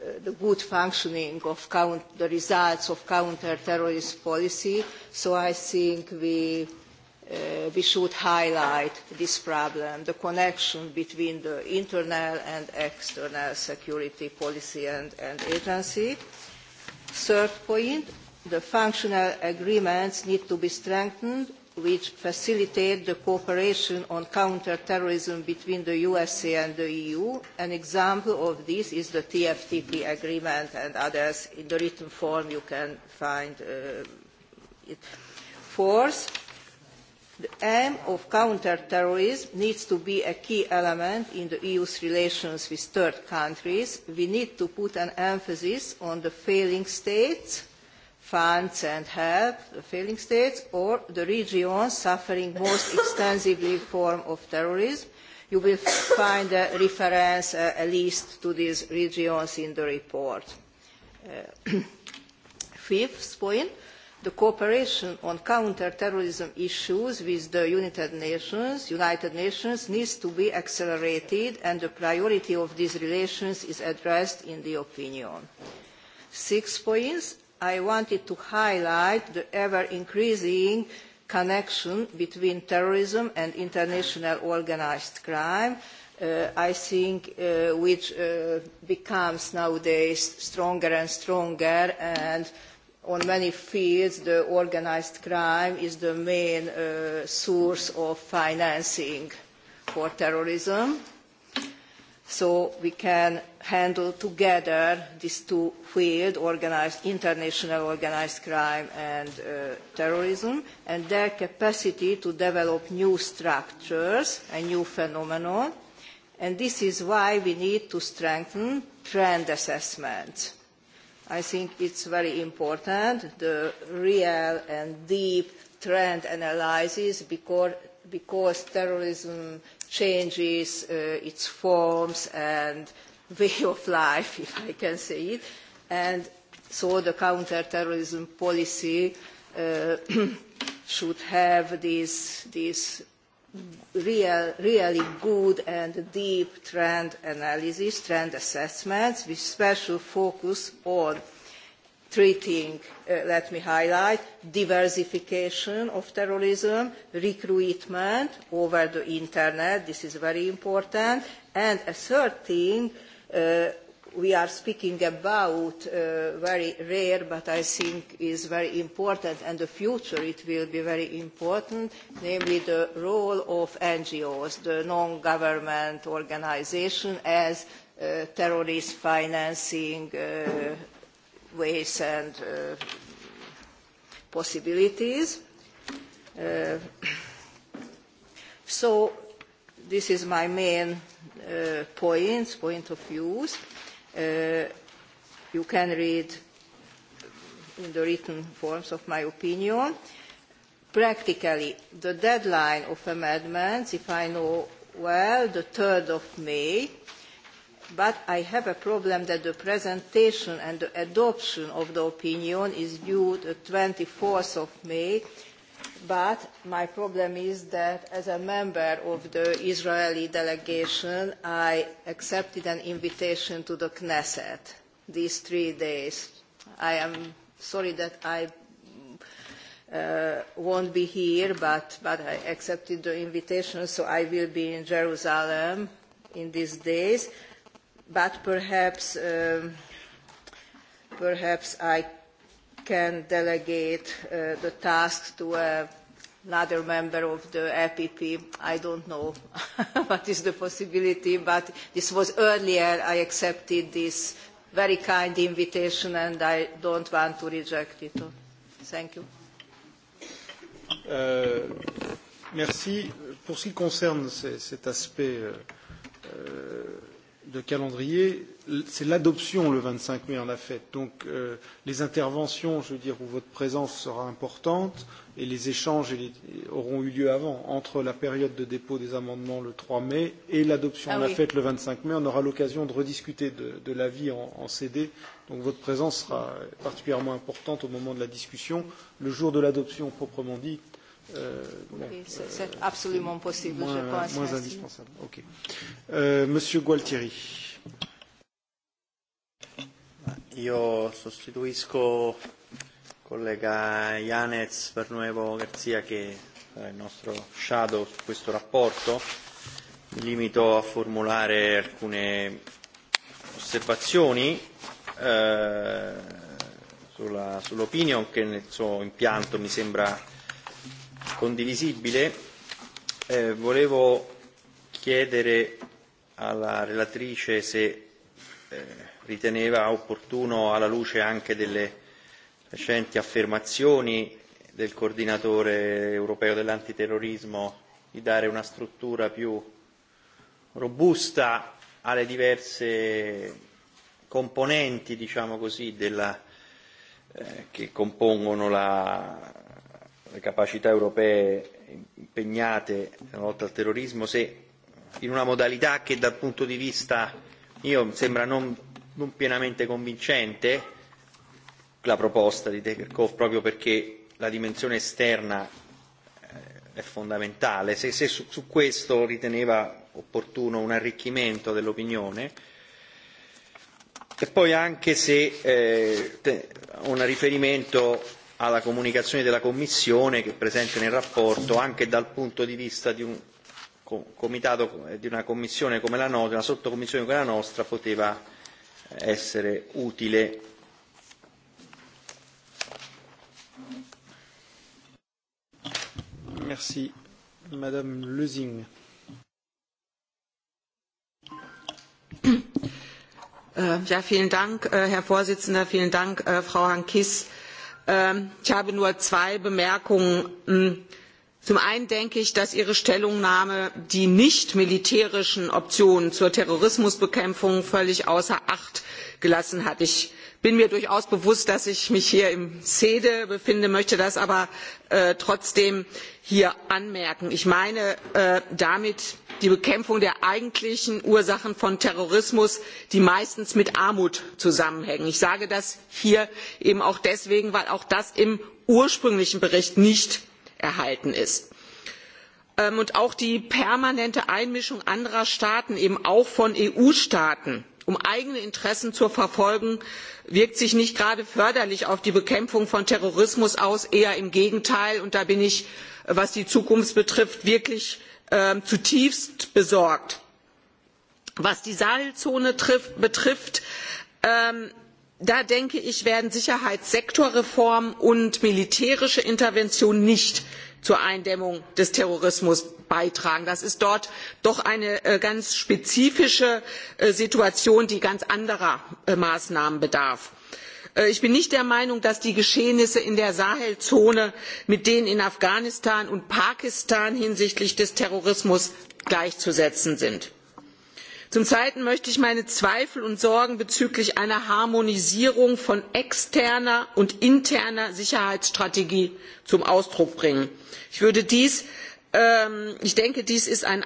Uh, the good functioning of count, the results of counter-terrorist policy. So I think we, uh, we should highlight this problem, the connection between the internal and external security policy and, and agency. Third point, the functional agreements need to be strengthened which facilitate the cooperation on counter-terrorism between the USA and the EU. An example of this is the TFTP agreement and others. In the written form you can find uh, it. Fourth, the aim of counter-terrorism needs to be a key element in the EU's relations with third countries. We need to put an emphasis on the failing states funds and help the failing states or the regions suffering most <laughs> extensively form of terrorism. You will find a reference uh, at least to these regions in the report. Uh, <clears throat> Fifth point, the cooperation on counter-terrorism issues with the United Nations, United Nations needs to be accelerated and the priority of these relations is addressed in the opinion. Six points, I wanted to highlight the ever-increasing connection between terrorism and international organised crime, uh, I think, uh, which uh, becomes nowadays stronger and stronger and on many fields the organised crime is the main uh, source of financing for terrorism. So we can handle together these two fields, organized, international organized crime and uh, terrorism, and their capacity to develop new structures and new phenomena. And this is why we need to strengthen trend assessment. I think it's very important, the real and deep trend analysis, because, because terrorism changes uh, its forms and uh, way <laughs> of life, if I can say it. And so the counterterrorism policy uh, <clears throat> should have this, this real, really good and deep trend analysis, trend assessments with special focus on treating, uh, let me highlight, diversification of terrorism, recruitment over the internet, this is very important, and asserting uh, Uh, we are speaking about uh, very rare, but I think is very important, and the future it will be very important, namely the role of NGOs, the non-government organization, as uh, terrorist financing uh, ways and uh, possibilities. Uh, <coughs> so this is my main Uh, points, point of views. Uh, you can read in the written forms of my opinion. Practically, the deadline of amendments, if I know well, the 3rd of May, but I have a problem that the presentation and the adoption of the opinion is due the 24th of May, But my problem is that as a member of the Israeli delegation, I accepted an invitation to the Knesset these three days. I am sorry that I uh, won't be here, but, but I accepted the invitation, so I will be in Jerusalem in these days. But perhaps, um, perhaps I can delegate uh, the task to a uh, another member of the EPP. I don't know <laughs> what is the possibility, but this was earlier I accepted this very kind invitation and I don't want to reject it. Thank you. Uh, merci. Pour ce qui concerne cet aspect uh, de calendrier, c'est l'adoption le 25 mai en la fait. Donc euh, les interventions, je veux dire, où votre présence sera importante et les échanges et les, auront eu lieu avant, entre la période de dépôt des amendements le 3 mai et l'adoption ah, en oui. la fête le 25 mai. On aura l'occasion de rediscuter de, de l'avis en, en CD. Donc votre présence sera particulièrement importante au moment de la discussion. Le jour de l'adoption proprement dit, Euh, bon, oui, c'est euh, absolument possible, moins, je pense. Moins indispensable. Okay. Euh, Monsieur Gualtieri. Io sostituisco collega Janez Pernuevo Garzia che è il nostro shadow su questo rapporto. Mi limito a formulare alcune osservazioni eh, sull'opinion sull'opinion che nel suo impianto mi sembra condivisibile. Eh, volevo chiedere alla relatrice se eh, riteneva opportuno, alla luce anche delle recenti affermazioni del coordinatore europeo dell'antiterrorismo, di dare una struttura più robusta alle diverse componenti, diciamo così, della, eh, che compongono la, le capacità europee impegnate nella lotta al terrorismo, se in una modalità che dal punto di vista mio sembra non non pienamente convincente la proposta di Tekerkov proprio perché la dimensione esterna eh, è fondamentale. Se, se su, su questo riteneva opportuno un arricchimento dell'opinione e poi anche se eh, te, un riferimento alla comunicazione della Commissione che è presente nel rapporto anche dal punto di vista di un comitato, eh, di una commissione come la nostra, una sottocommissione come la nostra poteva essere utile Merci. Madame Lezing. Äh, ja, vielen Dank, äh, Herr Vorsitzender, vielen Dank, äh, Frau Hankis. Ähm, ich habe nur zwei Bemerkungen. Hm, Zum einen denke ich, dass Ihre Stellungnahme die nicht militärischen Optionen zur Terrorismusbekämpfung völlig außer Acht gelassen hat. Ich bin mir durchaus bewusst, dass ich mich hier im Sede befinde, möchte das aber äh, trotzdem hier anmerken. Ich meine äh, damit die Bekämpfung der eigentlichen Ursachen von Terrorismus, die meistens mit Armut zusammenhängen. Ich sage das hier eben auch deswegen, weil auch das im ursprünglichen Bericht nicht erhalten ist. Ähm, und auch die permanente Einmischung anderer Staaten, eben auch von EU-Staaten, um eigene Interessen zu verfolgen, wirkt sich nicht gerade förderlich auf die Bekämpfung von Terrorismus aus, eher im Gegenteil. Und da bin ich, äh, was die Zukunft betrifft, wirklich äh, zutiefst besorgt. Was die Sahelzone betrifft, ähm, da denke ich, werden Sicherheitssektorreform und militärische Intervention nicht zur Eindämmung des Terrorismus beitragen. Das ist dort doch eine äh, ganz spezifische äh, Situation, die ganz anderer äh, Maßnahmen bedarf. Ich bin nicht der Meinung, dass die Geschehnisse in der Sahelzone mit denen in Afghanistan und Pakistan hinsichtlich des Terrorismus gleichzusetzen sind. Zum Zweiten möchte ich meine Zweifel und Sorgen bezüglich einer Harmonisierung von externer und interner Sicherheitsstrategie zum Ausdruck bringen. Ich würde dies ähm, ich denke, dies ist ein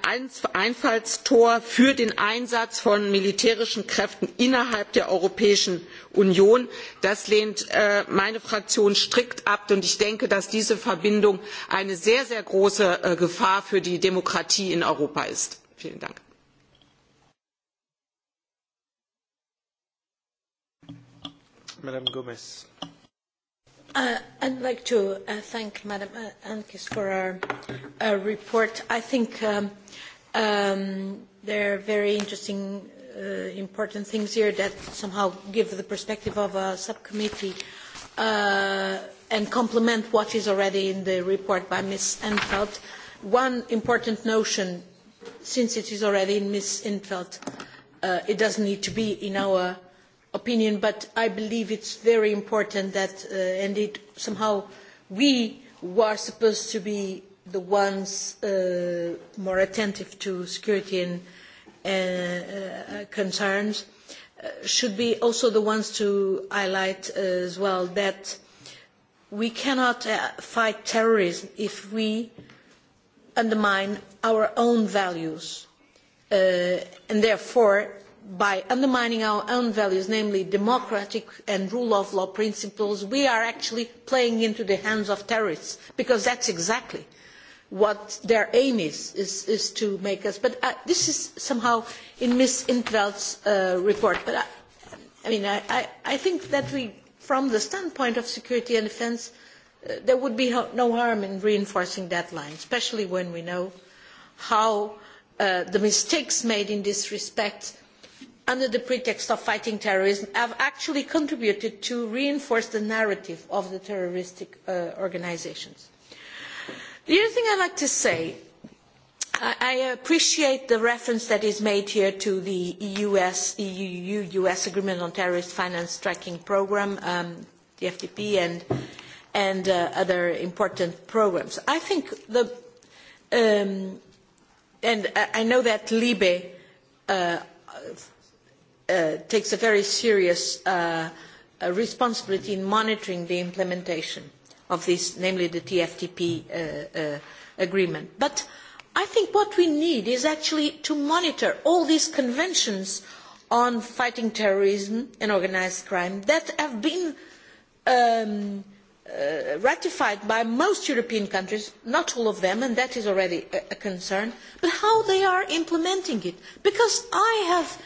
Einfallstor für den Einsatz von militärischen Kräften innerhalb der Europäischen Union. Das lehnt äh, meine Fraktion strikt ab und ich denke, dass diese Verbindung eine sehr, sehr große äh, Gefahr für die Demokratie in Europa ist. Vielen Dank. Madam Gomez. Uh, I'd like to uh, thank Madam Ankis for her uh, report. I think um, um, there are very interesting, uh, important things here that somehow give the perspective of a subcommittee uh, and complement what is already in the report by Ms. Enfeld. One important notion, since it is already in Ms. Enfeld, uh, it doesn't need to be in our opinion, but I believe it's very important that, uh, and it somehow we who are supposed to be the ones uh, more attentive to security and uh, uh, concerns uh, should be also the ones to highlight as well that we cannot uh, fight terrorism if we undermine our own values uh, and therefore by undermining our own values, namely democratic and rule of law principles, we are actually playing into the hands of terrorists, because that is exactly what their aim is, is, is to make us. But uh, this is somehow in Ms. Intveld's uh, report. But I, uh, I mean, I, I, I think that we, from the standpoint of security and defence, uh, there would be no harm in reinforcing that line, especially when we know how uh, the mistakes made in this respect under the pretext of fighting terrorism have actually contributed to reinforce the narrative of the terroristic uh, organisations. The other thing I would like to say, I, I appreciate the reference that is made here to the US, EU-US Agreement on Terrorist Finance Tracking Programme, um, the FTP, and, and uh, other important programmes. I think the, um, and I know that Libe uh, uh, takes a very serious uh, uh, responsibility in monitoring the implementation of this, namely the TFTP uh, uh, agreement. But I think what we need is actually to monitor all these conventions on fighting terrorism and organised crime that have been um, uh, ratified by most European countries, not all of them, and that is already a, a concern, but how they are implementing it. Because I have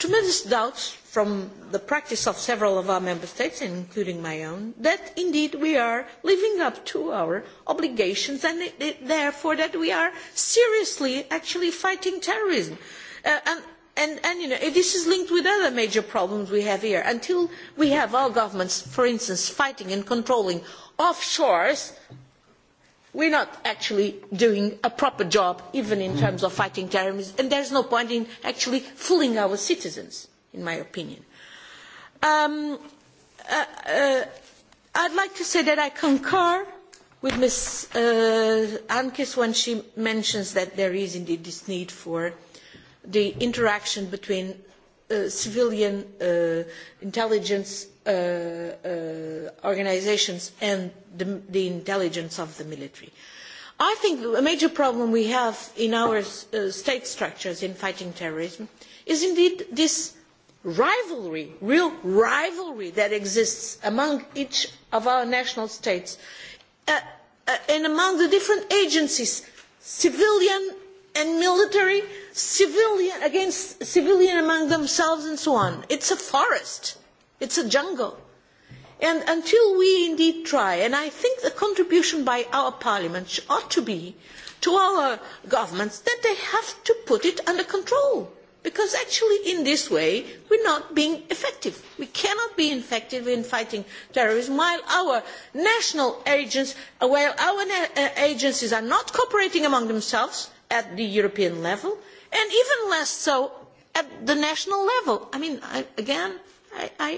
tremendous doubts from the practice of several of our member states, including my own, that indeed we are living up to our obligations and it, it, therefore that we are seriously actually fighting terrorism. Uh, and, and, and you know, this is linked with other major problems we have here. Until we have our governments, for instance, fighting and controlling offshores, we are not actually doing a proper job, even in terms of fighting terrorism, and there is no point in actually fooling our citizens, in my opinion. Um, uh, uh, I'd like to say that I concur with Ms. Uh, Ankis when she mentions that there is indeed this need for the interaction between uh, civilian uh, intelligence Uh, uh, organizations and the, the intelligence of the military. I think a major problem we have in our uh, state structures in fighting terrorism is indeed this rivalry, real rivalry that exists among each of our national states uh, uh, and among the different agencies, civilian and military, civilian against civilian among themselves and so on. It's a forest It's a jungle. And until we indeed try, and I think the contribution by our parliament ought to be to our governments that they have to put it under control. Because actually in this way, we're not being effective. We cannot be effective in fighting terrorism while our national agents, while our uh, agencies are not cooperating among themselves at the European level, and even less so at the national level. I mean, I, again, I, I,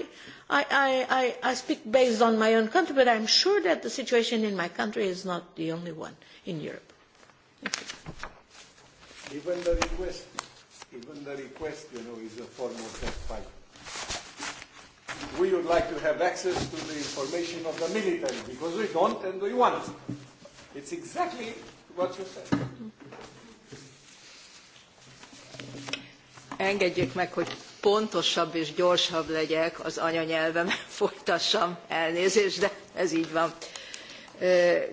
I, I, I speak based on my own country, but I'm sure that the situation in my country is not the only one in Europe. Even the request, even the request, you know, is a form of that fight. We would like to have access to the information of the military because we don't and we want. It's exactly what you said. Engedjék meg, hogy pontosabb és gyorsabb legyek, az anyanyelvemen <laughs> folytassam elnézést, de ez így van.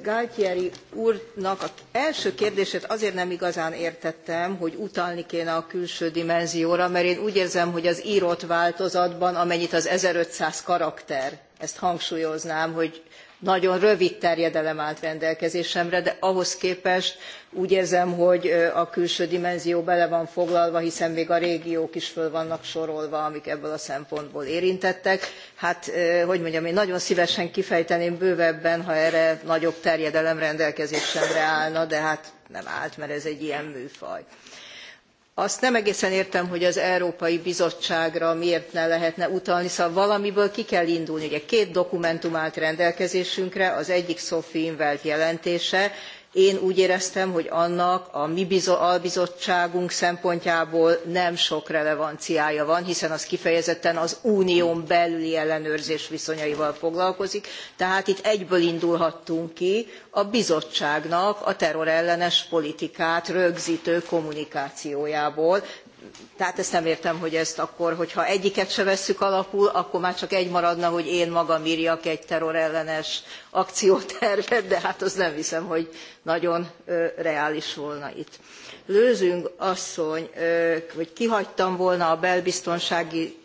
Galtieri úrnak az első kérdését azért nem igazán értettem, hogy utalni kéne a külső dimenzióra, mert én úgy érzem, hogy az írott változatban, amennyit az 1500 karakter, ezt hangsúlyoznám, hogy nagyon rövid terjedelem állt rendelkezésemre, de ahhoz képest úgy érzem, hogy a külső dimenzió bele van foglalva, hiszen még a régiók is föl vannak sorolva, amik ebből a szempontból érintettek. Hát, hogy mondjam, én nagyon szívesen kifejteném bővebben, ha erre nagyobb terjedelem rendelkezésemre állna, de hát nem állt, mert ez egy ilyen műfaj. Azt nem egészen értem, hogy az Európai Bizottságra miért ne lehetne utalni, szóval valamiből ki kell indulni. Ugye két dokumentum állt rendelkezésünkre, az egyik Sophie Invelt jelentése, Én úgy éreztem, hogy annak a mi albizottságunk szempontjából nem sok relevanciája van, hiszen az kifejezetten az unión belüli ellenőrzés viszonyaival foglalkozik, tehát itt egyből indulhattunk ki a bizottságnak a terrorellenes politikát rögzítő kommunikációjából, tehát ezt nem értem, hogy ezt akkor, hogyha egyiket se vesszük alapul, akkor már csak egy maradna, hogy én magam írjak egy terrorellenes akciótervet, de hát az nem hiszem, hogy nagyon ö, reális volna itt. Lőzünk asszony, ö, hogy kihagytam volna a belbiztonsági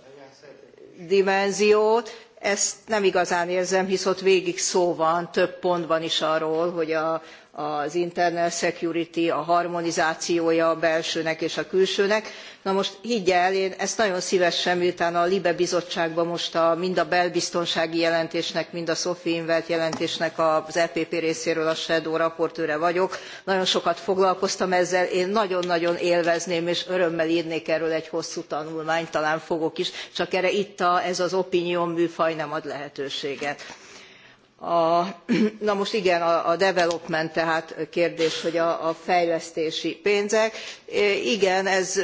dimenziót, ezt nem igazán érzem, hisz ott végig szó van több pontban is arról, hogy a az internal security, a harmonizációja a belsőnek és a külsőnek. Na most higgye el, én ezt nagyon szívesen, miután a Libe Bizottságban most a, mind a belbiztonsági jelentésnek, mind a Sophie Invert jelentésnek az EPP részéről a Shadow raportőre vagyok. Nagyon sokat foglalkoztam ezzel, én nagyon-nagyon élvezném, és örömmel írnék erről egy hosszú tanulmányt, talán fogok is, csak erre itt a, ez az opinion műfaj nem ad lehetőséget. A, <clears throat> na most igen, a, a development, tehát kérdés, hogy a, a fejlesztési pénzek. Igen, ez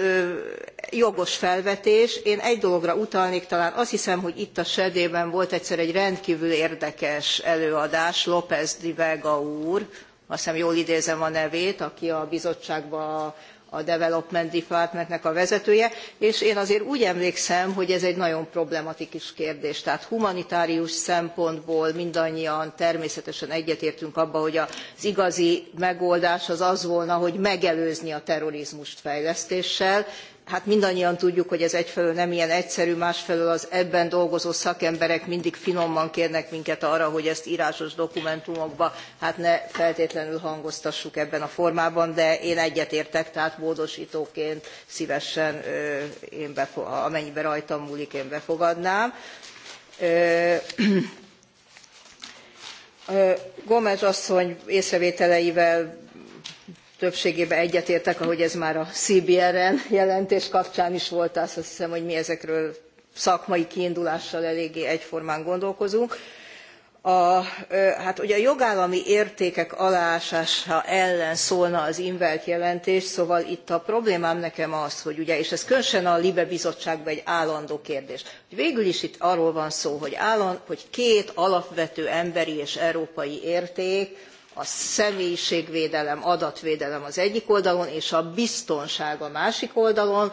jogos felvetés. Én egy dologra utalnék, talán azt hiszem, hogy itt a sedében volt egyszer egy rendkívül érdekes előadás, López de Vega úr, azt hiszem jól idézem a nevét, aki a bizottságban a a Development Departmentnek a vezetője, és én azért úgy emlékszem, hogy ez egy nagyon problematikus kérdés. Tehát humanitárius szempontból mindannyian természetesen egyetértünk abba, hogy az igazi megoldás az az volna, hogy megelőzni a terrorizmust fejlesztéssel, hát mindannyian tudjuk, hogy ez egyfelől nem ilyen egyszerű, másfelől az ebben dolgozó szakemberek mindig finoman kérnek minket arra, hogy ezt írásos dokumentumokba hát ne feltétlenül hangoztassuk ebben a formában, de én egyetértek, tehát módosítóként szívesen, én amennyiben rajtam múlik, én befogadnám. Gomez asszony észrevételeivel többségében egyetértek, ahogy ez már a CBRN jelentés kapcsán is volt, azt hiszem, hogy mi ezekről szakmai kiindulással eléggé egyformán gondolkozunk. A, hát ugye a jogállami értékek aláásása ellen szólna az invelt jelentés, szóval itt a problémám nekem az, hogy ugye, és ez különösen a Libe Bizottságban egy állandó kérdés, hogy végül is itt arról van szó, hogy, állandó, hogy két alapvető emberi és európai érték, a személyiségvédelem, adatvédelem az egyik oldalon, és a biztonság a másik oldalon.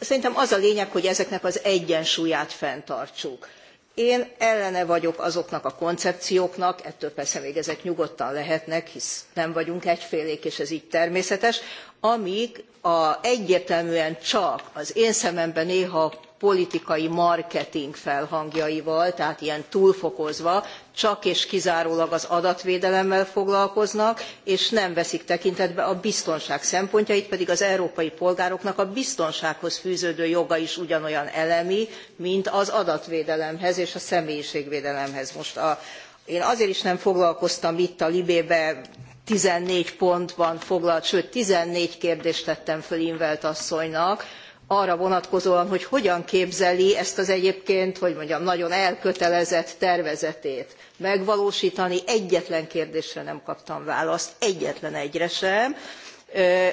Szerintem az a lényeg, hogy ezeknek az egyensúlyát fenntartsuk. Én ellene vagyok azoknak a koncepcióknak, ettől persze még ezek nyugodtan lehetnek, hisz nem vagyunk egyfélék, és ez így természetes, amik a, egyértelműen csak az én szememben néha politikai marketing felhangjaival, tehát ilyen túlfokozva, csak és kizárólag az adatvédelemmel foglalkoznak, és nem veszik tekintetbe a biztonság szempontjait, pedig az európai polgároknak a biztonsághoz fűződő joga is ugyanolyan elemi, mint az adatvédelemhez és a személyiségvédelemhez. Most a, én azért is nem foglalkoztam itt a libébe 14 pontban foglalt, sőt 14 kérdést tettem föl Invelt asszonynak, arra vonatkozóan, hogy hogyan képzeli ezt az egyébként, hogy mondjam, nagyon elkötelezett tervezetét megvalósítani. Egyetlen kérdésre nem kaptam választ, egyetlen egyre sem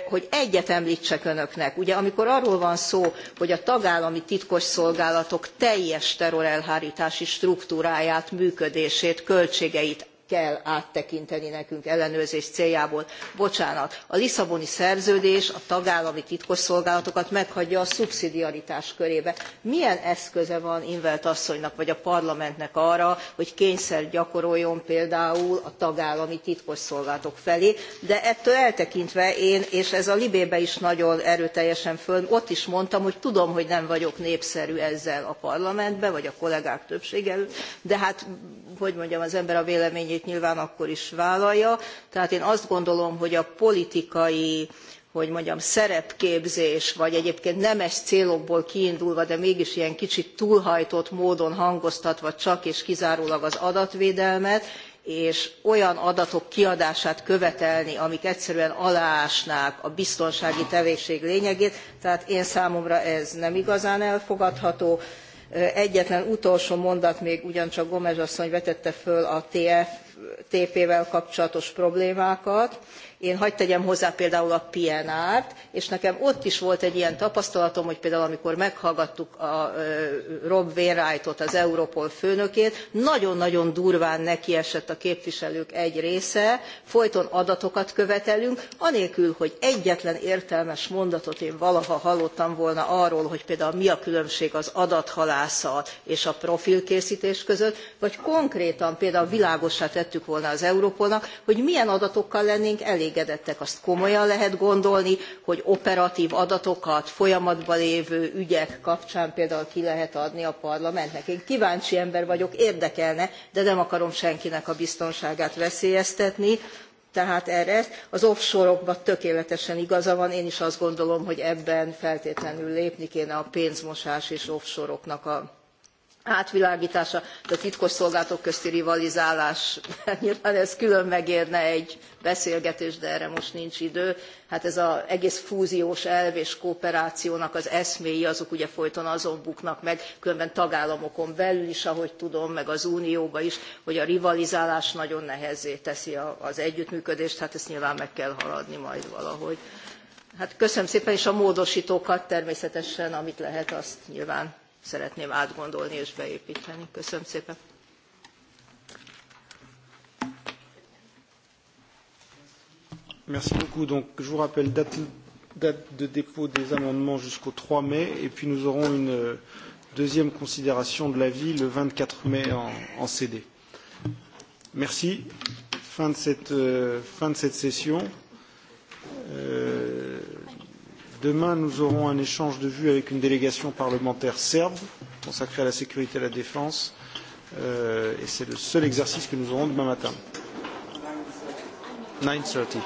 hogy egyet említsek önöknek. Ugye amikor arról van szó, hogy a tagállami titkosszolgálatok teljes terrorelhárítási struktúráját, működését, költségeit kell áttekinteni nekünk ellenőrzés céljából. Bocsánat, a Lisszaboni szerződés a tagállami titkosszolgálatokat meghagyja a szubszidiaritás körébe. Milyen eszköze van Invelt asszonynak vagy a parlamentnek arra, hogy kényszer gyakoroljon például a tagállami titkosszolgálatok felé, de ettől eltekintve én, és ez a Libébe is nagyon erőteljesen föl, ott is mondtam, hogy tudom, hogy nem vagyok népszerű ezzel a parlamentben, vagy a kollégák többsége előtt, de hát, hogy mondjam, az ember a véleményét felelősségét nyilván akkor is vállalja. Tehát én azt gondolom, hogy a politikai hogy mondjam, szerepképzés, vagy egyébként nemes célokból kiindulva, de mégis ilyen kicsit túlhajtott módon hangoztatva csak és kizárólag az adatvédelmet, és olyan adatok kiadását követelni, amik egyszerűen aláásnák a biztonsági tevékenység lényegét, tehát én számomra ez nem igazán elfogadható. Egyetlen utolsó mondat még ugyancsak Gomez asszony vetette föl a TF tépével kapcsolatos problémákat, Én hagyd tegyem hozzá például a PNR-t, és nekem ott is volt egy ilyen tapasztalatom, hogy például amikor meghallgattuk a Rob Wainwrightot, az Europol főnökét, nagyon-nagyon durván nekiesett a képviselők egy része, folyton adatokat követelünk, anélkül, hogy egyetlen értelmes mondatot én valaha hallottam volna arról, hogy például mi a különbség az adathalászat és a profilkészítés között, vagy konkrétan például világossá tettük volna az Europolnak, hogy milyen adatokkal lennénk elég elégedettek, azt komolyan lehet gondolni, hogy operatív adatokat folyamatban lévő ügyek kapcsán például ki lehet adni a parlamentnek. Én kíváncsi ember vagyok, érdekelne, de nem akarom senkinek a biztonságát veszélyeztetni, tehát erre az offshore-okban tökéletesen igaza van, én is azt gondolom, hogy ebben feltétlenül lépni kéne a pénzmosás és offshore-oknak a átvilágítása, de a titkosszolgálatok közti rivalizálás, <laughs> nyilván ez külön megérne egy beszélgetés, de erre most nincs idő. Hát ez az egész fúziós elv és kooperációnak az eszméi, azok ugye folyton azon buknak meg, különben tagállamokon belül is, ahogy tudom, meg az Unióba is, hogy a rivalizálás nagyon nehezé teszi az együttműködést, hát ezt nyilván meg kell haladni majd valahogy. Hát köszönöm szépen, és a módosítókat természetesen, amit lehet, azt nyilván szeretném átgondolni és beépíteni. Köszönöm szépen. Merci beaucoup. Donc, je vous rappelle date, date de dépôt des amendements jusqu'au 3 mai, et puis nous aurons une deuxième considération de l'avis le 24 mai en, en CD. Merci. Fin de cette, euh, fin de cette session. Euh, Demain, nous aurons un échange de vues avec une délégation parlementaire serbe consacrée à la sécurité et à la défense. Euh, et c'est le seul exercice que nous aurons demain matin. 9.30.